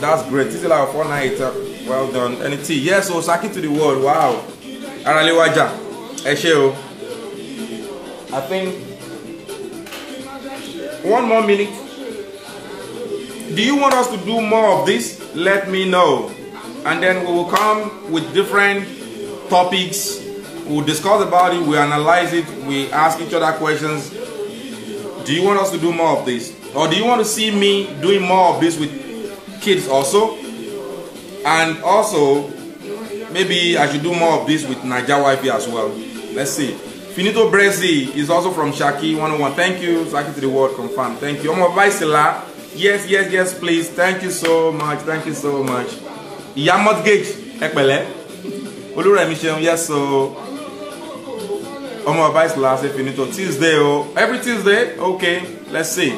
that's great títí láwọn four nine eight well done ẹni tea? yes o saki to the world wow Araliwaja. ẹ i think one more minute. do you want us to do more of this? Let me know. And then we will come with different topics. We'll discuss about it, we analyze it, we ask each other questions. Do you want us to do more of this? Or do you want to see me doing more of this with kids also? And also, maybe I should do more of this with Niger YP as well. Let's see. Finito Brezi is also from Shaki 101. Thank you. Shaki to the world confirmed. Thank you. Omo Vaisela yes yes yes please thank you so much thank you so much ìyá mortgage ẹ pẹ̀lẹ́ olúrẹ̀mí ṣeun yes so ọmọ ọba ìsìlá ṣe to tuesday o every tuesday okay let's see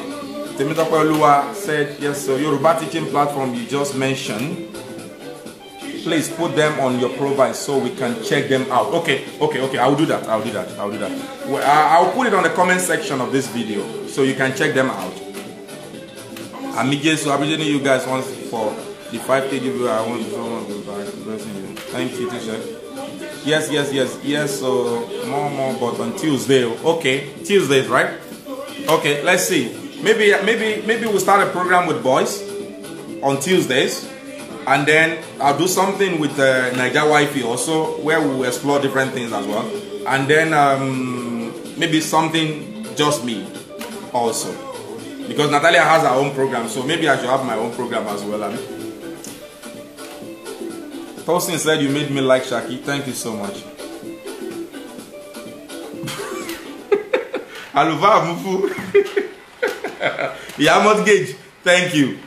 temitope Oluwa said yes so yorùbá teaching platform you just mentioned please put them on your profile so we can check them out okay okay okay I will do that I will do that I will do that well, i'll put it on the comment section of this video so you can check them out I'm just appreciating you guys once for the 5k giveaway. I want to someone to back blessing you. Thank you, teacher. Yes, yes, yes, yes. So more, more, but on Tuesday, okay, Tuesdays, right? Okay, let's see. Maybe, maybe, maybe we'll start a program with boys on Tuesdays, and then I'll do something with uh, Niger Wifey also, where we'll explore different things as well, and then um, maybe something just me also. because Natalia has her own program, so maybe I should have my own program as well. Abi? Tolson said you made me like Shaki. Thank you so much. Aluva Mufu. Yamot Gage, thank you.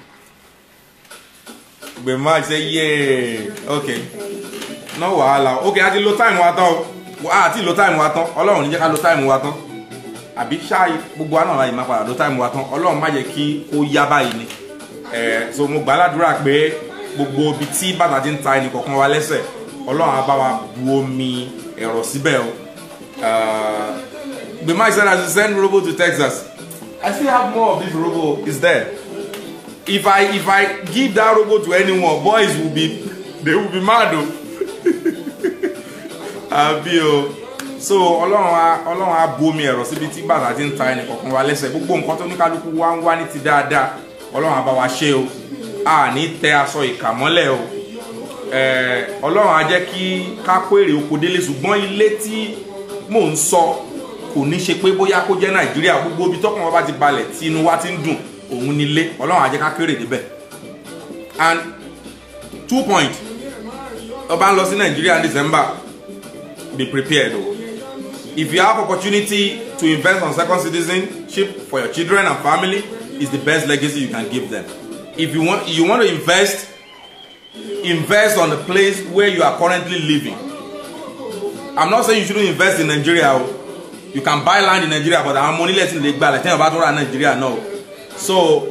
Bemaj say yeah. Okay. No wahala. Okay, ati lo time wa tán. Ah, àti lo time wa tán. Ọlọ́run ní jẹ́ ká lo time wa tán àbí ṣáà gbogbo àná láì má padà ló táìmù wa tán ọlọ́run má jẹ́ kí ó yá báyìí ni so mo gbà ládùúrà pé gbogbo ibi tí bàtà ti ń ta ẹnì kọ̀ọ̀kan wa lẹ́sẹ̀ ọlọ́run á bá wa bu omi ẹ̀rọ síbẹ̀ o the mic said I should send Robo to Texas I still have more of this Robo it's there if I if I give that Robo to anyone boys will be they will be mad o àbí o so ọlọ́run á ọlọ́run á bomi ẹ̀rọ síbi tí bàtà ti ń ta ẹnì kọ̀ọ̀kan wa lẹ́sẹ̀ gbogbo nǹkan tó ní kálukú wá ń wá ní ti dáadáa ọlọ́run á bá wa ṣe o a ní tẹ aṣọ ìkà mọ́lẹ̀ o ọlọ́run á jẹ́ kí ká kó èrè oko délé ṣùgbọ́n ilé tí mò ń sọ kò ní ṣe pé bóyá kó jẹ́ nàìjíríà gbogbo ibi tọ́kàn wa bá ti balẹ̀ tí inú wa ti ń dùn òun nílé ọlọ́run á jẹ́ ká kéré níbẹ̀ and two point ọba ń lọ sí nàìjíríà december be prepared o If you have opportunity to invest on second citizenship for your children and family, it's the best legacy you can give them. If you want, you want to invest, invest on the place where you are currently living. I'm not saying you shouldn't invest in Nigeria. You can buy land in Nigeria, but I'm onílẹ̀ letting the gba àlẹ́ tí wọ́n bá Nigeria now. So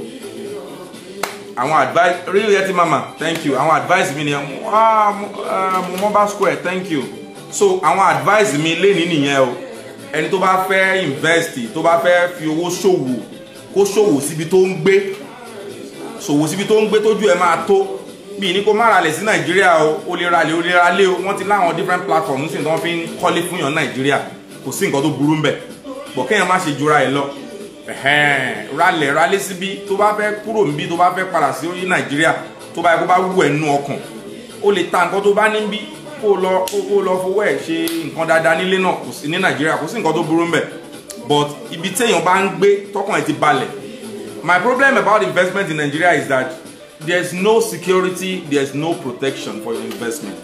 I want advice really yẹtí mama thank you I want advice mi ah, ah Momoba Square thank you so àwọn advice mi lénìí nìyẹn o ẹni tó bá fẹ́ invest tó bá fẹ́ fi owó ṣòwò kó ṣòwò síbi tó ń gbé ṣòwò síbi tó ń gbé tójú ẹ máa tó bí ní kó má ralẹ̀ sí nàìjíríà o ó lè ralẹ̀ ó lè ralẹ̀ o wọ́n ti láwọn different platforms sì tí wọ́n fi ń kọ́lé fún yàn nàìjíríà kò sí nǹkan tó burú ń bẹ̀ bọ̀ kéèyàn má ṣe jura ẹ̀ lọ ralẹ̀ ralẹ̀ síbi tó bá fẹ́ kúrò níbi tó bá fẹ́ padà sí nàìjíríà tó bá yẹ kó bá wù ẹ̀ nú ọkàn ó lè ta nǹkan tó bá níbi kó lọ kó lọ fowó ẹ̀ ṣe nǹkan dáadáa nílé náà kò sí ní nàìjíríà kò sí nǹkan tó burú mbẹ̀ but ibi téèyàn bá ń gbé tọkàn ẹ̀ ti balẹ̀ my problem about investment in nigeria is that there is no security there is no protection for your investment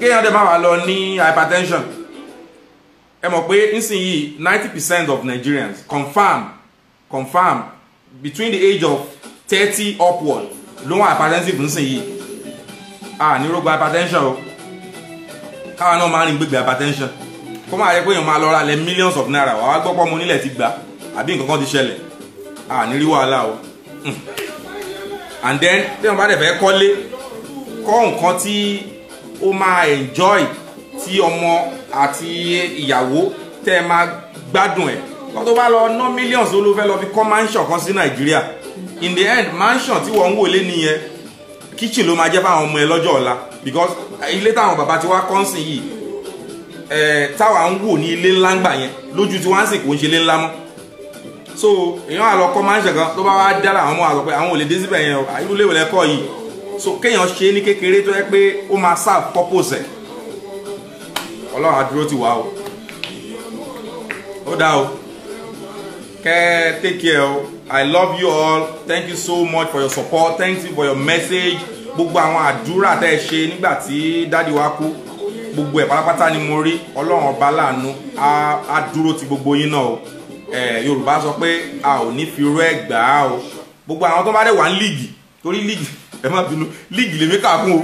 kéèyàn dẹ̀ máa wà lọ ní hypertension ẹ mọ̀ pé nísìnyìí ninety percent of nigerians confam confam between the age of thirty upward ló wà hypertensive nísìnyìí a ah, ní rògbò hypertension o káwa náà máa rìn gbégbé hypertension kó máa yẹ pé èèyàn máa lọ ra lẹ millions of naira wàá gbọ́ pọ́ mo nílẹ̀ ti gbà àbí nǹkan kan ti ṣẹlẹ̀ a ah, ní rí wàhálà o hmm. and then tí wọ́n bá dẹ̀ fẹ́ kọ́lé kọ́ nǹkan tí ó máa enjoy tí ọmọ àti ìyàwó tẹ́ ẹ máa gbádùn ẹ̀ kó tó bá lọ ná millions olófẹ́ lọ fi kọ́ mansion kan sí nàìjíríà in the end mansion tí wọ́n ń wò lé nìyẹn kitchen ló máa jẹ́ fáwọn ọmọ ẹ lọ́jọ́ ọ̀la because ilé táwọn bàbá ti wá kọ́ńsìn yìí ẹ táwa ń wò ní ilé ńlá ńgbà yẹn lójú tí wọ́n sì kò ń ṣe ilé ńlá mọ́ so èèyàn àlọ́kọ́ máa ń ṣẹ̀gán tó bá wá dára àwọn ọmọ àlọ́ pé àwọn ò lè dé síbẹ̀ yẹn irú ilé ìwòlẹ́ kọ́ yìí so kéèyàn ṣe é ní kékeré tó yẹ pé ó máa serve purpose ọlọ́run á dúró tì o ó dá o. Care, take care. Oh. I love you all. Thank you so much for your support. Thank you for your message. Gbogbo àwọn àdúrà tẹ́ ẹ ṣe nígbà tí dáàdi wa kú. Gbogbo ẹ̀ pátápátá ni mo rí. Ọlọ́run ọba láàánú á dúró ti gbogbo yín náà o. Yorùbá sọ pé a ò ní fi irú ẹ̀ gbà á o. Gbogbo àwọn tó bá dẹ̀ wà ní líìgì torí líìgì ẹ má bínú líìgì lèmi kà fún o.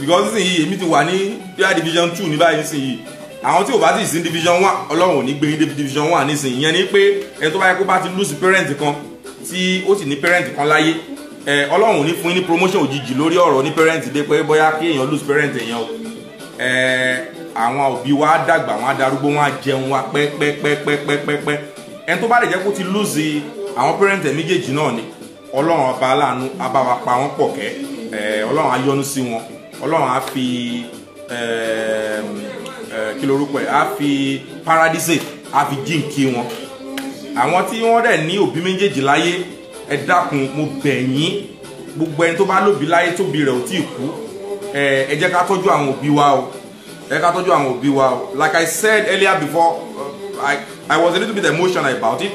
Because nísìnyí èmi ti wà ní Premier Division two ní báyìí nísìnyí àwọn tí ò bá ti sí division one ọlọ́run ò ní gbé yín division one nísìnyí ìyẹn ni pé ẹni tó bá kó bá ti lose parent kan tí ó sì ní parent kan láyé ẹ ọlọ́run ò ní fún yín ní promotion òjijì lórí ọ̀rọ̀ ní parent dé pé bóyá kí èèyàn lose parent èèyàn o ẹ àwọn òbí wa á dàgbà wọn á darúgbó wọn á jẹun wa pẹ́pẹ́pẹ́pẹ́pẹ́pẹ́ ẹni tó bá lè jẹ́ kó ti lose àwọn parent méjèèjì náà ni ọlọ́run ọba aláàánú á bá wa pa wọ́n pọ̀ kẹ́ ọlọ́run á yọ́nú sí wọn ọlọ́run á fi Eh, kí lorúkọ ẹ̀ á fi paradise á fi jíǹkí wọn àwọn tí wọ́n dẹ̀ ní òbí méjèèjì láyé ẹ dákun mo bẹ̀ gbogbo ẹni tó bá lóbi láyé tóbi rẹ̀ ò tí ì kú eh, ẹ jẹ́ ká tọ́jú àwọn òbí wa o ẹ ká tọ́jú àwọn òbí wa o like I said earlier before uh, I, I was a little bit emotional about it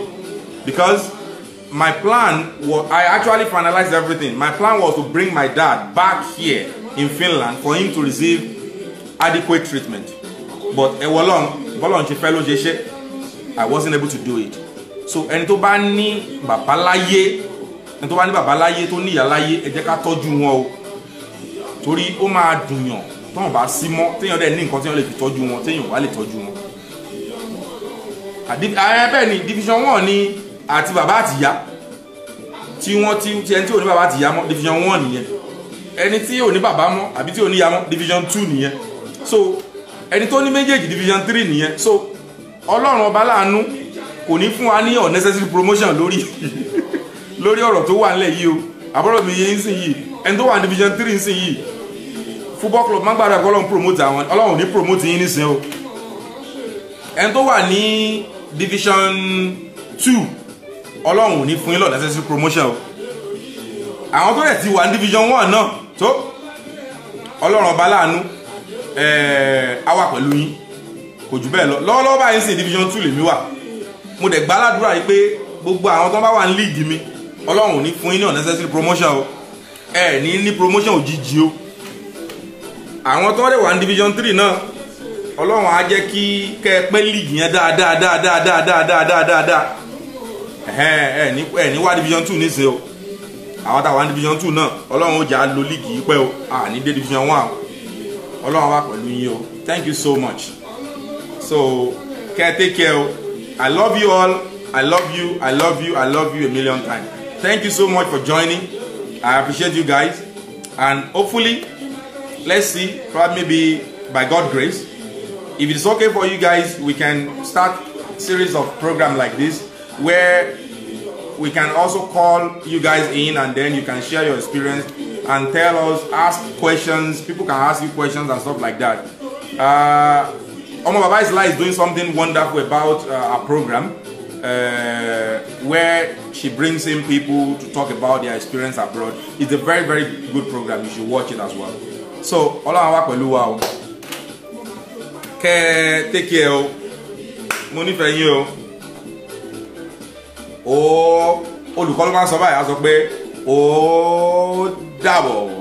because my plan was I actually finalized everything. My plan was to bring my dad back here in Finland for him to receive adequate treatment but ẹ wọ lọ́n bọ́lọ̀ ń ṣe fẹ́ ló ṣe ṣe i wasn't able to do it so ẹni tó bá ní bàbá láyé ẹni tó bá ní bàbá láyé tó ní ìyá láyé ẹ jẹ́ ká tọ́jú wọn o torí ó máa dùnyàn tọ́wọ́n bá sí mọ́ téèyàn dẹ̀ ní nǹkan téèyàn lè fi tọ́jú wọn téèyàn wá lè tọ́jú wọn bẹ́ẹ̀ ni division one ni àti bàbá àtìyá tí wọ́n ti ti ẹni tí ò ní bàbá àtìyá mọ́ division one nìyẹn ẹni tí ò ní bàbá mọ́ àbí tí ò ní ìyá mọ́ division two nìyẹn so ẹni tó ní méjèèjì division three nìyẹn so ọlọ́run ọba láàánú kò ní fún wa ní unnecessary promotion lórí lórí ọ̀rọ̀ tó wà nílẹ̀ yìí o àbúrò mi yẹn sìn yìí ẹni tó wà ní division three sìn yìí football club má gbàdúrà kó ọlọ́run promote àwọn ọlọ́run ò ní promote yín nísìn o ẹni tó wà ní division two ọlọ́run ò ní fún yín lọ necessary promotion o àwọn tó rẹ̀ ti wà ní division one náà tó ọlọ́run ọba láàánú Eh, a wà pẹ̀lú yín kò jù bẹ́ẹ̀ lọ lọ́wọ́lọ́wọ́ báyìí sì division two lèmi wà mo dẹ̀ gbá ládùúrà yìí pé gbogbo àwọn tó bá wà ní league mi ọlọ́run ò ní fún yín ní unnecessary promotion o ẹ ní ní promotion òjijì o àwọn tó dẹ̀ wà ní division three náà ọlọ́run á jẹ́ kí kẹ́ ẹ pẹ́ líìgì yẹn dáadáa dáadáa dáadáa dáadáa dáadáa ẹ ní ẹ ní wá division two nísìnyí o àwọn táwa ní division two náà ọlọ́run ó jà á league. líìgì yìí pẹ́ o à ní dé division one o. ọlọ́run wà pẹ̀lú yín o thank you so much so care take care I love you all i love you i love you i love you a million times thank you so much for joining i appreciate you guys and hopefully let's see probably maybe by god grace if it's okay for you guys we can start series of program like this where we can also call you guys in and then you can share your experience and tell us, ask questions. People can ask you questions and stuff like that. Uh, Omo Baba Isla is doing something wonderful about uh, our program uh, where she brings in people to talk about their experience abroad. It's a very, very good program. You should watch it as well. So, Ọlọ́run wà pẹ̀lú wa o. take care o. Mo nífẹ̀ẹ́ yín oh. Ó olùkọ́ ló máa ń sọ báyìí, Oh, Double.